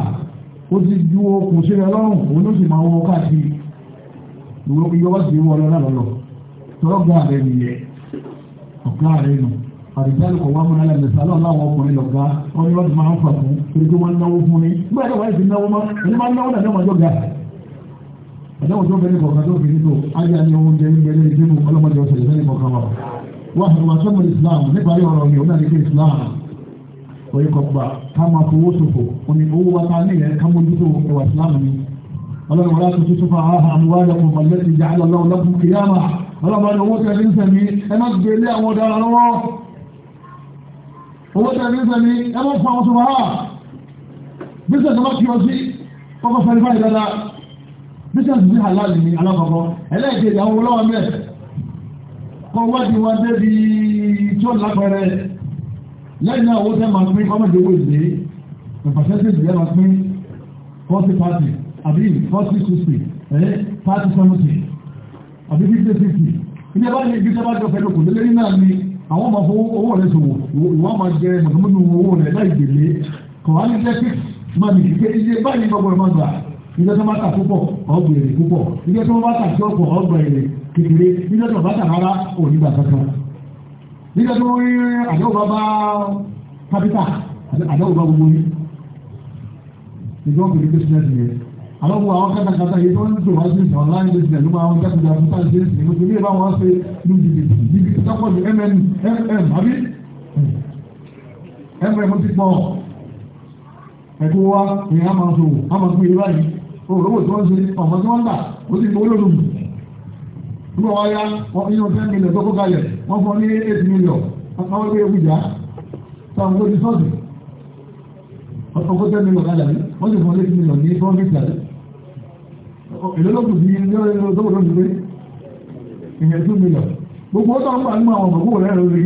ó ti ju okùn sí rẹ lọ́rùn òun ó sì máa wọ káàkiri ìyọwọ́ sì wọ ọlọ́lá lọ́lọ́ tọ́gbà rẹ̀ nìyẹn ọ̀gá rẹ̀ nù àdìsáàlù kọ̀ wá múná lẹ́nu sálọ̀ láwọn ọkùnrin lọ̀gá wọn ni wọ́n ti máa ń fà fún pé kí wọ́n náwó fún ni gbọ́dọ̀ wọ́n ti náwó mọ́ ẹni máa náwó náà ní ọmọdé ọ̀gá rẹ̀ àdáwò tó bẹ̀rẹ̀ kọ̀ọ̀kan tó bẹ̀rẹ̀ tó ayé àní oúnjẹ ń bẹ̀rẹ̀ ìdíbò ọlọ́mọdé ọ̀sẹ̀ ìfẹ́ kọ̀ọ̀kan wa wà àwọn àtọ́mọ islam nípa ayé ọ̀rọ̀ mi ọ̀nà nípa islam òye kọ̀gbà ká máa fowó ṣòfò òní owó wa ta ní yẹn ká mójútó ẹwà islam ni ọlọ́run wọlé tuntun tó fa àwọn àmúwáyà kò balẹ̀ ti jà lọ́lọ́ ọlọ́kùn kìyàmà ọlọ́run owó tẹ̀ ní sẹ́mi ẹ má gbé ilé bíṣọ̀sì ní halal ní alákọ̀ọ́kọ́ ẹlẹ́ẹ̀kejì àwọn olówó mẹ́ kọ́ wájú wọn débi tí ó lápẹẹrẹ lẹ́yìn náà owó tẹ́ máa pín kọ́mọ̀dé owó ìdè ìpàṣẹ́sẹ̀sì yẹn máa pín forty party àbí forty sixty ẹ̀ party seventy àbí fifty sixty ilé bá ní ibi tẹ́ bá jọ fẹ́ lókun lélẹ́yìn náà ni àwọn máa fowó owó rẹ̀ sòwò ìwọ́n máa jẹ mọ̀tòmọ́tò owó rẹ̀ láì gbèlé kọ̀wá ní jẹ́ fix máa nìkíkẹ́ iye báyìí gbogbo ẹ̀ máa gbà ilé tó bá tà púpọ̀ ọgbà èrè púpọ̀ ilé tó bá tà tí ọ̀pọ̀ ọgbà èrè kékeré ilé tó bá tà rárá onígbà kankan ilé tó rí àdéhùn bá bá kápítà àdéhùn bá gbogbo yìí ìjọba kò ní business yẹn àwọn àwọn kátàkátà yìí tó ń tò wá sí online business ló máa ń jáde àti tá à ń ṣe é sí ìlú ilé báwọn ṣe ní jìbìtì mm mm ti pọ̀ ẹ̀kọ́ wa ìyá máa sòwò á máa olówó tí wọ́n ṣe ọmọ tí wọ́n gbà ó sì gbowó lónìí nígbà wọ́n yá wọ́n fi yín ten million tó kó kalẹ̀ wọ́n fọ́ ní eight million wọ́n fọ́ ní ewu ìjà táwọn tó ti sọ́ọ̀tì wọ́n kó ten million kalẹ̀ wọ́n sì fọ́ ní eight million ní profit àlẹ́ èlé lókùn sí ilé ọ̀rẹ́ tó wọ́n ìyẹn two million gbogbo ọ̀tọ̀ gbà nínú àwọn ọmọ rẹ̀ lórí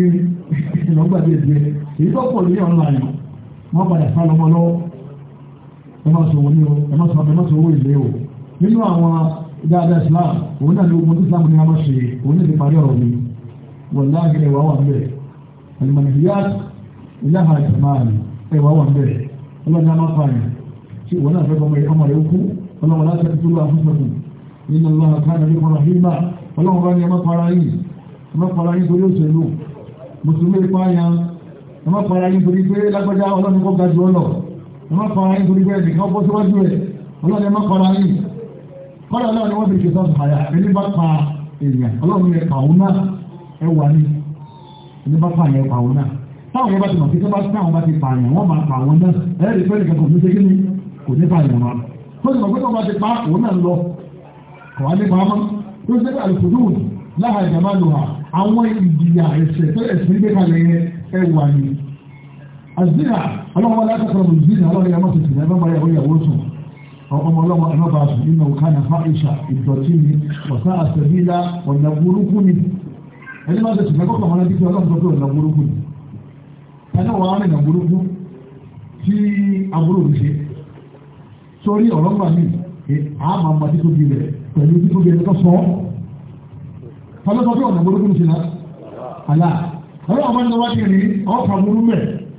ìlọ́gbàdé ìdíyẹ èyí ẹ má sọ wọlé o ẹ má sọ ẹ má sọ owó ìlé o nínú àwọn dáadáa islam òun náà ní ogun islam ní a má ṣe òun náà ti parí ọ̀rọ̀ mi wọ́n láàgì ẹ̀wà wà bẹ́ẹ̀ ẹ̀lùmọ̀nìyá ìlànà ìtàmáàlì ẹ̀wà wà bẹ́ẹ̀ ọlọ́dún àmà fààyàn tí wọ́n náà fẹ́ bọ́mọ ọmọ rẹ̀ kú ọlọ́wọ́n láti ẹ̀kú lọ ọlọ́run ní kọ́ra hímà ọlọ́wọ́n bá ní ẹmọ́ para yìí ẹmọ́ para yìí torí òṣèlú mùsùlùmí pààyàn ẹmọ́ para yìí torí ọlọ́run kọ́ gajù ọlọ́run wọ́n kọ́ra yín torí bẹ́ẹ̀ nìkan bọ́ síwájú rẹ̀ ọlọ́run ẹ̀mọ́ kọ́ra yín kọ́ra náà ni wọ́n bèèrè sọ́ọ̀sì àyà ẹni bá pa èèyàn ọlọ́run ẹ̀ pàwọn náà ẹ wà ní ẹni bá pa àyà ẹ pàwọn náà táwọn yẹn bá ti mọ̀ pé tó bá táwọn bá ti pa àyàn wọ́n máa pa àwọn náà ẹ̀ẹ́dì pẹ́ẹ́lì kan kò ní ṣe kíni kò ní pa àyàn wa tó ti mọ̀ pé tó bá ti pa òun náà lọ kọ̀ wá àzínà ọlọ́wọ́ látàkọ̀ ọmọ ìzínà ọlọ́rẹ́ ẹmọ́ tètè ẹmọ́ bá yàwó yàwó sùn ọmọ ọlọ́wọ́ ẹmọ́ bá sùn nínú ọ̀ká na fáìṣà ìdọ̀tí ni ọ̀sá àṣẹbílá ọ̀nà burúkú ni ẹni bá tètè ẹgbẹ́ kọ̀ọ̀mọ́ láti fi ọlọ́run tó ọ̀nà burúkú ni ẹni wàá rìn ọ̀nà burúkú tí aburú mi ṣe sórí ọ̀rọ̀gbà mi àmà màdí tó di rẹ̀ pẹ̀lú tí tó di ẹni tó sọ ọ́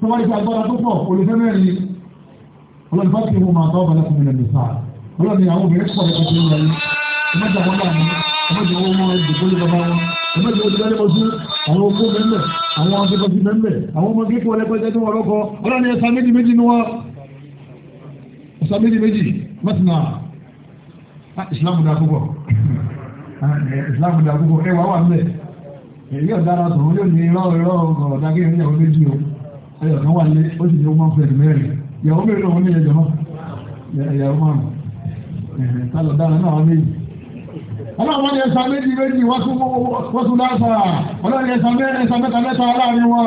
tó wáyé sí agbára tó pọ̀ olùfẹ́ mẹ́rin ọlọ́ni bá kí wọn máa bá ọbàlá fún ilẹ̀ nìfà ọlọ́ni àwọn obìnrin pọ̀ lẹ́kọ̀ọ́ tó ń wáyé ẹ̀mẹ́ta wọn láàmú ẹ̀mẹ́ta wọn mọ ìdìbò lè bàbá wọn ẹ̀mẹ́ta wọn ti dáná lọ́sí àwọn okó mẹ́mẹ́ àwọn akẹ́kọ̀ọ́sí mẹ́mẹ́ àwọn ọmọ kíkọ́ lẹ́kọ̀ọ́sẹ́ tó wọn lọ́kọ́ ọlọ́ni ẹ̀sà méjì méjì ni wọn ẹ̀sà méjì méjì mẹ́tìnà ìsìlámù ah, dá ẹyọ̀ kan wà lé ó sì ní ó máa ń fẹ́ ẹ̀dùn mẹ́rin ìyàwó mẹ́rin náà wọ́n ní ẹ̀jọ̀ náà ìyàwó márùn-ún tálọ̀ dára náà wọ́n méjì ọlọ́run ní ẹ̀sán méjì méjì wọ́n tún láṣà ọlọ́run ní ẹ̀sán mẹ́rin ẹ̀sán mẹ́ta mẹ́ta láàrin wọn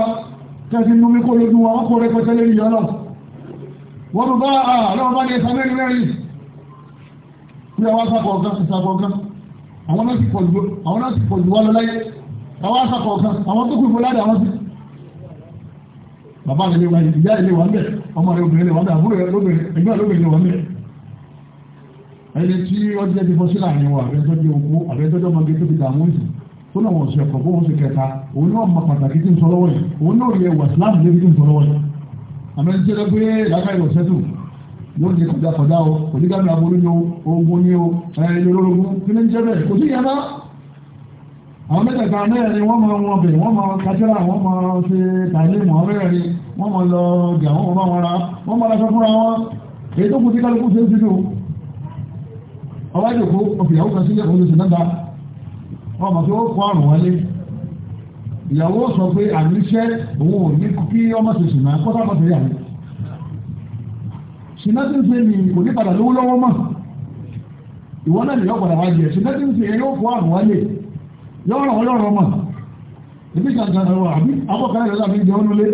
tẹ́sí nú mi kó lójú wọn wọ́n kó rẹpẹtẹ lórí ọlọ́ wọ́n tún bá ọlọ́run bá ní ẹ̀sán mẹ́rin mẹ́rin kí àwọn asakọ̀ọ̀kan ìsakọ̀ọ̀kan àwọn náà pọ̀ jù àwọn asakọ̀ọ̀kan àwọn tó kù fún ládàá wọn sí bàbá rẹ̀ lè wà ní ìyá ilé wà mẹ́ ọmọ rẹ̀ obìnrin lè wà mẹ́ àbúrò rẹ̀ lóbìnrin ẹgbẹ́ lóbìnrin lè wà mẹ́ ẹni tí ó jẹ́ ti fọ́sílà ní wa àbẹ́tọ́jọ́ okú àbẹ́tọ́jọ́ ọmọdé tó ti dààmú ìsìn tó náà wọ̀ sí ọkọ̀ bó wọ́n sì kẹta òun náà mọ pàtàkì tí ń sọ lọ́wọ́ yìí òun náà rí ẹwà síláàmù débi tí ń sọ lọ́wọ́ yìí àmọ́ tí ó pé àwọn mẹ́tẹ̀ẹ̀ta mẹ́rin wọ́n máa wọn bẹ̀ wọ́n máa kájọ́ra wọ́n máa ṣe tàílé mọ́ mẹ́rin wọ́n máa lọ bí àwọn ọmọ wọn ra wọ́n máa lọ́sọ fúnra wọn èyí tó kù sí kálukú ṣe ń sinú ọwájú kó ọ̀fìyàwó kan sílẹ̀ òun ló náà wọ́n mọ̀ tó kọ́ àrùn wọlé ìyàwó sọ pé àníṣẹ́ òun ò ní kí ọmọ ṣe ṣìnà kọ́tà bọ̀ sílẹ̀ àná ṣìnà tí ń ṣe ni kò ní padà lówó lọ́wọ́ mọ́ ìwọ náà nìyọ́ padà wá jẹ ṣìnà tí ń ṣe yóò kọ́ àrùn wọlé lọ́rọ̀ ọlọ́rọ̀ ọmọ ìbí kankan ẹ̀rọ àbí abọ́kẹ́rẹ́ ìrọ̀lá mi jẹ́ ọ́nulé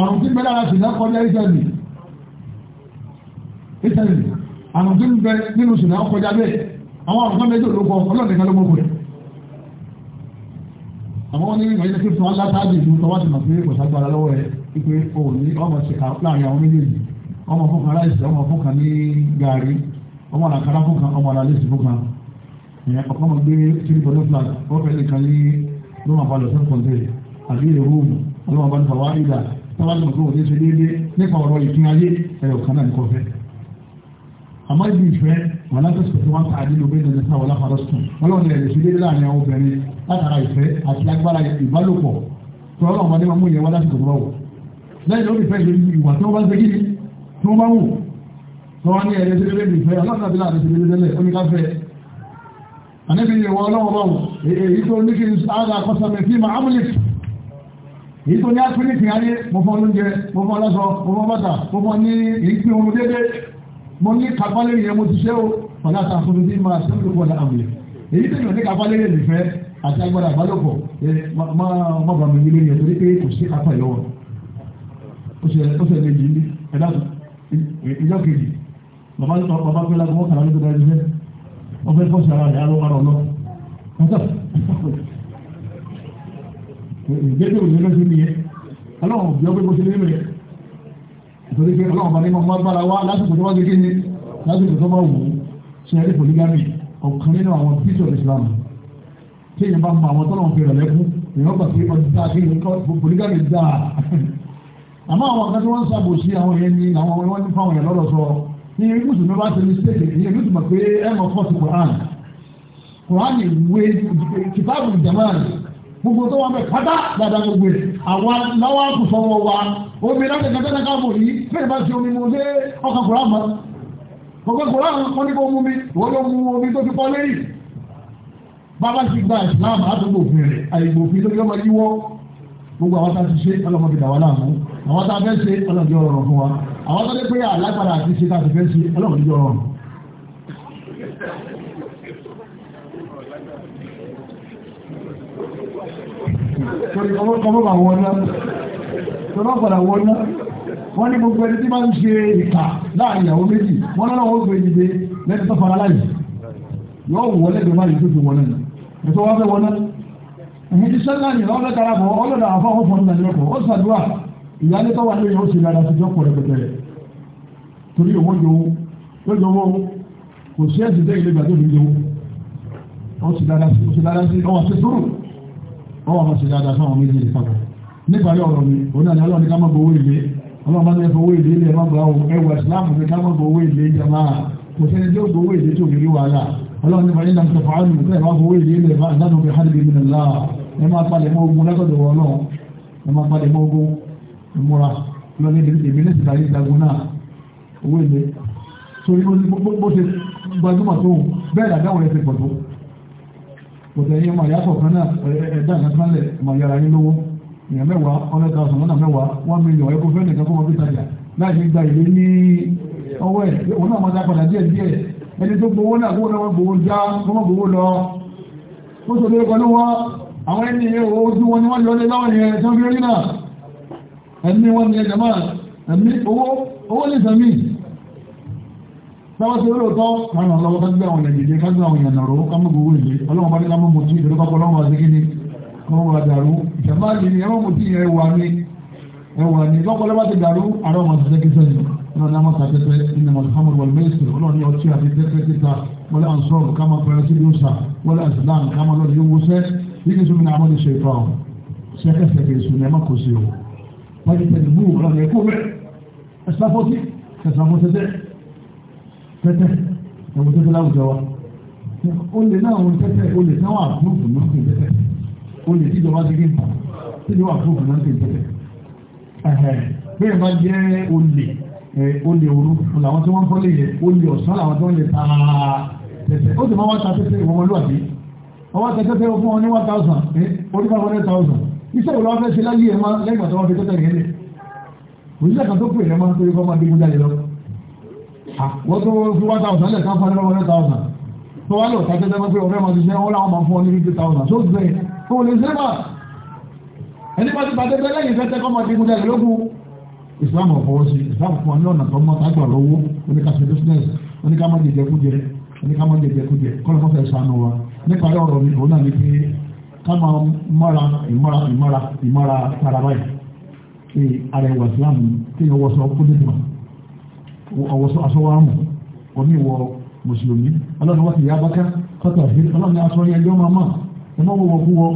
àrùn tí bẹ́ẹ̀ lára ṣìnà kọjá ìṣẹ́lì ìṣẹ́lì àrùn tí bẹ́ẹ̀ nínú ṣìnà kọjá bẹ́ẹ̀ àwọn àrùn kan méjì olóko ọlọ́nìkan ló gbogbo rẹ̀ àwọn ní ìrìnàjò tó fún alátájì ìlú tó wá ti mọ̀ pé kò ságbára lọ́wọ́ ẹ̀ pípé o ní ọmọ ṣe láàrin àwọn méjèèjì ọmọ fún kan láìsí ọmọ fún kan ní gàárì ọmọ làkàrà fún kan ọmọ làlẹ́sì fún kan ìyẹn ọkọ mọ̀ gbé three point five wọ́n fẹ́ lè kan ní lọ́wọ́ àbálọ̀ seven point three àbí èrè rúùmù ọlọ́wọ́ àbálọ̀ fà wá ìdá tọ́wọ́ àti mọ̀tò òde ṣe déédéé nípa ọ̀rọ̀ ìpín ayé ẹ̀rọ kan náà ní kọfẹ́. àmọ́ ibi ìfẹ́ wọn láti sọ fún wọn ká àdínú bẹ́ẹ̀ ní sáwọn láfàrọ̀ sùn ọlọ́wọ́ ní ẹ̀rẹ̀ ṣe déédéé láàrin àwọn obìnrin látara ìfẹ́ àti agbára ìbálòpọ̀ tí ọlọ́wọ́ ọmọdé máa mú ìyẹn wá láti sọ fún wọn lẹ́yìn lórí àníbi ìwọ ọlọ́wọ́ báwọn èyí tó ní kí n sára àkọsọ̀mẹ̀ tí máa amúlẹ̀ èyí tó ní ápíríkì ayé mo fọ́ lóúnjẹ mo fọ́ lọ́sọ mo fọ́ bàtà mo fọ́ ní ìpín ohun dédé mo ní kápálẹ̀ yẹn mo ti ṣe ó pàlá àtàkùnrin tí máa ṣe lóko ọ̀la amúlẹ̀ èyí tó ní kápálẹ̀ yẹn lè fẹ́ àti agbára àbálòpọ̀ má bàmí nílé yẹn torí pé kò sí apá ìlọ́wọ́ ó ṣe lè ọbẹ̀ bọ́ sara rẹ̀ arọ́ arọ́ lọ. ìgbésẹ̀ òní ló ṣe nìyẹn ọlọ́run òbí ọbẹ̀ bọ́ sí nínú rẹ̀ ìtòlí pé ọlọ́run bá ní ọmọ agbára wá lásìkò tó wá gẹ́gẹ́ ní lásìkò tó bá wù ú ṣe ẹ̀rí polygamy ọ̀kan nínú àwọn píṣọ̀ ìsìlámù tí èèyàn bá mọ àwọn tọ́lọ̀ fi rẹ̀ lẹ́kún èèyàn gbà pé ọdún àti polygamy dáa àmọ́ àwọn kan tí wọ́n ń sàbòsí àwọn yẹn ní àwọn wọn fáwọn yẹn lọ́dọ̀ sọ ní mùsùlùmí bá ṣe mistake ní ẹni tó mọ̀ pé ẹ mọ̀ fọ́ọ̀tù Quran Quran ìwé kìtàbù jamaa gbogbo tó wọn bẹ pátá dáadáa gbogbo ẹ àwa láwa kù sọwọ wa omi láti kẹtẹ náà káàbọ̀ yìí bẹ́ẹ̀ bá ṣe omi mo ṣe ọkàn Quran mọ́ gbogbo Quran wọn ní kó mú mi wọ́n ló mú omi tó fi pọ́ lẹ́yìn bàbá ti gba Islam àtúgbò òfin rẹ̀ àyègbò òfin tó yọ ọmọ yíwọ́ gbogbo àwọn tá a ti ṣe ọlọ́mọbìnrin àwọn aláàmú àwọn tá a fẹ́ ṣe ọlọ́dún ọ̀rọ̀ fún wa àwọn tó dé pé alágbára àti ṣe tàbí fẹ́ ṣe ọlọ́run jọ ọ̀run torí ọmọkọmọ bá wọ́n náà tó náà padà wọ́n náà wọ́n ní gbogbo ẹni tí máa ń ṣe ìkà láàrin ìyàwó méjì wọ́n náà wọ́n gbé ìdíje lẹ́tí tó fara láyé yóò wọ́ lẹ́gbẹ̀ẹ́ máa yìí tó fi wọ́n náà ẹ̀tọ́ wọ́n fẹ́ wọ́n náà ìmúdíṣẹ́ náà ni ọlọ́dà àbọ̀ ọlọ́dà àfọ́ ọ̀fọ̀ nílẹ̀ lọ́kọ̀ ó ìyáálé tó wà lóyún ó ṣe dáadáa sí jọ́pọ̀ rẹpẹtẹ rẹ torí òun jowó ó jowó kò sí ẹ̀sìn tẹ́ ilé gbàdúrà jowó ó ṣe dáadáa sí ó ṣe dáadáa sí ọwọ́ ṣe sùúrù ọwọ́ àwọn ṣe dáadáa fún àwọn méjì ìpapọ̀ nípa yọ ọ̀rọ̀ mi òun náà ni ọlọ́ọ̀ni ká má gbowó ìlé ọlọ́ọ̀ má ní ẹ̀fọ́ owó ìlé ilé ẹ̀ má gbà ó ẹwà ìsìláàmù ní ká má gbowó ìlé jama kò sẹ́ni tí ó gbowó ìlé tó kiri wàhálà ọlọ́ọ̀ nípa yín dàmú tẹ̀fọ́ àlù tẹ̀ má gbowó ìlé ilé ẹ̀ má ìdánù bí hàlì bí mi nìlá ẹ má palẹ̀ mọ́ ogun lẹ́kọ̀dọ̀ wọ́n náà ẹ má palẹ̀ mọ́ ogun ìmúra lọ́dẹ ìbí lẹ́sìn láyé ìdágún náà owó èlé torí bó ṣe gbajúmọ̀ tó bẹ́ẹ̀ làdáwọ̀ ẹ̀sìn pọ̀ tó kòtò ẹ̀yẹ mọ̀ yàtọ̀ kan náà ẹ̀dá ìlẹ́sìnlẹ̀ mọ̀ yàrá yín lówó èèyàn mẹ́wàá ọ̀rẹ́ ta ọ̀sán lọ́nà mẹ́wàá one million ẹ̀kọ́ fẹ́ nìkan fún ọdún ìtajà láì ní gba ìlé ní ọwọ́ ẹ̀ òun náà máa dápadà díẹ̀ díẹ̀ ẹni tó gbowó náà gbowó náà gbowó já gbowó gbowó lọ ó sọ pé ọkọ̀ ló wá àwọn ẹni owó ojú wọn ni wọ́n lọ lé láwọn yẹn tó ẹ̀mí wọn ni ẹ̀jẹ̀ máa ẹ̀mí owó owó ní sẹ́mi sábà tí ó lóòótọ́ káàmù ọlọ́wọ́ ká gbé àwọn ẹ̀jẹ̀ ká gbé àwọn ìyànà rò ká mú gbogbo ìlé ọlọ́wọ́ bá ní ká mú mọ̀tí ìdúró pápọ̀ ọlọ́wọ́ àti kíni ọlọ́wọ́ àdàrú ìjàmbá yìí ni ẹ̀rọ mọ̀tí yẹn wà ní ẹwà ní lọ́pọ̀lọ́ bá ti dàrú àrà ọmọ ṣiṣẹ́ kíṣẹ́ ni ọlọ́run náà mọ̀ta tẹ́tẹ́ nínú mọ̀tàmọ̀ wọ̀lú mẹ́sì ọlọ́run ní ọtí àti tẹ́tẹ́ títa wọlé àǹsọ́ọ̀rù ká máa pẹ̀lẹ́ sí lóṣà wọlé àṣìláàmù ká máa lọ́dún yóò wọ́sẹ́ yíkí súnmí náà mọ́ni ṣe ìfà ọ̀ ṣẹ́kẹ́sẹ̀kẹ́ ìṣúná má kò sí o. فاجتنبوه ولا يكون ẹ̀sàfọ́tí ẹ̀sàfọ́tẹ́tẹ́ tẹ́tẹ́ ẹ̀wọ̀tẹ́tẹ́ láwùjọ wa o lè náà wọn tẹ́tẹ́ o lè náà wà fúrufú náà kì í tẹ́tẹ́ o lè tíjọba ti gíńtà tíjọ wà fúrufú náà kì í tẹ́tẹ́ bẹ́ẹ̀ bá jẹ́ olè olè òru làwọn tí wọ́n fọ́ lè yẹ olè ọ̀sán làwọn tí wọ́n lè ta tẹ́tẹ́ ó sì máa wá ta tẹ́tẹ́ ìwọ̀n wọn lúwàdí wọ́n wá ta tẹ́tẹ́ fún ọ ní one thousand orí bá wọn ní thousand iṣẹ́ ìwọ̀n fẹ́ ṣe láyé ẹ̀má lẹ́gbà tó wọ́n fi tọ́tẹ̀ ìrẹ́lẹ̀ òṣìṣẹ́ kan tó pè ẹ̀má tó yẹ kọ́ máa dégun jáde lọ wọ́n tó fi one thousand lẹ́ẹ̀kan fún ẹlẹ́wọ̀n one thousand tó wá lọ tàbí ẹgbẹ́ pé ọ̀rẹ́ máa ti ṣe wọ́n láwọn máa fún ọ ní fifty thousand tó ti bẹ̀rẹ̀ tó lè ṣe náà ẹni bá ti bàtẹ́ bẹ́ẹ̀ lẹ́yìn fẹ́ tẹ́kọ́ máa dégun jáde lógún Islam ọ̀fọwọ́ sí Islam fún ọ̀nà ọ̀nà tó mọ́ tágbà lọ́wọ́ oníkàṣe business oníkàmọ́ jẹjẹkújẹ oníkàmọ́ jẹjẹkújẹ nípa ọ̀rọ̀ mi òun náà ní pé ká máa mọ́ra ìmọ́ra ìmọ́ra ìmọ́ra sára báyìí ṣe ara ìwà ìsìlámù kí ni ọwọ́sọ kúndínlá ọwọ́sọ aṣọwámù omi ìwọ mùsùlùmí ọlọ́run wọ́n ti yá bákà kọ́tà sí ọlọ́run ní aṣọ yẹn yọ́ máa mọ̀ ẹ má wọ̀wọ̀ kú wọ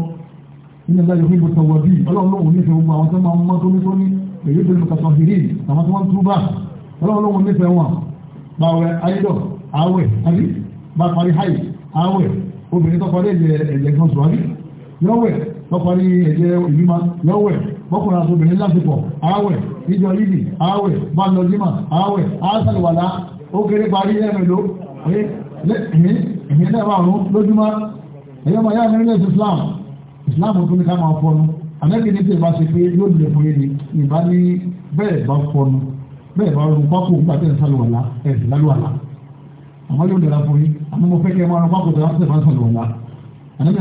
nínú ẹgbẹ́ yòókù ìbò tọ̀wọ̀ bíi ọlọ́run lóhùn nífẹ̀ẹ́ gbogbo àwọn tó máa mọ́ tónítóní èyí tó lè kàtọ̀ hìrì àwọn tó máa ń túbà ọlọ́run lóhùn nífẹ̀ẹ́ wọn báwẹ̀ ayédọ̀ àwẹ̀ àbí bá parí háì àwẹ̀ obìnrin tó parí ẹ̀jẹ̀ ẹ̀jẹ̀ kan sùn yọ́wẹ̀ tọparí ẹ̀jẹ̀ ìbímọ yọ́wẹ̀ bọ́kùnrin àtòbìnrin lásìpọ̀ ààwẹ̀ ìjọ yìí ààwẹ̀ bàlọ́jímà ààwẹ̀ àásàlùwàlá ó kéré parí ẹ̀mẹ̀ló ẹ̀mí náà rún lójúmọ́ ẹ̀yọ́ ma yára nílẹ̀ Islam Islam tún ní ká máa fọnu àmẹ́kì ní tí ìbá ṣe pé yóò lè fún yìí ìbá ní bẹ́ẹ̀ bá fọnu bẹ́ẹ̀ bá rún pákó nígbà tẹ́ ìsàlùwàlá ẹ̀sìn lálùwàlá àmọ́ yóò lè ra fún yìí àmọ́ mo fẹ́ kẹ́ máa rún pákó tẹ́ ìsàlùwàlá النبي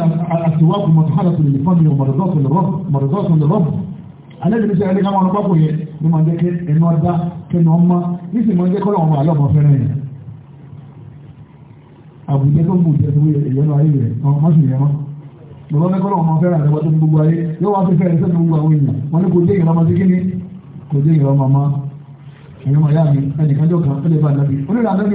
السواك مدخلة للفم ومرضات للرب مرضات للرب alẹ́lẹ́ ní sẹ́yìn káwọn ọlọ́pàá yẹ ló máa jẹ́ ẹnu ọdá kẹnu ọmọ nísìnyí máa jẹ́ kọ́lọ́ ọmọ àlọ́mọ fẹ́ràn yẹn. àbùjẹ tó ń bù jẹ fún ìyẹnu ayé rẹ wọn sì yẹn mọ́ lọ́wọ́ ní kọ́lọ́ ọmọ fẹ́ràn rẹ wọ́n tó ń gbogbo ayé yóò wá fi fẹ́ràn sẹ́nu gbogbo àwọn èèyàn wọn ní kò jẹ́ ìrọmọ sí kíni kò jẹ́ ìrọmọ mọ́ ẹ̀yọ́ màá yá mi ẹnìkanjọ́ kan ó lè bá nàbí ó lè rà nàbí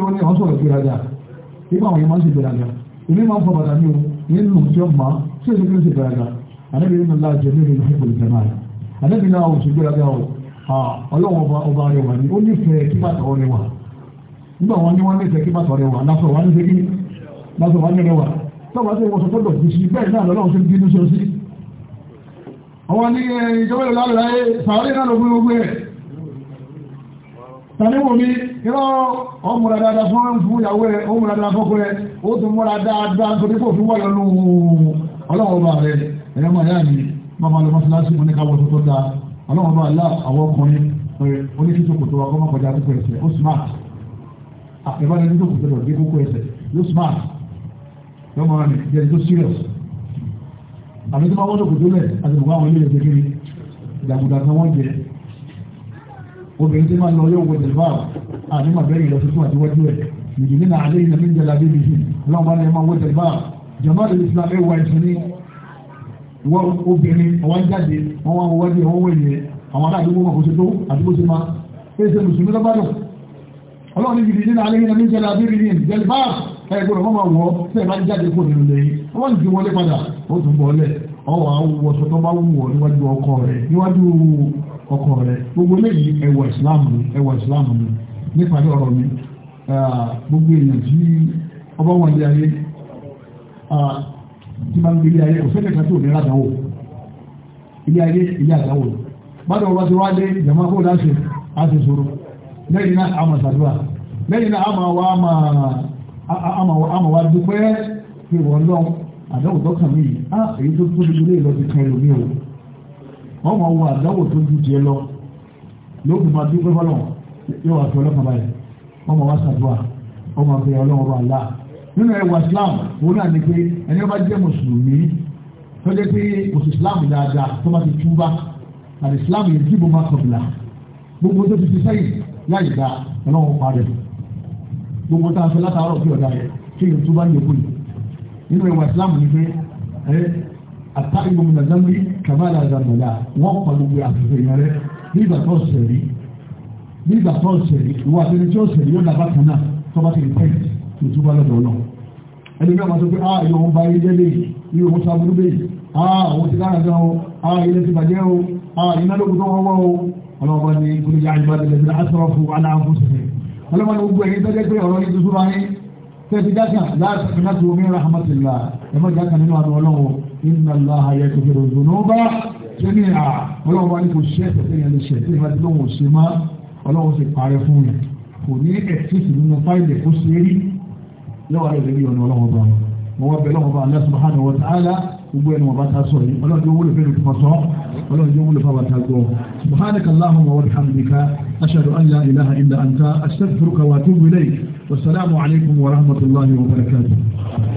wọn ní ọ̀ nínú tí tí èdè kìí ṣe gbàgbà ànábì nínú ńlá jẹ̀mí ní ìfẹ́ pẹ̀lú jẹ̀má rẹ̀ ànábì náà oṣù gbéraga o ọlọ́wọ́ ọba rẹ̀ wà ní ó nífẹ̀ẹ́ kí bàtà ọ̀rẹ́ wà nígbà wọn ní wọn nífẹ̀ẹ́ kí bàtà ọ̀rẹ́ wà lásọ wọn ní sẹ́kí lásọ wọn ní wà tọ́ba tó wọ́n sọ sí ọwọ́ ní mi irọ́ ọmọ dáadáa fún ìyàwó rẹ̀ ọmọ dáadáa fọ́kọ rẹ̀ ó tún múra dáadáa nítorí kò fi wọ́n lọ́nu ọlọ́run ọba rẹ̀ ẹ̀yọ́ máa yára ní máma lọ mọ́sálásí mo ní ká wọ́n tó dáa ọlọ́run ọba alá àwọn ọkùnrin ó ní kíkó kòtò ọkọ̀ mọ́kànlá tó pẹ̀lẹ́sẹ̀ ó smart àpẹ̀bá ní kíkó kòtò ọ̀dẹ́ kókó ẹsẹ̀ ló smart lọ́mọ rẹ̀ jẹ́ tó serious àmì tó máa wọ́n tó kòtò lẹ̀ àti bùkún àwọn ilé ẹ̀jẹ̀ kiri ìdàkùdà kan wọ́n jẹ obìnrin tí máa lọ yóò wọ yudilina aleyna min jalabibihin ọlọ́run bá ní ẹ máa wọ tẹ̀lé báà jamaat al-islam ẹ̀ wá ẹ̀sìn ní wọ́n obìnrin wọ́n jáde wọ́n wá wọ́n wọ́n wọ́n wọ́n yẹ àwọn aládùúgbò wọn kò ṣe tó àdúgbò ṣe máa ṣe mùsùlùmí lọ́bàdàn ọlọ́run ní yudilina aleyna min jalabibihin jẹ̀lì báà ẹgbẹ́ ọmọ wọ ṣe bá jáde kó nínú lẹ́yìn wọ́n ti wọlé padà ó tún bọ́lẹ̀ ọwọ́ àwọ̀sọ tó bá wù ọ́ níwájú ọkọ rẹ̀ níwájú ọkọ rẹ̀ gbogbo lẹ́yìn ẹwà ìsìláàmù ẹwà ìsìláàmù nípàdé ọ̀rọ̀ mi gbogbo èèyàn tí ọba wọn lé ayé tí máa ń gbé ilé ayé òfin kẹta tí ò ní ládàáwò ilé ayé ilé àdáwò gbádùn ọba tí wọ́n á dé ìjàmbá kó láṣẹ àti ìṣòro lẹ́yìn náà àmà ṣàdúrà lẹ́yìn náà àmà wa àmà wa dúpẹ́ pé wọ́n lọ àdáwò tó kàn mí yìí á èyí tó tóbi ilé ìlọ ti kan ẹlòmíì o wọ́n máa wọ àdáwò tó ju tiẹ̀ lọ lóògùn máa dúpẹ́ fọlọ́ yóò wà fi ọlọ́kàn báyìí ọmọ wa sàdúrà ọmọ abẹ ọlọ́run àlá nínú ẹwà islam wọn náà ni pé ẹni ọba jẹ́ mùsùlùmí tó jẹ́ pé oṣù islam dáadáa tó bá ti túbá àti islam yẹn dìbò má kọ̀bìlà gbogbo tó ti fi sẹ́yìn láyé dá ọlọ́run parẹ́ gbogbo tá a fẹ́ látàárọ̀ bí ọ̀dà rẹ̀ kí èyí túbá ní òkú yìí nínú ẹwà islam ni pé ẹ àtàkùn gómìnà zambi kàmáàlà zambala wọn pa gbogbo àfẹ́fẹ́ yẹn rẹ nígbà tó sẹ̀rí ní ìgbà tó ń ṣẹlẹ̀ ìwà àti ẹni tí ó ṣẹlẹ̀ yóò dàgbà kan náà tó bá ti rí pẹ́ẹ́t tó túbọ̀ lọ́dọ̀ ọ̀nà ẹni bí wọ́n sọ pé ah ìwọ̀n ba ilé lè ní òun sábúrú bẹ́ẹ̀ ah òun ti dára gan o ah ilé ti bàjẹ́ o ah iná ló gbọdọ̀ wọ́n wọ́ o ọlọ́wọ́ bá ní kúlẹ̀ yá ìgbà tẹ̀lé ní asọ́rọ̀fù aláàfọ̀sẹ̀ ọlọ́wọ́ ní gbogbo ẹ̀yin tẹ́jẹ́ pé ọ̀rọ̀ ọlọ́run sì parẹ́ fún mi kò ní ẹ̀sìsì nínú fáìlì kó ṣe rí lọ́wọ́ rẹ̀ lórí ọ̀nà ọlọ́run bá wọn mo wá bẹ lọ́wọ́ bá Allah subhanahu wa ta'ala gbogbo ẹni wọn bá ta sọ̀rọ̀ yìí ọlọ́run yóò wúlò fẹ́ẹ́ tó sọ ọlọ́run yóò wúlò fáwọn àtàgbọ́ subhanaka allahumma wa bihamdika ashhadu an la ilaha illa anta astaghfiruka wa atubu ilayk wasalaamu alaykum wa rahmatulahi wa barakatuh.